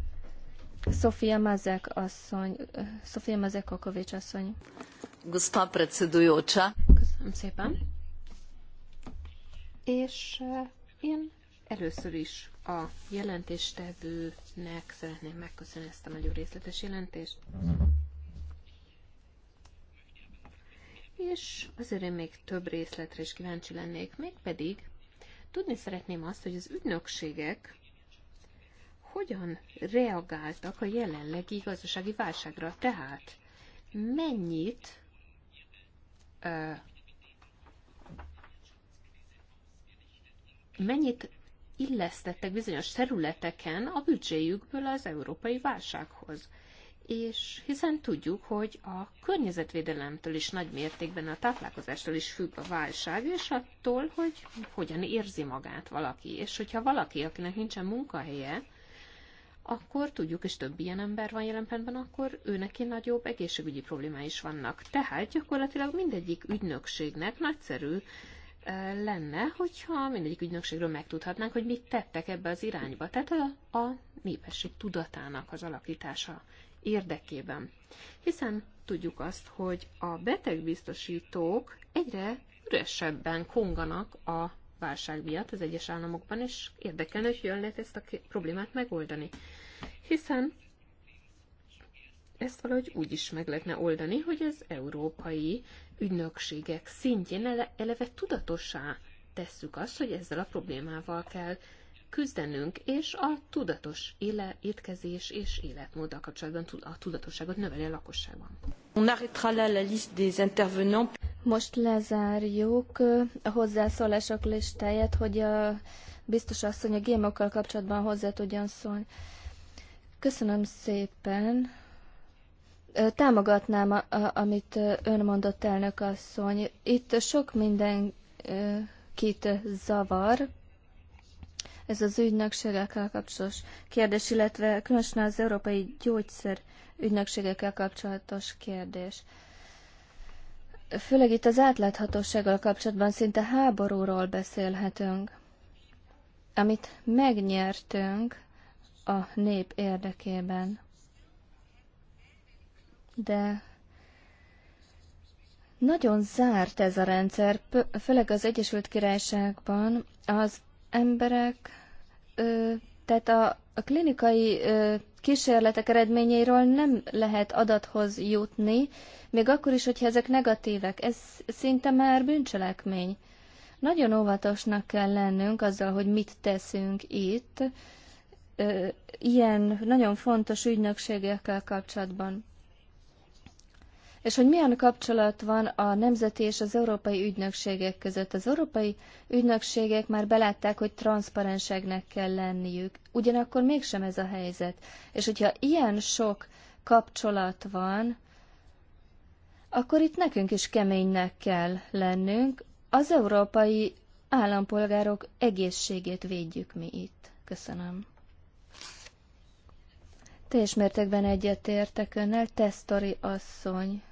Speaker 2: Sofia Mazek asszony, Sofia Mazek Kokovics asszony. Gospa
Speaker 3: predsedujoča. Köszönöm
Speaker 2: szépen. És
Speaker 3: én először is a jelentéstevőnek szeretném megköszönni ezt a nagyon részletes jelentést. és azért én még több részletre is kíváncsi lennék, mégpedig tudni szeretném azt, hogy az ügynökségek hogyan reagáltak a jelenlegi gazdasági válságra, tehát mennyit mennyit illesztettek bizonyos területeken a büdzséjükből az európai válsághoz és hiszen tudjuk, hogy a környezetvédelemtől is nagy mértékben a táplálkozástól is függ a válság, és attól, hogy hogyan érzi magát valaki. És hogyha valaki, akinek nincsen munkahelye, akkor tudjuk, és több ilyen ember van jelen pillanatban, akkor őneki nagyobb egészségügyi problémái is vannak. Tehát gyakorlatilag mindegyik ügynökségnek nagyszerű lenne, hogyha mindegyik ügynökségről megtudhatnánk, hogy mit tettek ebbe az irányba. Tehát a, a népesség tudatának az alakítása érdekében. Hiszen tudjuk azt, hogy a betegbiztosítók egyre üresebben konganak a válság miatt az egyes államokban, és érdekelne, hogy jön lehet ezt a problémát megoldani. Hiszen ezt valahogy úgy is meg lehetne oldani, hogy az európai ügynökségek szintjén eleve tudatosá tesszük azt, hogy ezzel a problémával kell küzdenünk, és a tudatos éle, étkezés és életmóddal kapcsolatban a tudatosságot növeli a lakosságban.
Speaker 2: Most lezárjuk uh, a hozzászólások listáját, hogy a biztos asszony a gémokkal kapcsolatban hozzá tudjon szólni. Köszönöm szépen. Uh, támogatnám, a, a, amit uh, ön mondott, elnök asszony. Itt sok minden kit zavar, ez az ügynökségekkel kapcsolatos kérdés, illetve különösen az európai gyógyszer ügynökségekkel kapcsolatos kérdés. Főleg itt az átláthatósággal kapcsolatban szinte háborúról beszélhetünk, amit megnyertünk a nép érdekében. De nagyon zárt ez a rendszer, főleg az Egyesült Királyságban az emberek, tehát a, a klinikai kísérletek eredményeiről nem lehet adathoz jutni, még akkor is, hogyha ezek negatívek. Ez szinte már bűncselekmény. Nagyon óvatosnak kell lennünk azzal, hogy mit teszünk itt, ilyen nagyon fontos ügynökségekkel kapcsolatban és hogy milyen kapcsolat van a nemzeti és az európai ügynökségek között. Az európai ügynökségek már belátták, hogy transzparenségnek kell lenniük, ugyanakkor mégsem ez a helyzet. És hogyha ilyen sok kapcsolat van, akkor itt nekünk is keménynek kell lennünk, az európai állampolgárok egészségét védjük mi itt. Köszönöm. Teljes mértékben egyetértek önnel, Tesztori asszony.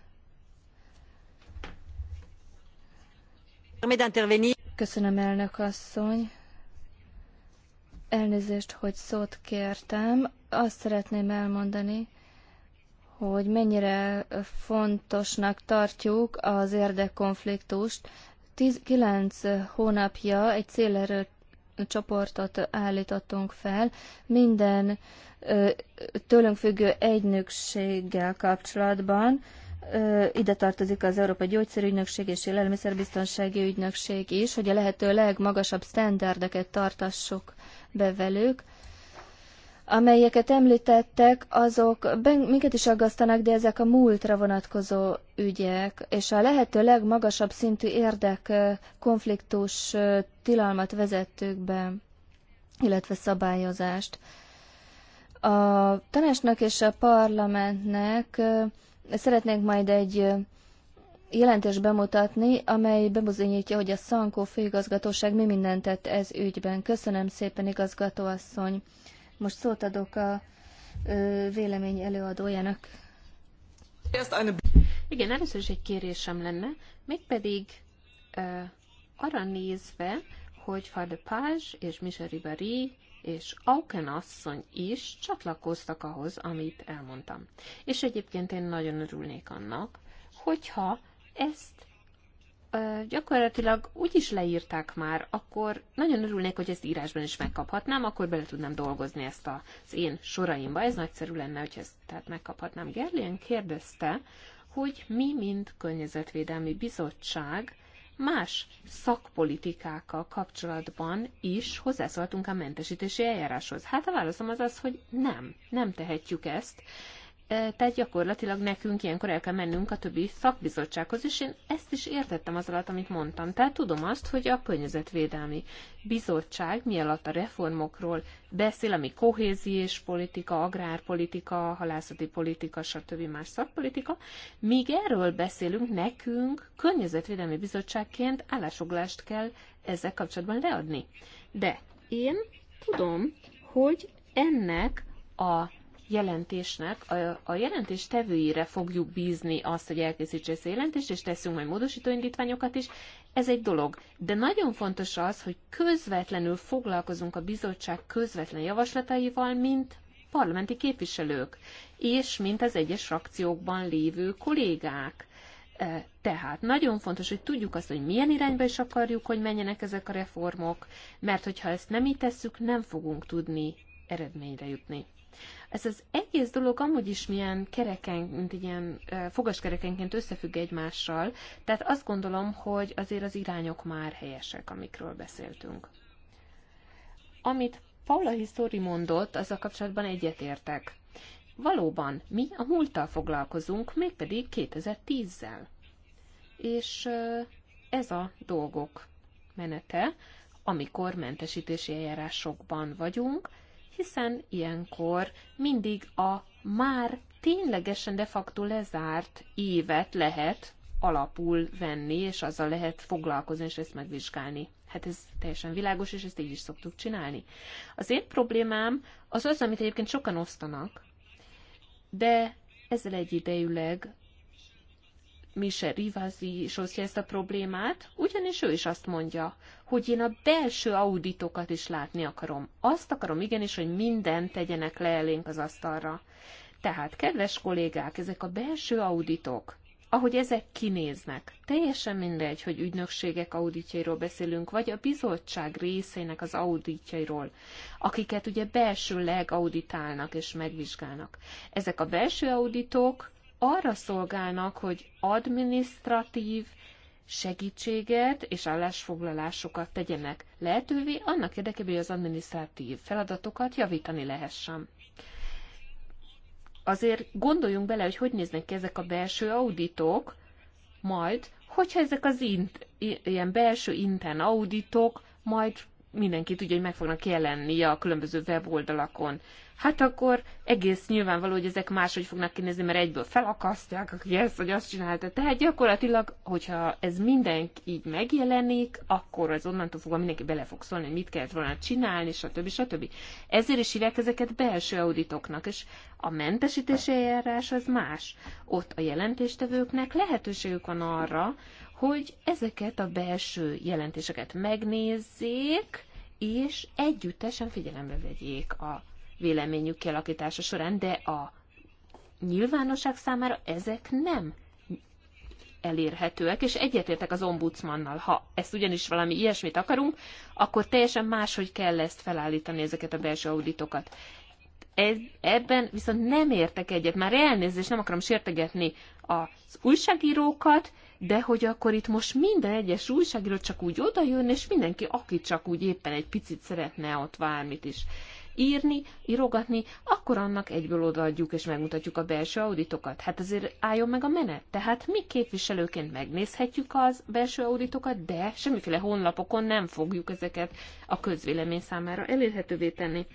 Speaker 2: Köszönöm, elnök asszony. Elnézést, hogy szót kértem. Azt szeretném elmondani, hogy mennyire fontosnak tartjuk az érdekkonfliktust. 19 hónapja egy célerő csoportot állítottunk fel, minden tőlünk függő egynökséggel kapcsolatban, ide tartozik az Európai Gyógyszerügynökség és Élelmiszerbiztonsági Ügynökség is, hogy a lehető legmagasabb sztenderdeket tartassuk be velük. Amelyeket említettek, azok minket is aggasztanak, de ezek a múltra vonatkozó ügyek, és a lehető legmagasabb szintű érdek konfliktus tilalmat vezettük be, illetve szabályozást. A tanácsnak és a parlamentnek Szeretnénk majd egy jelentést bemutatni, amely bebizonyítja, hogy a Szankó főigazgatóság mi mindent tett ez ügyben. Köszönöm szépen, igazgatóasszony. Most szót adok a vélemény előadójának.
Speaker 3: Igen, először is egy kérésem lenne, mégpedig ö, arra nézve, hogy Pázs és Michel Ribéry és Auken asszony is csatlakoztak ahhoz, amit elmondtam. És egyébként én nagyon örülnék annak, hogyha ezt gyakorlatilag úgy is leírták már, akkor nagyon örülnék, hogy ezt írásban is megkaphatnám, akkor bele tudnám dolgozni ezt az én soraimba. Ez nagyszerű lenne, hogy ezt tehát megkaphatnám. Gerlien kérdezte, hogy mi, mint Környezetvédelmi Bizottság, más szakpolitikákkal kapcsolatban is hozzászóltunk a mentesítési eljáráshoz? Hát a válaszom az az, hogy nem, nem tehetjük ezt, tehát gyakorlatilag nekünk ilyenkor el kell mennünk a többi szakbizottsághoz, és én ezt is értettem az alatt, amit mondtam. Tehát tudom azt, hogy a Környezetvédelmi Bizottság mi alatt a reformokról beszél, ami kohéziós politika, agrárpolitika, halászati politika, stb. más szakpolitika, míg erről beszélünk, nekünk Környezetvédelmi Bizottságként állásoglást kell ezzel kapcsolatban leadni. De én tudom, hogy ennek a jelentésnek, a, a jelentés tevőire fogjuk bízni azt, hogy elkészítse ezt a jelentést, és teszünk majd módosítóindítványokat is. Ez egy dolog. De nagyon fontos az, hogy közvetlenül foglalkozunk a bizottság közvetlen javaslataival, mint parlamenti képviselők, és mint az egyes frakciókban lévő kollégák. E, tehát nagyon fontos, hogy tudjuk azt, hogy milyen irányba is akarjuk, hogy menjenek ezek a reformok, mert hogyha ezt nem így tesszük, nem fogunk tudni eredményre jutni. Ez az egész dolog amúgy is milyen kereken, mint ilyen fogaskerekenként összefügg egymással, tehát azt gondolom, hogy azért az irányok már helyesek, amikről beszéltünk. Amit Paula Hisztori mondott, az a kapcsolatban egyetértek. Valóban, mi a múlttal foglalkozunk, mégpedig 2010-zel. És ez a dolgok menete, amikor mentesítési eljárásokban vagyunk, hiszen ilyenkor mindig a már ténylegesen de facto lezárt évet lehet alapul venni, és azzal lehet foglalkozni, és ezt megvizsgálni. Hát ez teljesen világos, és ezt így is szoktuk csinálni. Az én problémám az az, amit egyébként sokan osztanak, de ezzel egyidejűleg Mise Rivazi is osztja ezt a problémát, ugyanis ő is azt mondja, hogy én a belső auditokat is látni akarom. Azt akarom igenis, hogy mindent tegyenek le elénk az asztalra. Tehát, kedves kollégák, ezek a belső auditok, ahogy ezek kinéznek, teljesen mindegy, hogy ügynökségek auditjairól beszélünk, vagy a bizottság részének az auditjairól, akiket ugye belsőleg auditálnak és megvizsgálnak. Ezek a belső auditok arra szolgálnak, hogy administratív segítséget és állásfoglalásokat tegyenek lehetővé, annak érdekében, hogy az administratív feladatokat javítani lehessen. Azért gondoljunk bele, hogy hogy néznek ki ezek a belső auditok, majd, hogyha ezek az int, ilyen belső intern auditok majd mindenki tudja, hogy meg fognak jelenni a különböző weboldalakon. Hát akkor egész nyilvánvaló, hogy ezek máshogy fognak kinézni, mert egyből felakasztják, aki ezt vagy azt csinálta. Tehát gyakorlatilag, hogyha ez mindenki így megjelenik, akkor az onnantól fogva mindenki bele fog szólni, hogy mit kellett volna csinálni, stb. stb. Ezért is hívják ezeket belső auditoknak, és a mentesítési eljárás az más. Ott a jelentéstevőknek lehetőségük van arra, hogy ezeket a belső jelentéseket megnézzék, és együttesen figyelembe vegyék a véleményük kialakítása során, de a nyilvánosság számára ezek nem elérhetőek, és egyetértek az ombudsmannal, ha ezt ugyanis valami ilyesmit akarunk, akkor teljesen máshogy kell ezt felállítani, ezeket a belső auditokat. Ebben viszont nem értek egyet, már elnézést, nem akarom sértegetni az újságírókat, de hogy akkor itt most minden egyes újságíró csak úgy oda jön, és mindenki, aki csak úgy éppen egy picit szeretne ott valamit is írni, írogatni, akkor annak egyből odaadjuk és megmutatjuk a belső auditokat. Hát azért álljon meg a menet. Tehát mi képviselőként megnézhetjük az belső auditokat, de semmiféle honlapokon nem fogjuk ezeket a közvélemény számára elérhetővé tenni.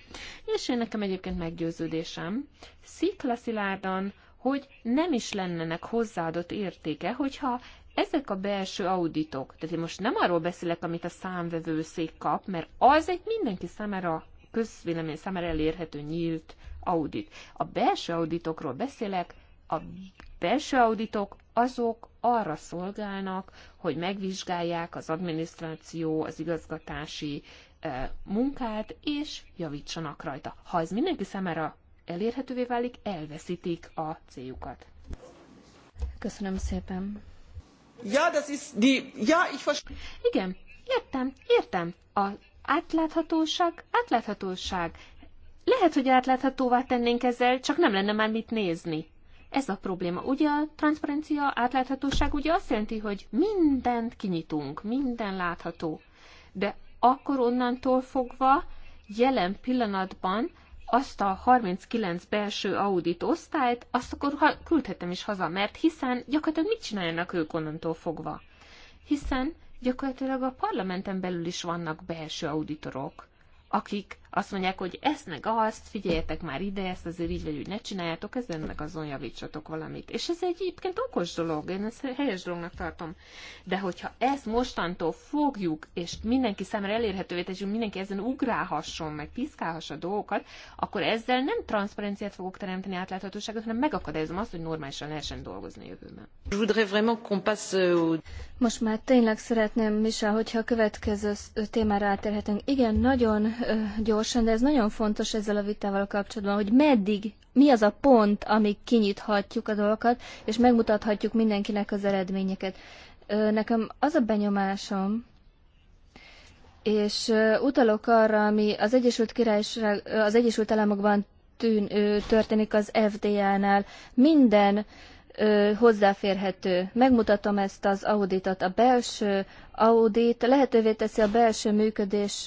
Speaker 3: És én nekem egyébként meggyőződésem, sziklaszilárdan hogy nem is lennenek hozzáadott értéke, hogyha ezek a belső auditok, tehát én most nem arról beszélek, amit a számvevőszék kap, mert az egy mindenki számára közvélemény számára elérhető nyílt audit. A belső auditokról beszélek, a belső auditok azok arra szolgálnak, hogy megvizsgálják az adminisztráció, az igazgatási e, munkát, és javítsanak rajta. Ha ez mindenki számára elérhetővé válik, elveszítik a céljukat.
Speaker 2: Köszönöm szépen.
Speaker 3: Ja, das ist die... Ja, ich Igen, értem, értem. A átláthatóság, átláthatóság. Lehet, hogy átláthatóvá tennénk ezzel, csak nem lenne már mit nézni. Ez a probléma. Ugye a transzparencia, átláthatóság ugye azt jelenti, hogy mindent kinyitunk, minden látható. De akkor onnantól fogva jelen pillanatban azt a 39 belső audit osztályt, azt akkor ha, küldhetem is haza, mert hiszen gyakorlatilag mit csináljanak ők onnantól fogva? Hiszen gyakorlatilag a parlamenten belül is vannak belső auditorok, akik azt mondják, hogy ezt meg azt, figyeljetek már ide, ezt azért így vagy úgy ne csináljátok, ezen meg azon javítsatok valamit. És ez egy egyébként okos dolog, én ezt helyes dolognak tartom. De hogyha ezt mostantól fogjuk, és mindenki számára elérhetővé tegyünk, mindenki ezen ugrálhasson, meg piszkálhassa dolgokat, akkor ezzel nem transzparenciát fogok teremteni átláthatóságot, hanem megakadályozom azt, hogy normálisan lehessen dolgozni jövőben. Euh,
Speaker 2: Most már tényleg szeretném, Misa, hogyha a következő témára átérhetünk. Igen, nagyon gyors gyorsan, de ez nagyon fontos ezzel a vitával kapcsolatban, hogy meddig, mi az a pont, amíg kinyithatjuk a dolgokat, és megmutathatjuk mindenkinek az eredményeket. Nekem az a benyomásom, és utalok arra, ami az Egyesült Királyság, az Egyesült Államokban tűn, történik az FDA-nál. Minden hozzáférhető. Megmutatom ezt az auditot. A belső audit lehetővé teszi a belső működés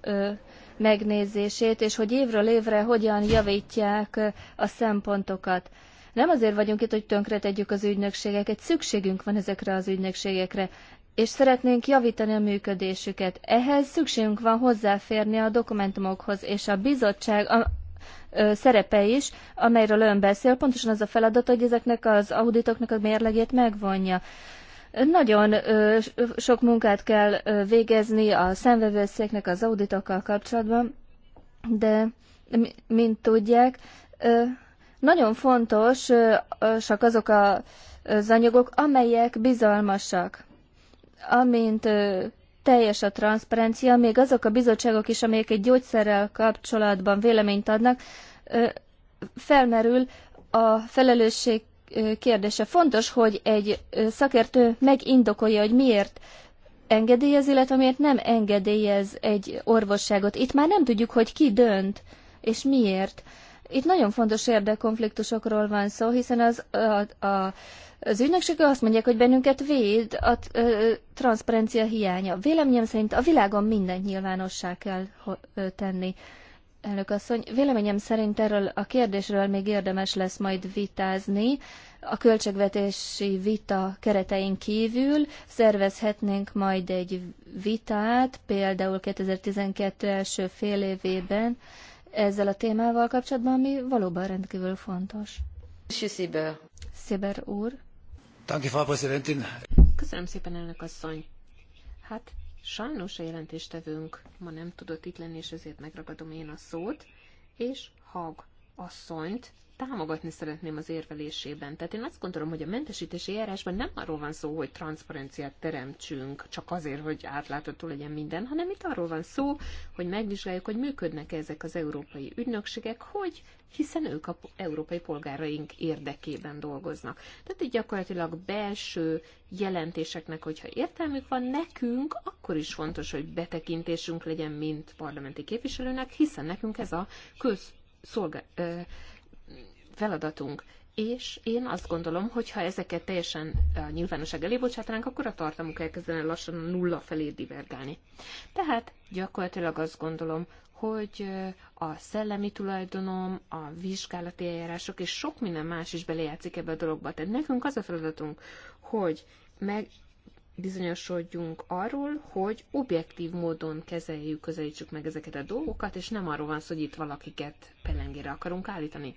Speaker 2: ö, megnézését, és hogy évről évre hogyan javítják a szempontokat. Nem azért vagyunk itt, hogy tönkretegyük az ügynökségeket, szükségünk van ezekre az ügynökségekre, és szeretnénk javítani a működésüket. Ehhez szükségünk van hozzáférni a dokumentumokhoz, és a bizottság, a szerepe is, amelyről ön beszél, pontosan az a feladat, hogy ezeknek az auditoknak a mérlegét megvonja. Nagyon sok munkát kell végezni a szemvevőszéknek az auditokkal kapcsolatban, de mint tudják, nagyon fontosak azok az anyagok, amelyek bizalmasak. Amint teljes a transzparencia, még azok a bizottságok is, amelyek egy gyógyszerrel kapcsolatban véleményt adnak, felmerül a felelősség kérdése fontos, hogy egy szakértő megindokolja, hogy miért engedélyez, illetve miért nem engedélyez egy orvosságot. Itt már nem tudjuk, hogy ki dönt, és miért. Itt nagyon fontos érdekkonfliktusokról van szó, hiszen az, a, a, az ügynökség azt mondják, hogy bennünket véd a, a, a transzparencia hiánya. Véleményem szerint a világon mindent nyilvánossá kell tenni elnök asszony. Véleményem szerint erről a kérdésről még érdemes lesz majd vitázni. A költségvetési vita keretein kívül szervezhetnénk majd egy vitát, például 2012 első fél évében ezzel a témával kapcsolatban, ami valóban rendkívül fontos. Sziber. Sziber úr.
Speaker 3: Köszönöm szépen, elnök asszony. Hát Sajnos a jelentéstevőnk ma nem tudott itt lenni, és ezért megragadom én a szót, és hag asszonyt támogatni szeretném az érvelésében. Tehát én azt gondolom, hogy a mentesítési eljárásban nem arról van szó, hogy transzparenciát teremtsünk, csak azért, hogy átlátható legyen minden, hanem itt arról van szó, hogy megvizsgáljuk, hogy működnek -e ezek az európai ügynökségek, hogy hiszen ők a európai polgáraink érdekében dolgoznak. Tehát itt gyakorlatilag belső jelentéseknek, hogyha értelmük van nekünk, akkor is fontos, hogy betekintésünk legyen, mint parlamenti képviselőnek, hiszen nekünk ez a köz feladatunk. És én azt gondolom, hogy ha ezeket teljesen a eh, nyilvánosság elé bocsátanánk, akkor a tartalmuk elkezdene lassan a nulla felé divergálni. Tehát gyakorlatilag azt gondolom, hogy eh, a szellemi tulajdonom, a vizsgálati eljárások és sok minden más is belejátszik ebbe a dologba. Tehát nekünk az a feladatunk, hogy meg bizonyosodjunk arról, hogy objektív módon kezeljük, közelítsük meg ezeket a dolgokat, és nem arról van szó, hogy itt valakiket pelengére akarunk állítani.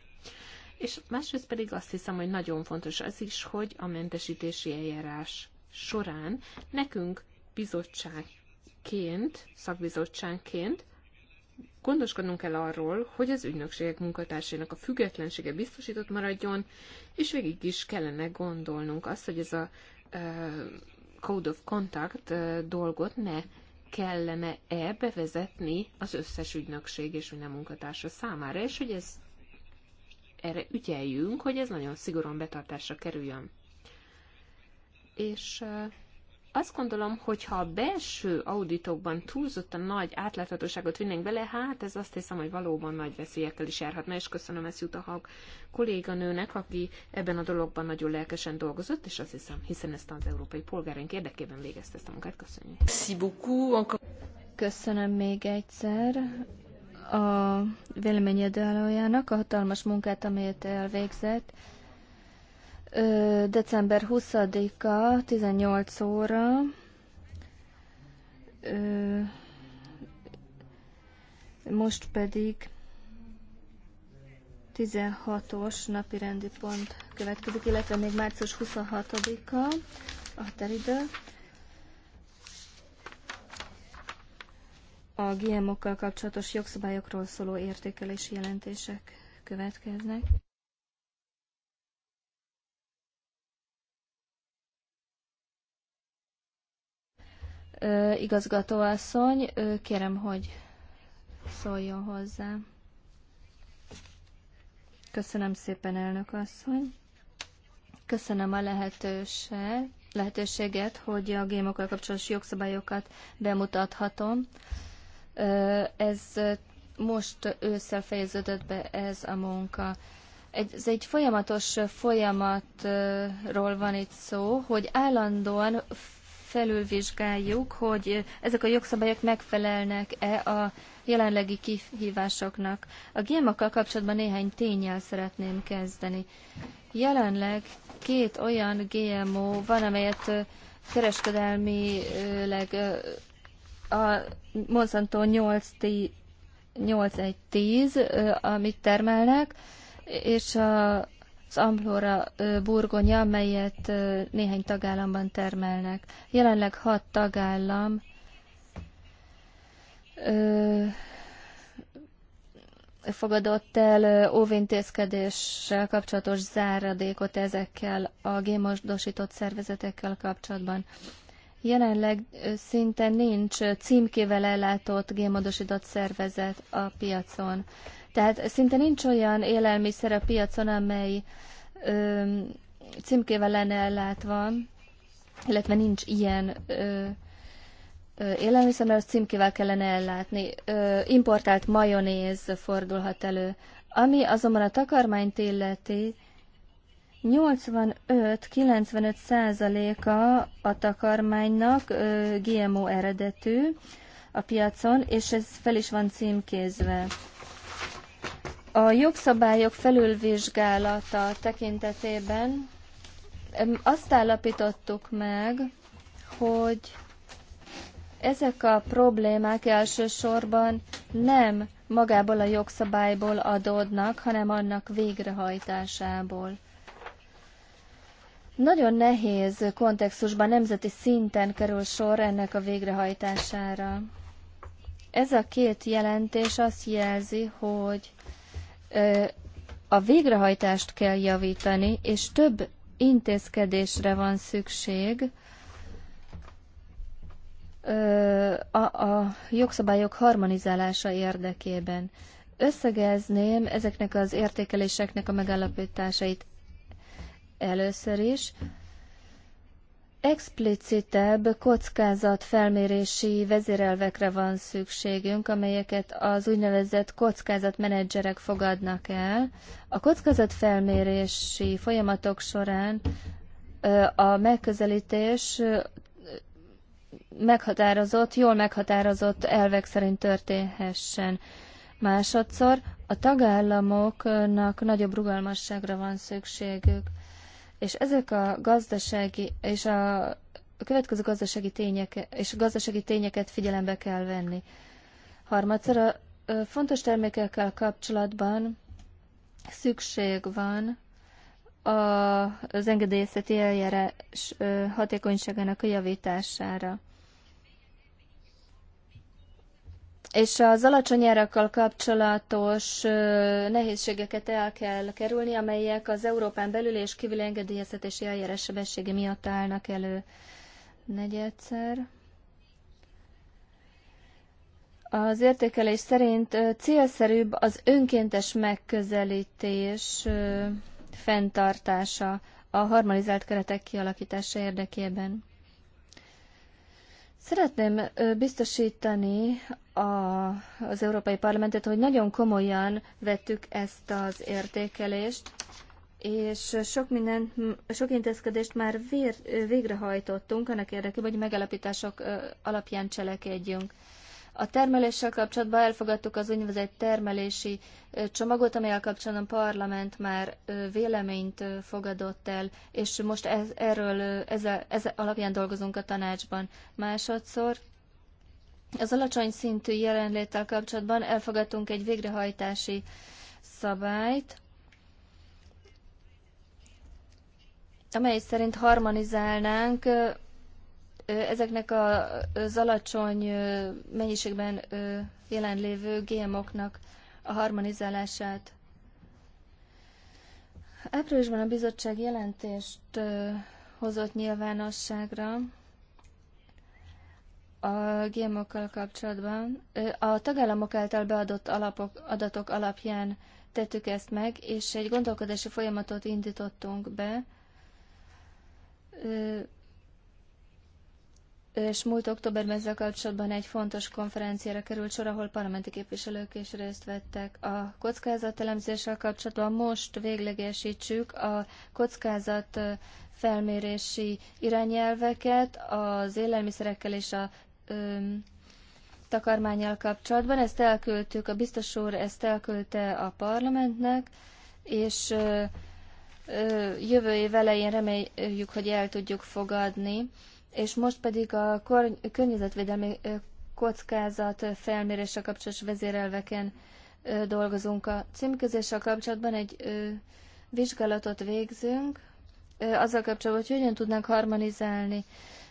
Speaker 3: És másrészt pedig azt hiszem, hogy nagyon fontos az is, hogy a mentesítési eljárás során nekünk bizottságként, szakbizottságként gondoskodnunk kell arról, hogy az ügynökségek munkatársainak a függetlensége biztosított maradjon, és végig is kellene gondolnunk azt, hogy ez a uh, Code of Contact uh, dolgot ne kellene-e bevezetni az összes ügynökség és minden munkatársa számára, és hogy ez erre ügyeljünk, hogy ez nagyon szigorúan betartásra kerüljön. És azt gondolom, hogy ha a belső auditokban túlzottan nagy átláthatóságot vinnénk bele, hát ez azt hiszem, hogy valóban nagy veszélyekkel is járhatna, és köszönöm ezt jut a Hag kolléganőnek, aki ebben a dologban nagyon lelkesen dolgozott, és azt hiszem, hiszen ezt az európai polgáraink érdekében végezte ezt a munkát. Köszönjük.
Speaker 2: Köszönöm még egyszer a véleményedőállójának a hatalmas munkát, amelyet elvégzett. December 20-a, 18 óra. Most pedig 16-os napi rendi pont következik, illetve még március 26-a a határidő. a GMO-kkal kapcsolatos jogszabályokról szóló értékelési jelentések következnek. Ö, igazgatóasszony, ö, kérem, hogy szóljon hozzá. Köszönöm szépen, elnök asszony. Köszönöm a lehetőség, lehetőséget, hogy a gémokkal kapcsolatos jogszabályokat bemutathatom. Ez most ősszel fejeződött be ez a munka. Egy, ez egy folyamatos folyamatról van itt szó, hogy állandóan felülvizsgáljuk, hogy ezek a jogszabályok megfelelnek-e a jelenlegi kihívásoknak. A gémakkal kapcsolatban néhány tényel szeretném kezdeni. Jelenleg két olyan GMO van, amelyet kereskedelmileg a Monsanto 10 amit termelnek, és a, az Amplora burgonya, amelyet néhány tagállamban termelnek. Jelenleg hat tagállam fogadott el óvintézkedéssel kapcsolatos záradékot ezekkel a gémosdosított szervezetekkel kapcsolatban. Jelenleg szinte nincs címkével ellátott gémodosított szervezet a piacon. Tehát szinte nincs olyan élelmiszer a piacon, amely ö, címkével lenne ellátva, illetve nincs ilyen ö, ö, élelmiszer, mert azt címkével kellene ellátni. Ö, importált majonéz fordulhat elő. Ami azonban a takarmányt illeti, 85-95 százaléka a takarmánynak GMO eredetű a piacon, és ez fel is van címkézve. A jogszabályok felülvizsgálata tekintetében azt állapítottuk meg, hogy ezek a problémák elsősorban nem magából a jogszabályból adódnak, hanem annak végrehajtásából. Nagyon nehéz kontextusban nemzeti szinten kerül sor ennek a végrehajtására. Ez a két jelentés azt jelzi, hogy a végrehajtást kell javítani, és több intézkedésre van szükség a, jogszabályok harmonizálása érdekében. Összegezném ezeknek az értékeléseknek a megállapításait. Először is explicitebb kockázatfelmérési vezérelvekre van szükségünk, amelyeket az úgynevezett kockázatmenedzserek fogadnak el. A kockázatfelmérési folyamatok során a megközelítés meghatározott, jól meghatározott elvek szerint történhessen. Másodszor a tagállamoknak nagyobb rugalmasságra van szükségük és ezek a gazdasági és a, a következő gazdasági tények és a gazdasági tényeket figyelembe kell venni. Harmadszor a fontos termékekkel kapcsolatban szükség van a, az engedélyezeti eljárás hatékonyságának a javítására. és az alacsony árakkal kapcsolatos nehézségeket el kell kerülni, amelyek az Európán belül és kívül engedélyeztetési eljárás sebessége miatt állnak elő. Negyedszer. Az értékelés szerint célszerűbb az önkéntes megközelítés fenntartása a harmonizált keretek kialakítása érdekében. Szeretném biztosítani a, az Európai Parlamentet, hogy nagyon komolyan vettük ezt az értékelést, és sok, minden, sok intézkedést már vér, végrehajtottunk annak érdekében, hogy megállapítások alapján cselekedjünk. A termeléssel kapcsolatban elfogadtuk az úgynevezett termelési csomagot, amelyel kapcsolatban a parlament már véleményt fogadott el, és most ez, erről ez, ez alapján dolgozunk a tanácsban másodszor. Az alacsony szintű jelenléttel kapcsolatban elfogadtunk egy végrehajtási szabályt, amely szerint harmonizálnánk ezeknek az alacsony mennyiségben jelenlévő GMO-knak a harmonizálását. Áprilisban a bizottság jelentést hozott nyilvánosságra a GMO-kkal kapcsolatban. A tagállamok által beadott alapok, adatok alapján tettük ezt meg, és egy gondolkodási folyamatot indítottunk be és múlt októberben ezzel kapcsolatban egy fontos konferenciára került sor, ahol parlamenti képviselők is részt vettek. A kockázatelemzéssel kapcsolatban most véglegesítsük a kockázat felmérési irányelveket az élelmiszerekkel és a öm, takarmányjal kapcsolatban. Ezt elküldtük, a biztos úr ezt elküldte a parlamentnek, és jövő év elején reméljük, hogy el tudjuk fogadni és most pedig a környezetvédelmi kockázat felmérése kapcsolatos vezérelveken dolgozunk. A címkezéssel kapcsolatban egy vizsgálatot végzünk, azzal kapcsolatban, hogy hogyan tudnánk harmonizálni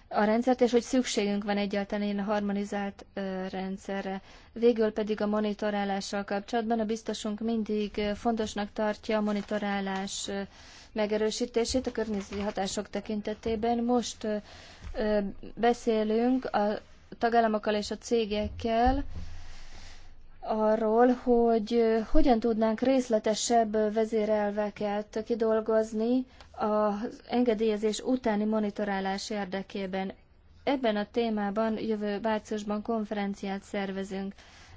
Speaker 2: a rendszert, és hogy szükségünk van egyáltalán ilyen harmonizált rendszerre. Végül pedig a monitorálással kapcsolatban a biztosunk mindig fontosnak tartja a monitorálás megerősítését a környezeti hatások tekintetében. Most beszélünk a tagállamokkal és a cégekkel, arról, hogy hogyan tudnánk részletesebb vezérelveket kidolgozni az engedélyezés utáni monitorálás érdekében. Ebben a témában jövő márciusban konferenciát szervezünk.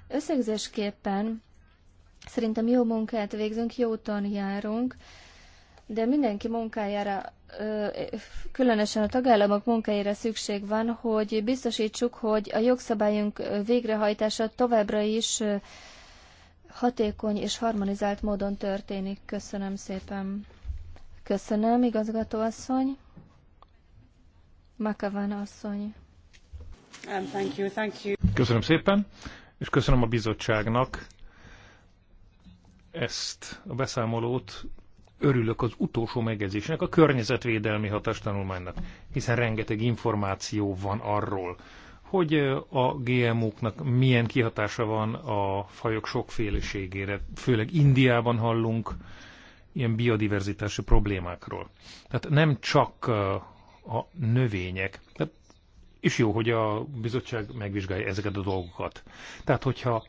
Speaker 2: Összegzésképpen szerintem jó munkát végzünk, jó úton járunk, de mindenki munkájára, különösen a tagállamok munkájára szükség van, hogy biztosítsuk, hogy a jogszabályunk végrehajtása továbbra is hatékony és harmonizált módon történik. Köszönöm szépen. Köszönöm, igazgatóasszony. Makavan asszony. Um, thank you, thank you.
Speaker 1: Köszönöm szépen, és köszönöm a bizottságnak ezt a beszámolót örülök az utolsó megjegyzésnek, a környezetvédelmi hatástanulmánynak, hiszen rengeteg információ van arról, hogy a GMO-knak milyen kihatása van a fajok sokféleségére. Főleg Indiában hallunk ilyen biodiverzitási problémákról. Tehát nem csak a növények, tehát és jó, hogy a bizottság megvizsgálja ezeket a dolgokat. Tehát, hogyha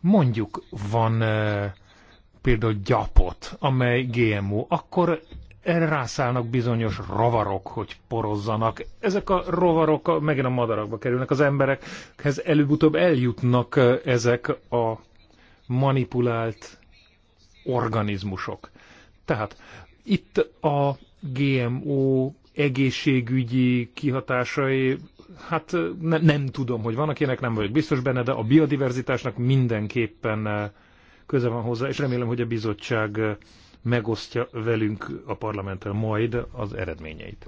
Speaker 1: mondjuk van például gyapot, amely GMO, akkor erre rászállnak bizonyos rovarok, hogy porozzanak. Ezek a rovarok megint a madarakba kerülnek, az emberekhez előbb-utóbb eljutnak ezek a manipulált organizmusok. Tehát itt a GMO egészségügyi kihatásai, hát ne, nem tudom, hogy van akinek nem vagyok biztos benne, de a biodiverzitásnak mindenképpen köze van hozzá, és remélem, hogy a bizottság eh, megosztja velünk a parlamenttel majd az eredményeit.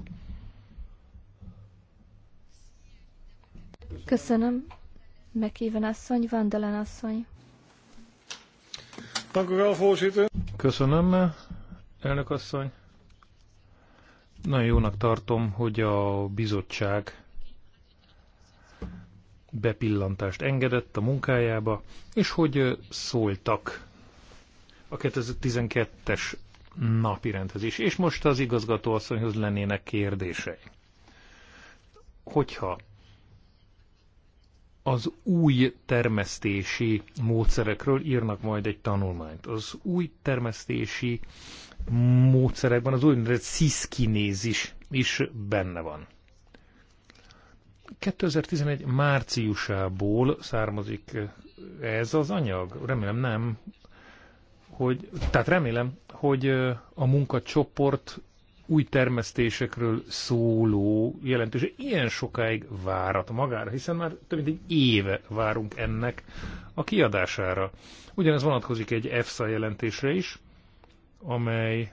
Speaker 2: Köszönöm. Megkíven asszony, Vandalen asszony.
Speaker 1: Köszönöm, elnök asszony. Nagyon jónak tartom, hogy a bizottság bepillantást engedett a munkájába, és hogy szóltak a 2012-es napirendhez is. És most az igazgatóasszonyhoz lennének kérdései. Hogyha az új termesztési módszerekről írnak majd egy tanulmányt. Az új termesztési módszerekben az úgynevezett sziszkinézis is benne van. 2011 márciusából származik ez az anyag? Remélem nem. Hogy, tehát remélem, hogy a munkacsoport új termesztésekről szóló jelentős, ilyen sokáig várat magára, hiszen már több mint egy éve várunk ennek a kiadására. Ugyanez vonatkozik egy EFSA jelentésre is, amely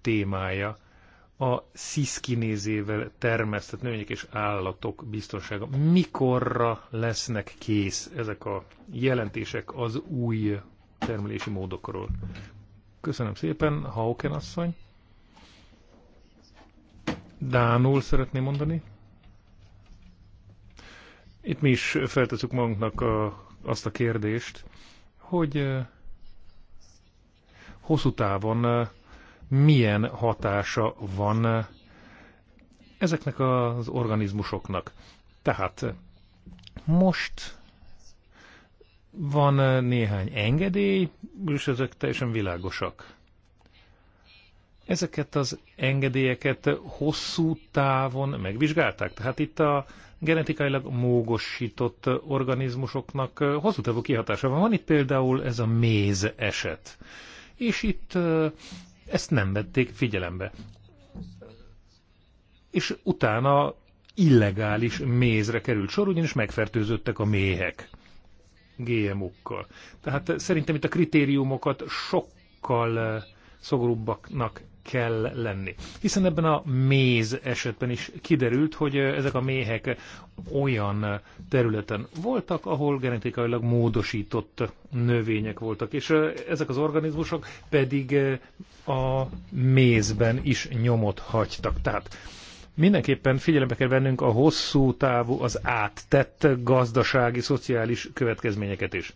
Speaker 1: témája a sziszkinézével termesztett növények és állatok biztonsága. Mikorra lesznek kész ezek a jelentések az új termelési módokról? Köszönöm szépen, Hauken asszony. Dánul szeretném mondani. Itt mi is feltesszük magunknak a, azt a kérdést, hogy eh, hosszú távon eh, milyen hatása van ezeknek az organizmusoknak. Tehát most van néhány engedély, és ezek teljesen világosak. Ezeket az engedélyeket hosszú távon megvizsgálták, tehát itt a genetikailag mógosított organizmusoknak hosszú távú kihatása van. Van itt például ez a méz eset. És itt ezt nem vették figyelembe. És utána illegális mézre került sor, ugyanis megfertőzöttek a méhek GMO-kkal. Tehát szerintem itt a kritériumokat sokkal eh, szogorúbbaknak kell lenni. Hiszen ebben a méz esetben is kiderült, hogy ezek a méhek olyan területen voltak, ahol genetikailag módosított növények voltak, és ezek az organizmusok pedig a mézben is nyomot hagytak. Tehát mindenképpen figyelembe kell vennünk a hosszú távú, az áttett gazdasági, szociális következményeket is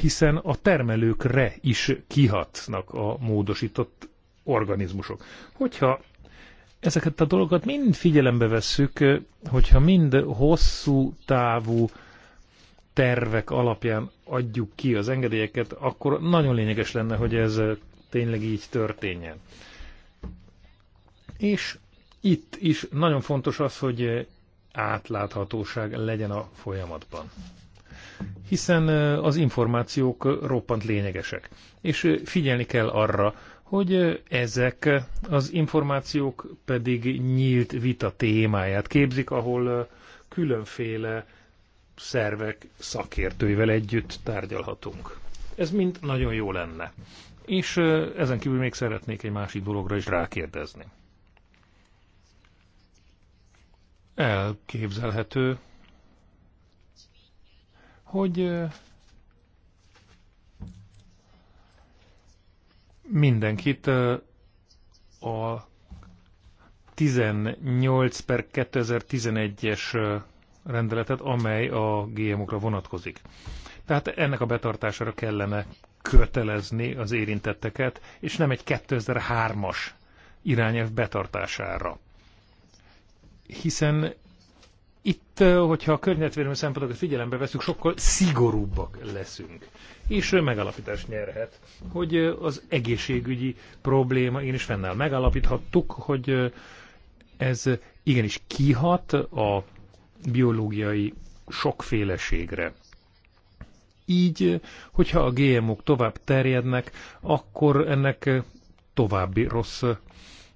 Speaker 1: hiszen a termelőkre is kihatnak a módosított organizmusok. Hogyha ezeket a dolgokat mind figyelembe vesszük, hogyha mind hosszú távú tervek alapján adjuk ki az engedélyeket, akkor nagyon lényeges lenne, hogy ez tényleg így történjen. És itt is nagyon fontos az, hogy átláthatóság legyen a folyamatban. Hiszen az információk roppant lényegesek, és figyelni kell arra, hogy ezek az információk pedig nyílt vita témáját képzik, ahol különféle szervek szakértőivel együtt tárgyalhatunk. Ez mind nagyon jó lenne. És ezen kívül még szeretnék egy másik dologra is rákérdezni. Elképzelhető, hogy mindenkit a 18 per 2011-es rendeletet, amely a GMO-kra vonatkozik. Tehát ennek a betartására kellene kötelezni az érintetteket, és nem egy 2003-as irányelv betartására. Hiszen itt, hogyha a környezetvédelmi szempontokat figyelembe veszünk, sokkal szigorúbbak leszünk. És megalapítást nyerhet, hogy az egészségügyi probléma én is fennáll. Megalapíthattuk, hogy ez igenis kihat a biológiai sokféleségre. Így, hogyha a GMO-k tovább terjednek, akkor ennek további rossz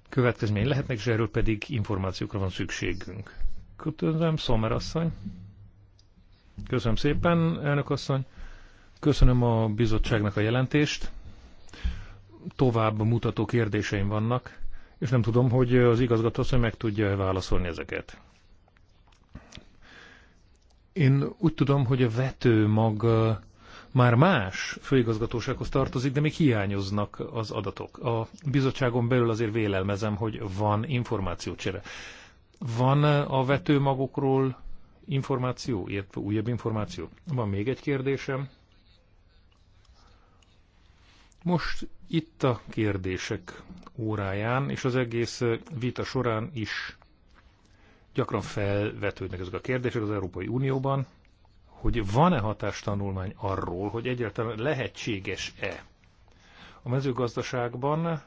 Speaker 1: következmény lehetnek, és erről pedig információkra van szükségünk. Köszönöm, Szomer asszony. Köszönöm szépen, elnök asszony. Köszönöm a bizottságnak a jelentést. Tovább mutató kérdéseim vannak, és nem tudom, hogy az igazgató asszony meg tudja -e válaszolni ezeket. Én úgy tudom, hogy a mag már más főigazgatósághoz tartozik, de még hiányoznak az adatok. A bizottságon belül azért vélelmezem, hogy van információcsere. Van eh, a vetőmagokról információ, illetve újabb információ? Van még egy kérdésem. Most itt a kérdések óráján, és az egész eh, vita során is gyakran felvetődnek ezek a kérdések az Európai Unióban, hogy van-e hatástanulmány arról, hogy egyáltalán lehetséges-e a mezőgazdaságban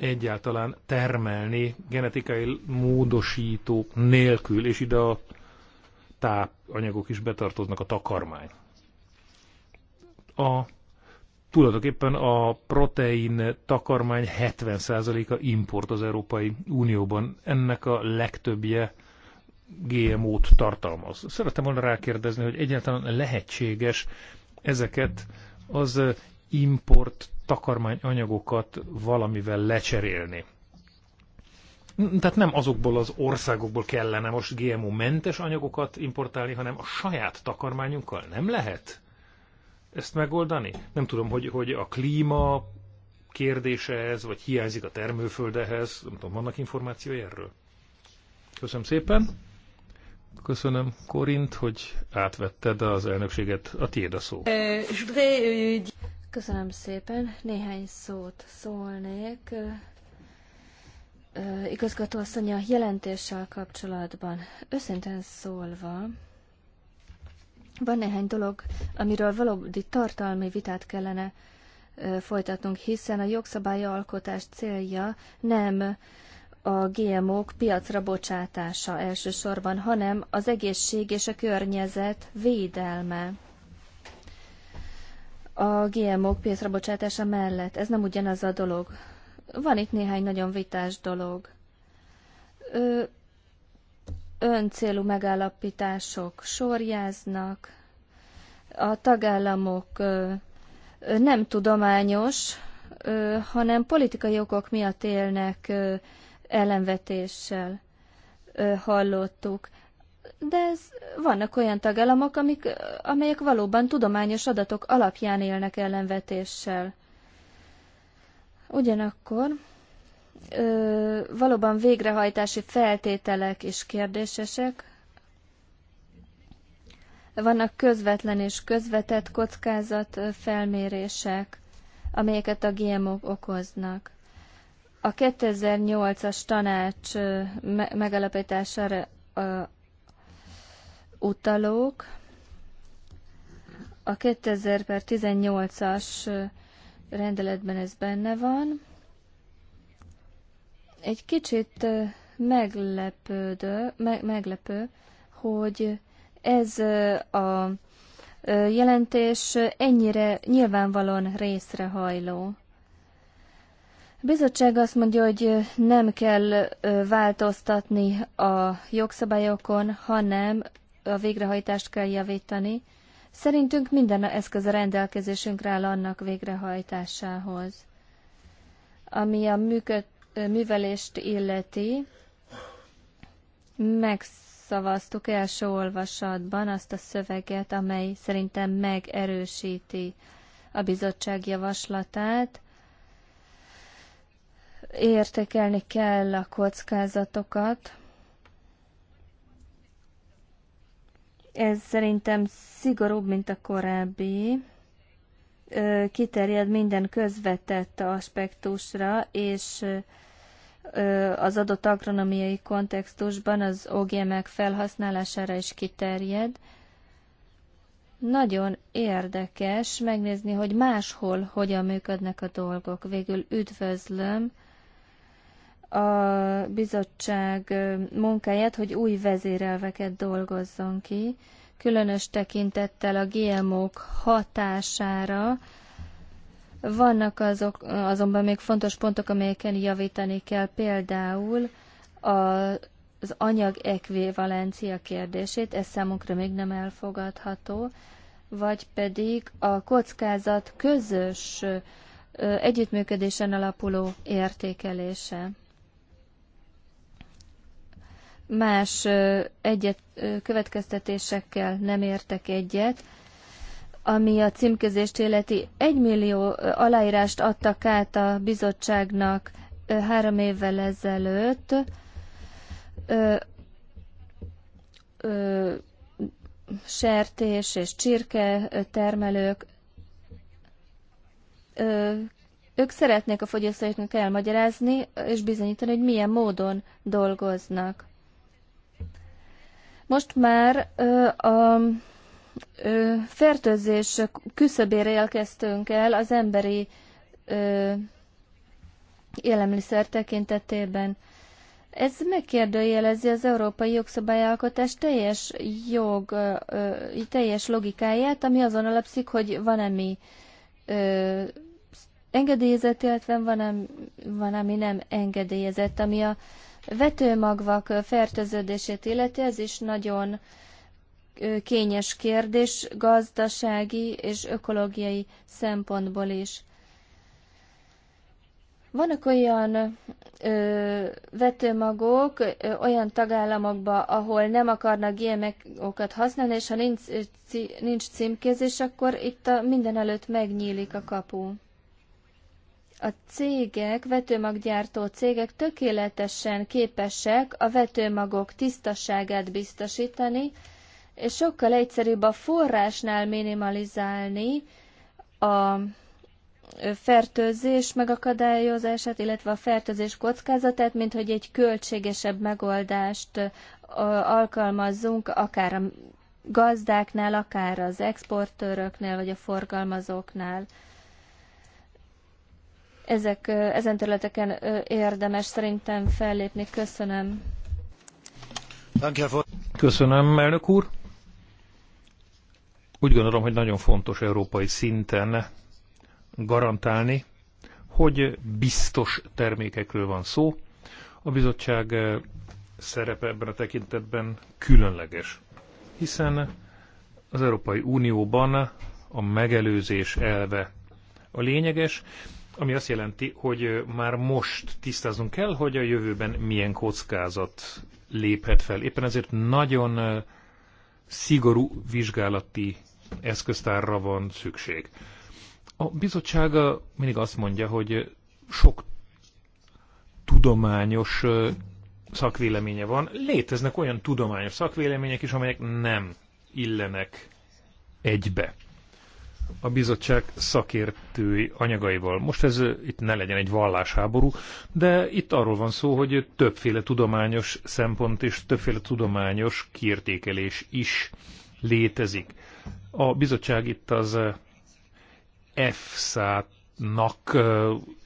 Speaker 1: egyáltalán termelni genetikai módosítók nélkül, és ide a tápanyagok is betartoznak, a takarmány. A, tulajdonképpen a protein takarmány 70%-a import az Európai Unióban. Ennek a legtöbbje GMO-t tartalmaz. Szerettem volna rákérdezni, hogy egyáltalán lehetséges ezeket az import takarmányanyagokat valamivel lecserélni. Tehát nem azokból az országokból kellene most GMO-mentes anyagokat importálni, hanem a saját takarmányunkkal nem lehet ezt megoldani? Nem tudom, hogy, hogy a klíma kérdése ez, vagy hiányzik a termőföldehez, nem tudom, vannak információi erről? Köszönöm szépen. Köszönöm, Korint, hogy átvetted az elnökséget. A tiéd a szó. Eh,
Speaker 2: Köszönöm szépen. Néhány szót szólnék. Igazgató asszony a jelentéssel kapcsolatban. Őszintén szólva, van néhány dolog, amiről valódi tartalmi vitát kellene folytatnunk, hiszen a jogszabály alkotás célja nem a GMO-k piacra bocsátása elsősorban, hanem az egészség és a környezet védelme a GMO-k pénzrabocsátása mellett. Ez nem ugyanaz a dolog. Van itt néhány nagyon vitás dolog. Ö, öncélú megállapítások sorjáznak, a tagállamok ö, nem tudományos, ö, hanem politikai okok miatt élnek ö, ellenvetéssel. Ö, hallottuk de ez, vannak olyan tagállamok, amik, amelyek valóban tudományos adatok alapján élnek ellenvetéssel. Ugyanakkor ö, valóban végrehajtási feltételek is kérdésesek. Vannak közvetlen és közvetett kockázat felmérések, amelyeket a GMO -ok okoznak. A 2008-as tanács megalapítására utalók. A 2000 per 18-as rendeletben ez benne van. Egy kicsit meglepődő, me- meglepő, hogy ez a jelentés ennyire nyilvánvalóan részrehajló. A bizottság azt mondja, hogy nem kell változtatni a jogszabályokon, hanem a végrehajtást kell javítani. Szerintünk minden eszköz a rendelkezésünkre áll annak végrehajtásához. Ami a működ, művelést illeti, megszavaztuk első olvasatban azt a szöveget, amely szerintem megerősíti a bizottság javaslatát. Értékelni kell a kockázatokat, Ez szerintem szigorúbb, mint a korábbi. Kiterjed minden közvetett aspektusra, és az adott agronomiai kontextusban az OGM-ek felhasználására is kiterjed. Nagyon érdekes megnézni, hogy máshol hogyan működnek a dolgok. Végül üdvözlöm a bizottság munkáját, hogy új vezérelveket dolgozzon ki, különös tekintettel a GMO-k hatására. Vannak azok, azonban még fontos pontok, amelyeken javítani kell, például az anyag ekvivalencia kérdését, ez számunkra még nem elfogadható, vagy pedig a kockázat közös együttműködésen alapuló értékelése más egyet, következtetésekkel nem értek egyet, ami a címkezést illeti. Egy millió aláírást adtak át a bizottságnak három évvel ezelőtt. sertés és csirke termelők ők szeretnék a fogyasztóiknak elmagyarázni és bizonyítani, hogy milyen módon dolgoznak. Most már a fertőzés küszöbére elkezdtünk el az emberi élelmiszer tekintetében. Ez megkérdőjelezi az európai jogszabályalkotás teljes jog, teljes logikáját, ami azon alapszik, hogy van-e mi engedélyezett, illetve van-e, van-e mi nem engedélyezett, ami a vetőmagvak fertőződését illeti, ez is nagyon kényes kérdés gazdasági és ökológiai szempontból is. Vannak olyan ö, vetőmagok ö, olyan tagállamokban, ahol nem akarnak GMO-kat használni, és ha nincs, nincs címkézés, akkor itt a, minden előtt megnyílik a kapu a cégek, vetőmaggyártó cégek tökéletesen képesek a vetőmagok tisztaságát biztosítani, és sokkal egyszerűbb a forrásnál minimalizálni a fertőzés megakadályozását, illetve a fertőzés kockázatát, mint hogy egy költségesebb megoldást alkalmazzunk, akár a gazdáknál, akár az exportőröknél, vagy a forgalmazóknál ezek, ezen területeken érdemes szerintem fellépni. Köszönöm.
Speaker 1: Köszönöm, elnök úr. Úgy gondolom, hogy nagyon fontos európai szinten garantálni, hogy biztos termékekről van szó. A bizottság szerepe ebben a tekintetben különleges, hiszen az Európai Unióban a megelőzés elve a lényeges, ami azt jelenti, hogy már most tisztáznunk kell, hogy a jövőben milyen kockázat léphet fel. Éppen ezért nagyon szigorú vizsgálati eszköztárra van szükség. A bizottsága mindig azt mondja, hogy sok tudományos szakvéleménye van. Léteznek olyan tudományos szakvélemények is, amelyek nem illenek egybe a bizottság szakértői anyagaival. Most ez itt ne legyen egy vallásháború, de itt arról van szó, hogy többféle tudományos szempont és többféle tudományos kiértékelés is létezik. A bizottság itt az EFSA-nak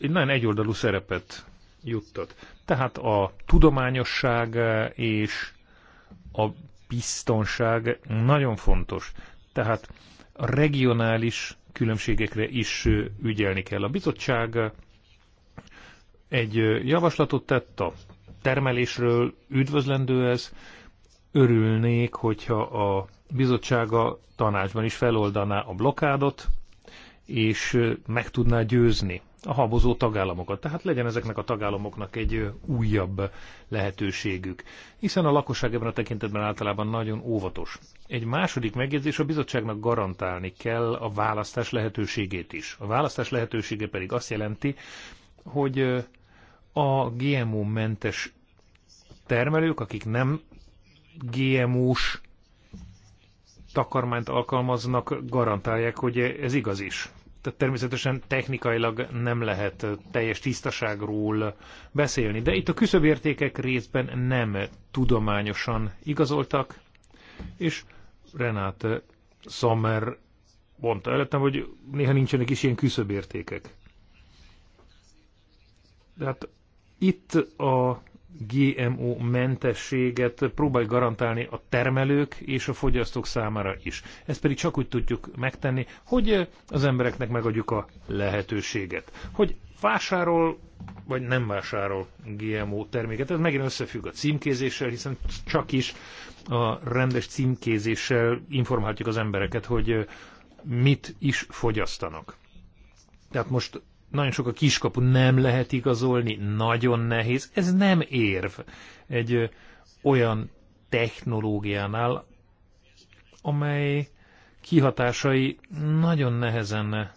Speaker 1: egy nagyon egyoldalú szerepet juttat. Tehát a tudományosság és a biztonság nagyon fontos. Tehát a regionális különbségekre is ügyelni kell. A bizottság egy javaslatot tett a termelésről, üdvözlendő ez, örülnék, hogyha a bizottsága tanácsban is feloldaná a blokádot, és meg tudná győzni a habozó tagállamokat. Tehát legyen ezeknek a tagállamoknak egy újabb lehetőségük, hiszen a lakosság ebben a tekintetben általában nagyon óvatos. Egy második megjegyzés a bizottságnak garantálni kell a választás lehetőségét is. A választás lehetősége pedig azt jelenti, hogy a GMO-mentes termelők, akik nem GMO-s takarmányt alkalmaznak, garantálják, hogy ez igaz is. Tehát természetesen technikailag nem lehet teljes tisztaságról beszélni, de itt a küszöbértékek részben nem tudományosan igazoltak, és Renát Sommer mondta előttem, hogy néha nincsenek is ilyen küszöbértékek. De hát itt a GMO mentességet próbálj garantálni a termelők és a fogyasztók számára is. Ezt pedig csak úgy tudjuk megtenni, hogy az embereknek megadjuk a lehetőséget. Hogy vásárol vagy nem vásárol GMO terméket. Ez megint összefügg a címkézéssel, hiszen csak is a rendes címkézéssel informálhatjuk az embereket, hogy mit is fogyasztanak. Tehát most nagyon sok a kiskapu, nem lehet igazolni, nagyon nehéz. Ez nem érv egy olyan technológiánál, amely kihatásai nagyon nehezen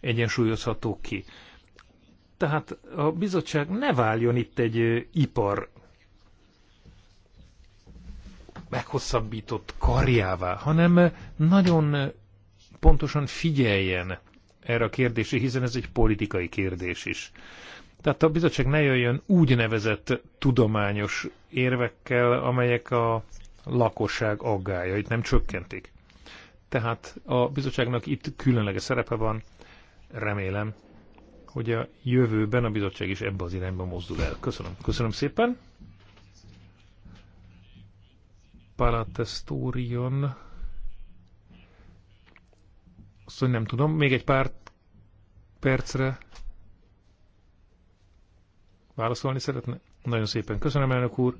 Speaker 1: egyensúlyozhatók ki. Tehát a bizottság ne váljon itt egy ipar meghosszabbított karjává, hanem nagyon pontosan figyeljen erre a kérdésre, hiszen ez egy politikai kérdés is. Tehát a bizottság ne jöjjön úgynevezett tudományos érvekkel, amelyek a lakosság aggájait nem csökkentik. Tehát a bizottságnak itt különleges szerepe van, remélem, hogy a jövőben a bizottság is ebbe az irányba mozdul el. Köszönöm. Köszönöm szépen. Palatestorion azt, hogy nem tudom, még egy pár percre válaszolni szeretne. Nagyon szépen köszönöm, elnök úr.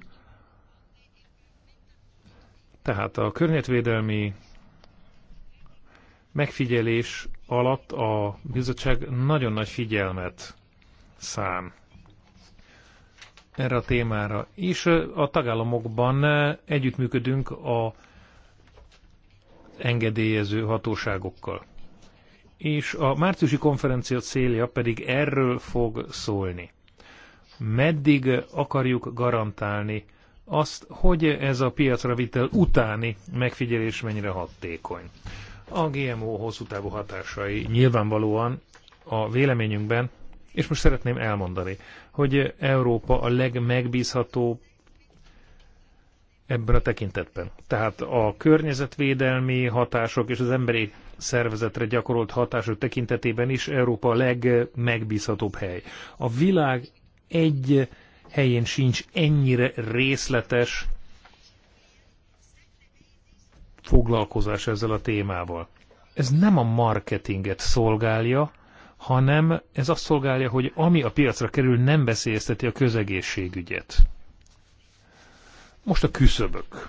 Speaker 1: Tehát a környezetvédelmi megfigyelés alatt a bizottság nagyon nagy figyelmet szán erre a témára. És a tagállamokban együttműködünk a engedélyező hatóságokkal és a márciusi konferencia célja pedig erről fog szólni. Meddig akarjuk garantálni azt, hogy ez a piacra vitel utáni megfigyelés mennyire hatékony. A GMO hosszú távú hatásai nyilvánvalóan a véleményünkben, és most szeretném elmondani, hogy Európa a legmegbízhatóbb ebben a tekintetben. Tehát a környezetvédelmi hatások és az emberi szervezetre gyakorolt hatások tekintetében is Európa a legmegbízhatóbb hely. A világ egy helyén sincs ennyire részletes foglalkozás ezzel a témával. Ez nem a marketinget szolgálja, hanem ez azt szolgálja, hogy ami a piacra kerül, nem veszélyezteti a közegészségügyet. Most a küszöbök.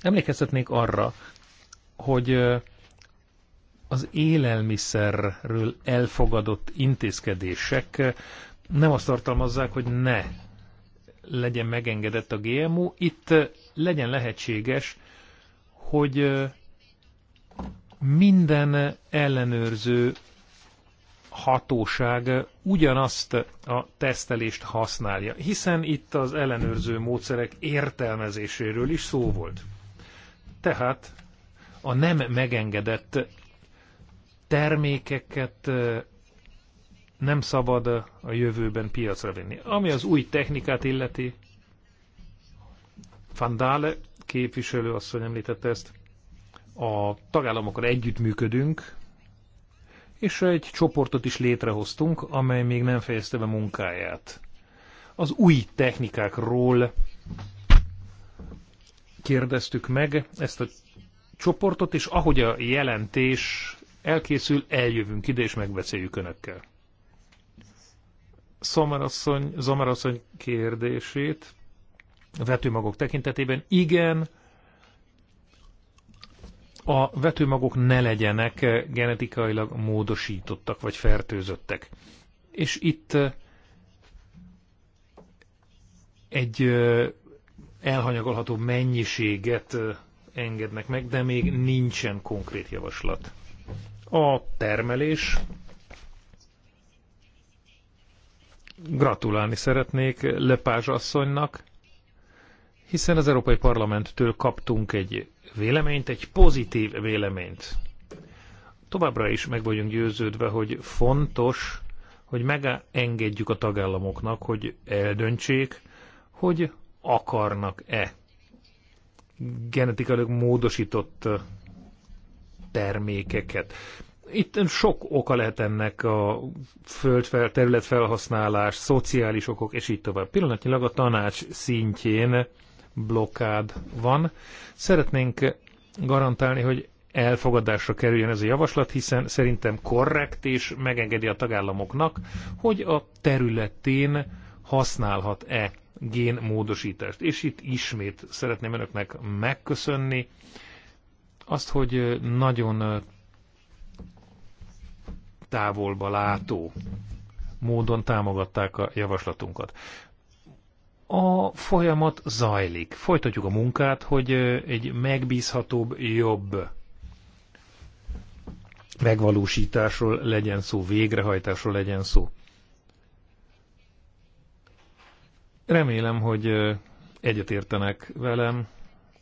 Speaker 1: Emlékeztetnék arra, hogy az élelmiszerről elfogadott intézkedések nem azt tartalmazzák, hogy ne legyen megengedett a GMO, itt legyen lehetséges, hogy minden ellenőrző hatóság ugyanazt a tesztelést használja, hiszen itt az ellenőrző módszerek értelmezéséről is szó volt. Tehát a nem megengedett termékeket nem szabad a jövőben piacra vinni. Ami az új technikát illeti, Fandale képviselő asszony említette ezt, a tagállamokkal együttműködünk, és egy csoportot is létrehoztunk, amely még nem fejezte be munkáját. Az új technikákról kérdeztük meg ezt a csoportot, és ahogy a jelentés elkészül, eljövünk ide, és megbeszéljük önökkel. Szomarasszony, Zomarasszony kérdését a vetőmagok tekintetében. Igen, a vetőmagok ne legyenek genetikailag módosítottak vagy fertőzöttek. És itt egy elhanyagolható mennyiséget engednek meg, de még nincsen konkrét javaslat. A termelés. Gratulálni szeretnék Lepázs asszonynak, hiszen az Európai Parlamenttől kaptunk egy véleményt, egy pozitív véleményt. Továbbra is meg vagyunk győződve, hogy fontos, hogy megengedjük a tagállamoknak, hogy eldöntsék, hogy akarnak-e genetikailag módosított termékeket. Itt sok oka lehet ennek a földfel, területfelhasználás, szociális okok, és így tovább. Pillanatnyilag a tanács szintjén blokkád van. Szeretnénk garantálni, hogy elfogadásra kerüljön ez a javaslat, hiszen szerintem korrekt és megengedi a tagállamoknak, hogy a területén használhat-e génmódosítást. És itt ismét szeretném önöknek megköszönni azt, hogy nagyon távolba látó módon támogatták a javaslatunkat. A folyamat zajlik. Folytatjuk a munkát, hogy egy megbízhatóbb, jobb megvalósításról legyen szó, végrehajtásról legyen szó. Remélem, hogy egyetértenek velem,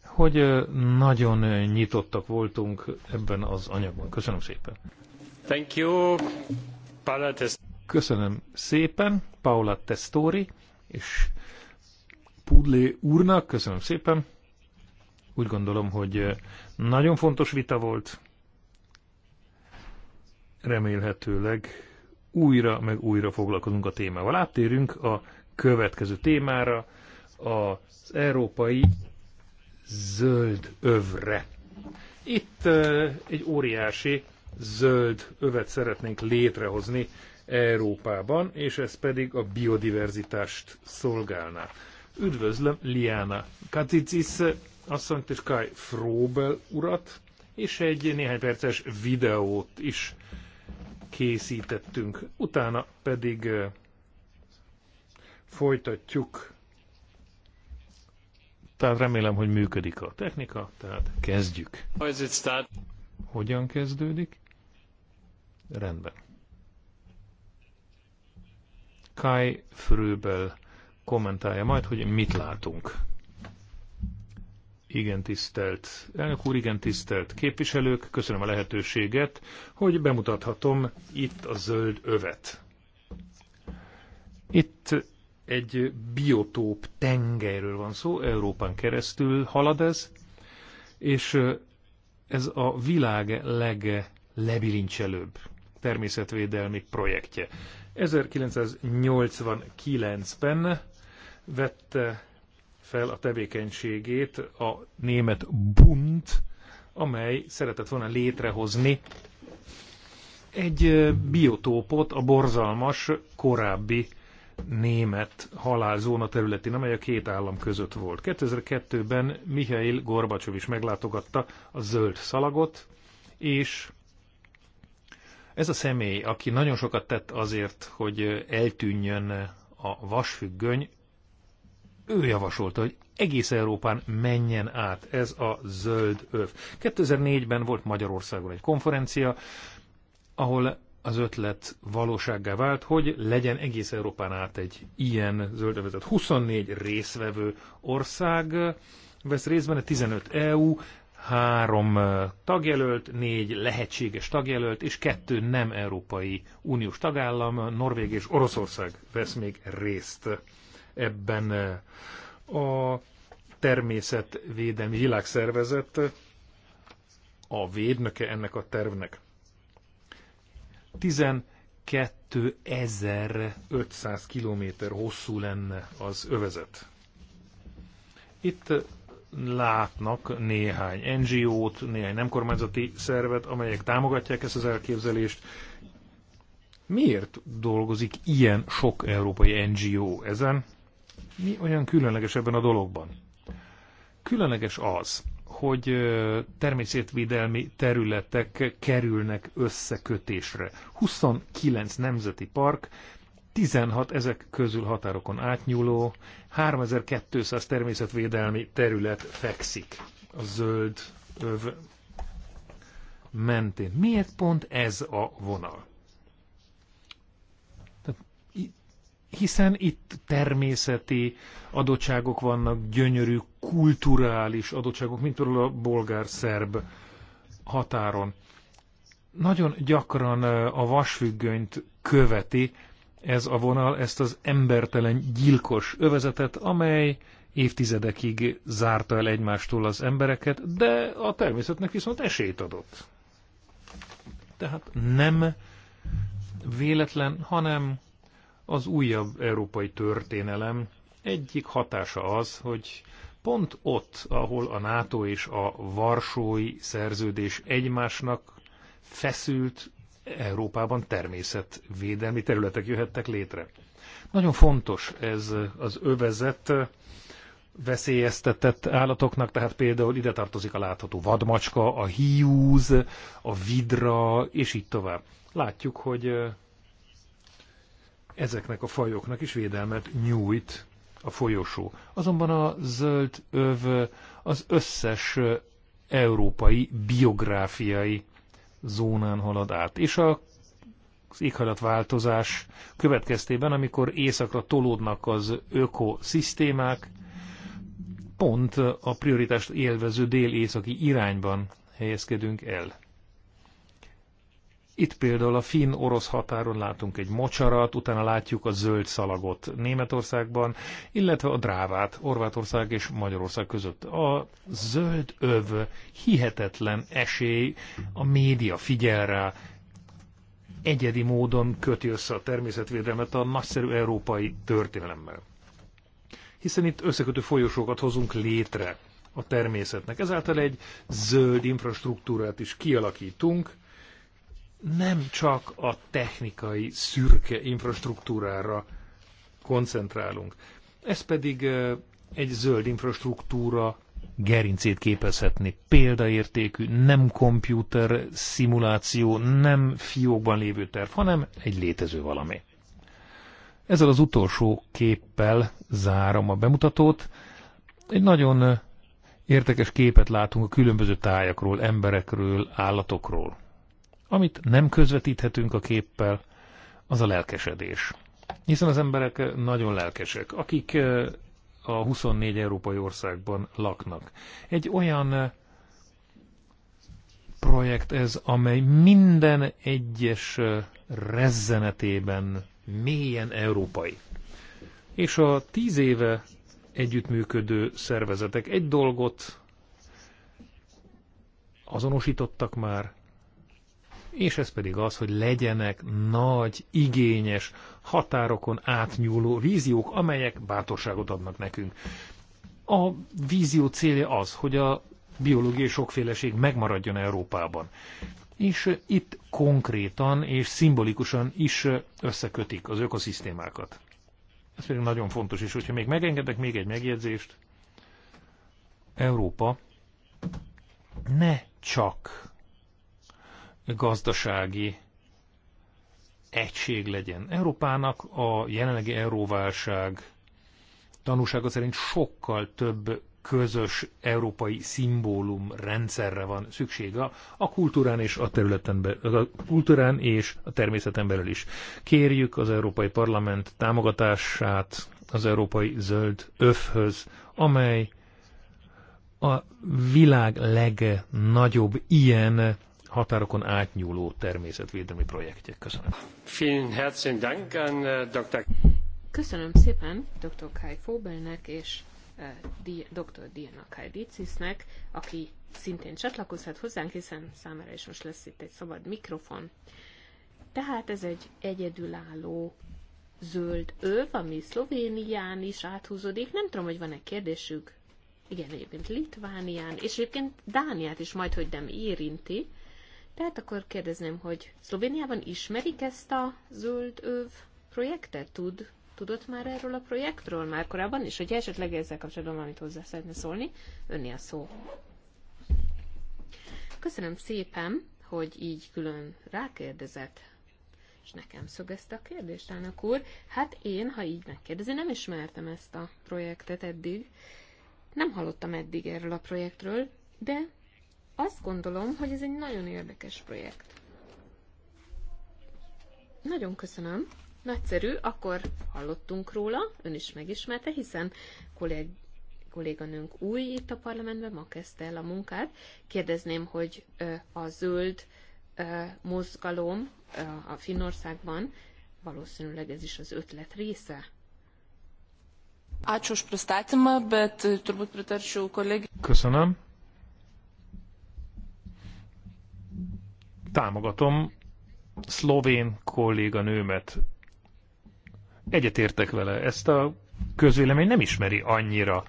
Speaker 1: hogy nagyon nyitottak voltunk ebben az anyagban. Köszönöm szépen. Thank you, Paula Köszönöm szépen, Paula Testori, és Pudlé úrnak, köszönöm szépen. Úgy gondolom, hogy nagyon fontos vita volt. Remélhetőleg újra meg újra foglalkozunk a témával. Áttérünk a következő témára, az európai zöld övre. Itt egy óriási zöld övet szeretnénk létrehozni Európában, és ez pedig a biodiverzitást szolgálná. Üdvözlöm Liana Katicis asszonyt és Kai Frobel urat, és egy néhány perces videót is készítettünk. Utána pedig Folytatjuk. Tehát remélem, hogy működik a technika, tehát kezdjük. Hogyan kezdődik? Rendben. Kai Fröbel kommentálja majd, hogy mit látunk. Igen, tisztelt elnök úr, igen, tisztelt képviselők, köszönöm a lehetőséget, hogy bemutathatom itt a zöld övet. Itt egy biotóp tengerről van szó, Európán keresztül halad ez, és ez a világ leglebilincselőbb természetvédelmi projektje. 1989-ben vette fel a tevékenységét a német Bund, amely szeretett volna létrehozni egy biotópot a borzalmas korábbi német halálzóna területi, amely a két állam között volt. 2002-ben Mihail Gorbacsov is meglátogatta a zöld szalagot, és ez a személy, aki nagyon sokat tett azért, hogy eltűnjön a vasfüggöny, ő javasolta, hogy egész Európán menjen át ez a zöld öv. 2004-ben volt Magyarországon egy konferencia, ahol az ötlet valósággá vált, hogy legyen egész Európán át egy ilyen zöldövezet. 24 részvevő ország vesz részben, 15 EU, három tagjelölt, négy lehetséges tagjelölt, és kettő nem Európai Uniós tagállam, Norvég és Oroszország vesz még részt ebben a természetvédelmi világszervezet a védnöke ennek a tervnek. 12500 kilométer hosszú lenne az övezet. Itt látnak néhány NGO-t, néhány nemkormányzati szervet, amelyek támogatják ezt az elképzelést. Miért dolgozik ilyen sok európai NGO ezen? Mi olyan különleges ebben a dologban? Különleges az, hogy természetvédelmi területek kerülnek összekötésre. 29 nemzeti park, 16 ezek közül határokon átnyúló, 3200 természetvédelmi terület fekszik a zöld öv mentén. Miért pont ez a vonal? hiszen itt természeti adottságok vannak, gyönyörű, kulturális adottságok, mint például a bolgár-szerb határon. Nagyon gyakran eh, a vasfüggönyt követi ez a vonal, ezt az embertelen, gyilkos övezetet, amely évtizedekig zárta el egymástól az embereket, de a természetnek viszont esélyt adott. Tehát nem véletlen, hanem az újabb európai történelem egyik hatása az, hogy pont ott, ahol a NATO és a Varsói szerződés egymásnak feszült, Európában természetvédelmi területek jöhettek létre. Nagyon fontos ez az övezet veszélyeztetett állatoknak, tehát például ide tartozik a látható vadmacska, a hiúz, a vidra, és így tovább. Látjuk, hogy ezeknek a fajoknak is védelmet nyújt a folyosó. Azonban a zöld öv az összes európai biográfiai zónán halad át. És a az éghajlatváltozás következtében, amikor északra tolódnak az ökoszisztémák, pont a prioritást élvező dél-északi irányban helyezkedünk el. Itt például a finn-orosz határon látunk egy mocsarat, utána látjuk a zöld szalagot Németországban, illetve a drávát Orvátország és Magyarország között. A zöld öv hihetetlen esély, a média figyel rá, egyedi módon köti össze a természetvédelmet a nagyszerű európai történelemmel. Hiszen itt összekötő folyosókat hozunk létre a természetnek. Ezáltal egy zöld infrastruktúrát is kialakítunk, nem csak a technikai szürke infrastruktúrára koncentrálunk. Ez pedig egy zöld infrastruktúra gerincét képezhetni. Példaértékű, nem komputer szimuláció, nem fiókban lévő terv, hanem egy létező valami. Ezzel az utolsó képpel zárom a bemutatót. Egy nagyon érdekes képet látunk a különböző tájakról, emberekről, állatokról. Amit nem közvetíthetünk a képpel, az a lelkesedés. Hiszen az emberek nagyon lelkesek, akik eh, a 24 európai országban laknak. Egy olyan eh, projekt ez, amely minden egyes eh, rezzenetében mélyen európai. És a tíz éve együttműködő szervezetek egy dolgot azonosítottak már, és ez pedig az, hogy legyenek nagy, igényes, határokon átnyúló víziók, amelyek bátorságot adnak nekünk. A vízió célja az, hogy a biológiai sokféleség megmaradjon Európában. És itt konkrétan és szimbolikusan is összekötik az ökoszisztémákat. Ez pedig nagyon fontos, és hogyha még megengedek még egy megjegyzést, Európa ne csak gazdasági egység legyen. Európának a jelenlegi euróválság tanúsága szerint sokkal több közös európai szimbólum rendszerre van szüksége a kultúrán és a területen belül, a kultúrán és a természeten belül is. Kérjük az Európai Parlament támogatását az Európai Zöld Öfhöz, amely a világ legnagyobb ilyen határokon átnyúló természetvédelmi projektjek. Köszönöm. Dr. Äh,
Speaker 3: Köszönöm szépen Dr. Kai Fobelnek és äh, Dr. Diana Kajdicisnek, aki szintén csatlakozhat hozzánk, hiszen számára is most lesz itt egy szabad mikrofon. Tehát ez egy egyedülálló zöld öv, ami Szlovénián is áthúzódik. Nem tudom, hogy van-e kérdésük. Igen, egyébként Litvánián, és egyébként Dániát is majd, hogy nem érinti. Tehát akkor kérdezném, hogy Szlovéniában ismerik ezt a zöld öv projektet? Tud, tudott már erről a projektről már korábban is? Hogy esetleg ezzel kapcsolatban valamit hozzá szeretne szólni, önni a szó. Köszönöm szépen, hogy így külön rákérdezett és nekem szögezte a kérdést, Ának úr. Hát én, ha így megkérdezi, nem ismertem ezt a projektet eddig. Nem hallottam eddig erről a projektről, de azt gondolom, hogy ez egy nagyon érdekes projekt. Nagyon köszönöm. Nagyszerű, akkor hallottunk róla, ön is megismerte, hiszen kollég, kolléganőnk új itt a parlamentben, ma kezdte el a munkát. Kérdezném, hogy a zöld mozgalom a Finnországban valószínűleg ez is az ötlet része. Ačiū už bet
Speaker 2: turbūt pritarčiau
Speaker 1: Köszönöm. támogatom szlovén kolléganőmet. Egyetértek vele, ezt a közvélemény nem ismeri annyira.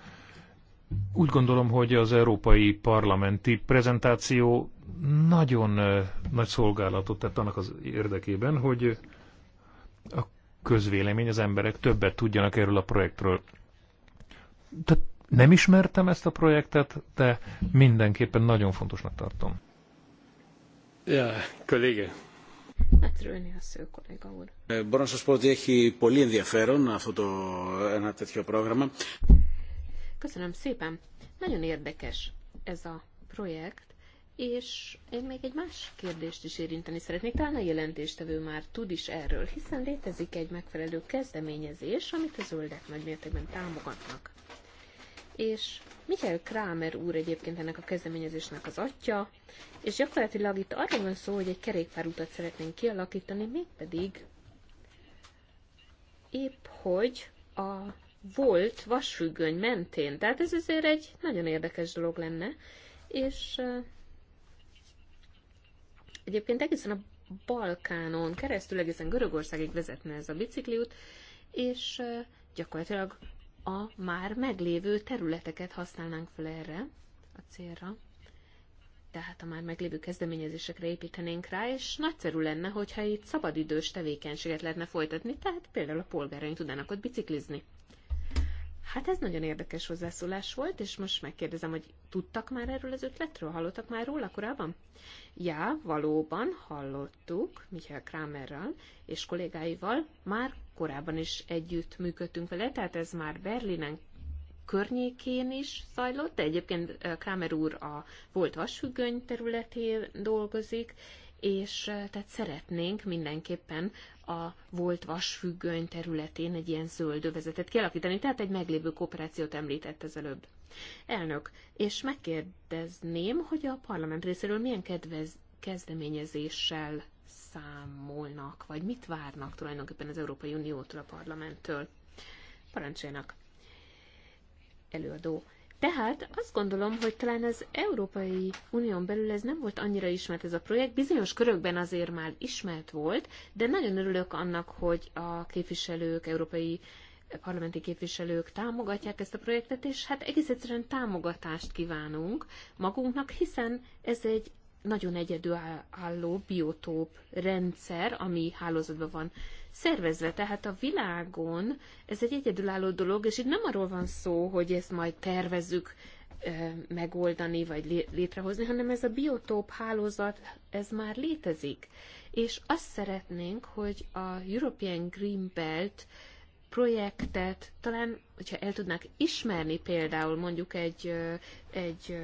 Speaker 1: Úgy gondolom, hogy az európai parlamenti prezentáció nagyon nagy szolgálatot tett annak az érdekében, hogy a közvélemény, az emberek többet tudjanak erről a projektről. Tehát nem ismertem ezt a projektet, de mindenképpen nagyon fontosnak tartom.
Speaker 2: Ja, kollége. Μπορώ να σας πω ότι έχει πολύ ενδιαφέρον αυτό το, ένα τέτοιο πρόγραμμα.
Speaker 3: Köszönöm szépen. Nagyon érdekes ez a projekt, és én még egy más kérdést is érinteni szeretnék. Talán a jelentéstevő már tud is erről, hiszen létezik egy megfelelő kezdeményezés, amit a zöldek nagymértékben támogatnak. És Michael Kramer úr egyébként ennek a kezdeményezésnek az atya, és gyakorlatilag itt arról van szó, hogy egy kerékpárutat szeretnénk kialakítani, mégpedig épp hogy a volt vasfüggöny mentén. Tehát ez azért egy nagyon érdekes dolog lenne, és egyébként egészen a Balkánon keresztül egészen Görögországig vezetne ez a bicikliút, és gyakorlatilag a már meglévő területeket használnánk fel erre a célra, tehát a már meglévő kezdeményezésekre építenénk rá, és nagyszerű lenne, hogyha itt szabadidős tevékenységet lehetne folytatni, tehát például a polgáraink tudnának ott biciklizni. Hát ez nagyon érdekes hozzászólás volt, és most megkérdezem, hogy tudtak már erről az ötletről? Hallottak már róla korábban? Ja, valóban hallottuk Michael Kramerrel és kollégáival már korábban is együtt működtünk vele, tehát ez már Berlinen környékén is zajlott, de egyébként Kramer úr a volt vasfüggöny területén dolgozik, és tehát szeretnénk mindenképpen a volt vasfüggöny területén egy ilyen zöld övezetet kialakítani, tehát egy meglévő kooperációt említett az előbb. Elnök, és megkérdezném, hogy a parlament részéről milyen kedvez, kezdeményezéssel számolnak, vagy mit várnak tulajdonképpen az Európai Uniótól, a parlamenttől. Parancsoljanak, előadó. Tehát azt gondolom, hogy talán az Európai Unión belül ez nem volt annyira ismert ez a projekt, bizonyos körökben azért már ismert volt, de nagyon örülök annak, hogy a képviselők, európai parlamenti képviselők támogatják ezt a projektet, és hát egész egyszerűen támogatást kívánunk magunknak, hiszen ez egy nagyon egyedülálló biotóp rendszer, ami hálózatban van szervezve. Tehát a világon ez egy egyedülálló dolog, és itt nem arról van szó, hogy ezt majd tervezzük megoldani vagy létrehozni, hanem ez a biotóp hálózat, ez már létezik. És azt szeretnénk, hogy a European Green Belt projektet talán, hogyha el tudnák ismerni például mondjuk egy, egy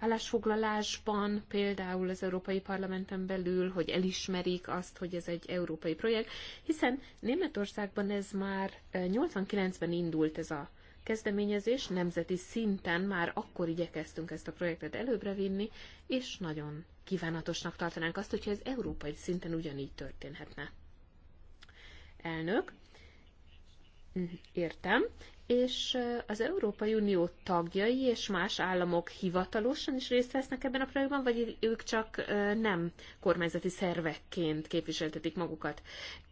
Speaker 3: állásfoglalásban, például az Európai Parlamenten belül, hogy elismerik azt, hogy ez egy európai projekt, hiszen Németországban ez már 89-ben indult ez a kezdeményezés, nemzeti szinten már akkor igyekeztünk ezt a projektet előbbre vinni, és nagyon kívánatosnak tartanánk azt, hogyha ez európai szinten ugyanígy történhetne. Elnök, hm, értem, és az Európai Unió tagjai és más államok hivatalosan is részt vesznek ebben a projektben, vagy ők csak nem kormányzati szervekként képviseltetik magukat.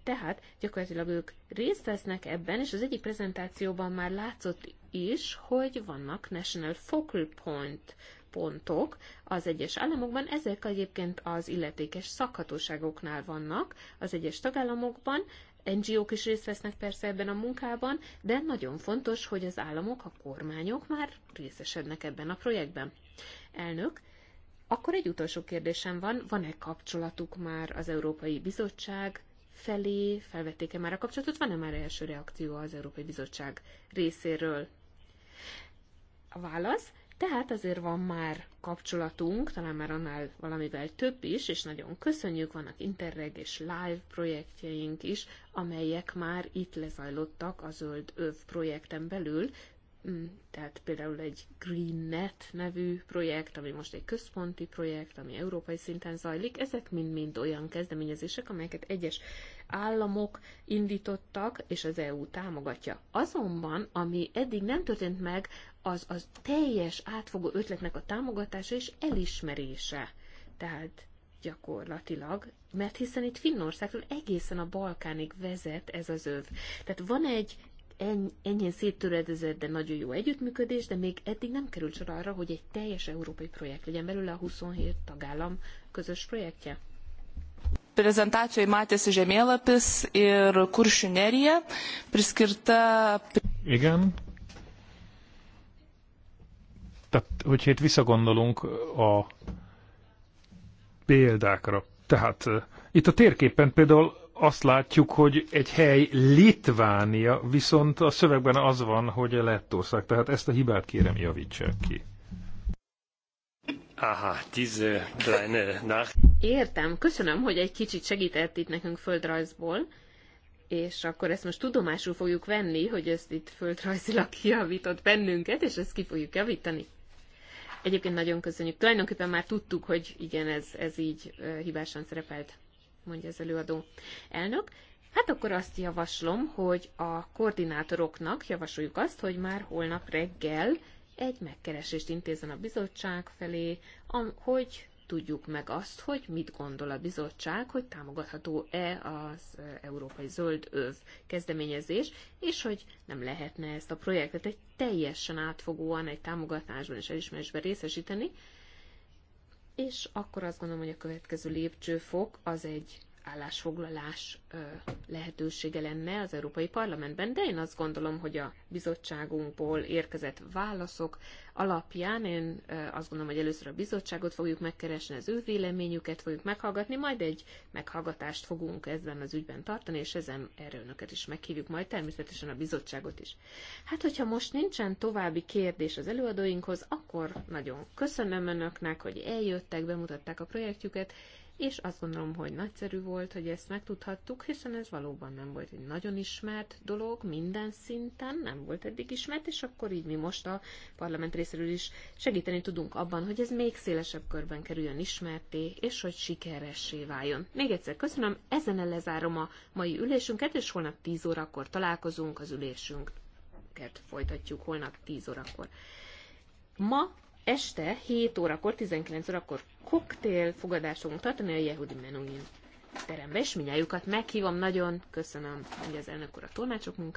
Speaker 3: Tehát gyakorlatilag ők részt vesznek ebben, és az egyik prezentációban már látszott is, hogy vannak National Focal Point pontok az egyes államokban, ezek egyébként az illetékes szakhatóságoknál vannak az egyes tagállamokban, NGO-k is részt vesznek persze ebben a munkában, de nagyon fontos, hogy az államok, a kormányok már részesednek ebben a projektben. Elnök, akkor egy utolsó kérdésem van, van-e kapcsolatuk már az Európai Bizottság felé, felvették-e már a kapcsolatot, van-e már első reakció az Európai Bizottság részéről? A válasz, tehát azért van már kapcsolatunk, talán már annál valamivel több is, és nagyon köszönjük, vannak Interreg és Live projektjeink is, amelyek már itt lezajlottak a Zöld Öv projekten belül, mm, tehát például egy GreenNet nevű projekt, ami most egy központi projekt, ami európai szinten zajlik, ezek mind-mind olyan kezdeményezések, amelyeket egyes államok indítottak, és az EU támogatja. Azonban, ami eddig nem történt meg az, az teljes átfogó ötletnek a támogatása és elismerése. Tehát gyakorlatilag, mert hiszen itt Finnországtól egészen a Balkánig vezet ez az öv. Tehát van egy ennyien széttöredezett, de nagyon jó együttműködés, de még eddig nem került sor arra, hogy egy teljes európai projekt legyen belőle a 27 tagállam közös projektje. Prezentacijoje matėsi žemėlapis priskirta. Igen,
Speaker 1: tehát, hogyha itt visszagondolunk a példákra, tehát eh, itt a térképen például azt látjuk, hogy egy hely Litvánia, viszont a szövegben az van, hogy a Lettország. Tehát ezt a hibát kérem javítsák ki. Aha, diese eh, kleine nach...
Speaker 3: Értem, köszönöm, hogy egy kicsit segített itt nekünk földrajzból, és akkor ezt most tudomásul fogjuk venni, hogy ezt itt földrajzilag kiavított bennünket, és ezt ki fogjuk javítani. Egyébként nagyon köszönjük. Tulajdonképpen már tudtuk, hogy igen, ez, ez így hibásan szerepelt, mondja az előadó elnök. Hát akkor azt javaslom, hogy a koordinátoroknak javasoljuk azt, hogy már holnap reggel egy megkeresést intézzen a bizottság felé, hogy tudjuk meg azt, hogy mit gondol a bizottság, hogy támogatható-e az Európai Zöld Öv kezdeményezés, és hogy nem lehetne ezt a projektet egy teljesen átfogóan egy támogatásban és elismerésben részesíteni, és akkor azt gondolom, hogy a következő lépcsőfok az egy állásfoglalás lehetősége lenne az Európai Parlamentben, de én azt gondolom, hogy a bizottságunkból érkezett válaszok alapján én azt gondolom, hogy először a bizottságot fogjuk megkeresni, az ő véleményüket fogjuk meghallgatni, majd egy meghallgatást fogunk ezen az ügyben tartani, és ezen erre önöket is meghívjuk majd, természetesen a bizottságot is. Hát, hogyha most nincsen további kérdés az előadóinkhoz, akkor nagyon köszönöm önöknek, hogy eljöttek, bemutatták a projektjüket, és azt gondolom, hogy nagyszerű volt, hogy ezt megtudhattuk, hiszen ez valóban nem volt egy nagyon ismert dolog, minden szinten nem volt eddig ismert, és akkor így mi most a parlament részéről is segíteni tudunk abban, hogy ez még szélesebb körben kerüljön ismerté, és hogy sikeressé váljon. Még egyszer köszönöm, ezen lezárom a mai ülésünket, és holnap 10 órakor találkozunk az ülésünket. Folytatjuk holnap 10 órakor. Ma este 7 órakor, 19 órakor koktél fogadásunk tartani a Yehudi Menuhin terembe, és minnyájukat meghívom. Nagyon köszönöm, hogy az elnök úr a tolmácsok munkáját.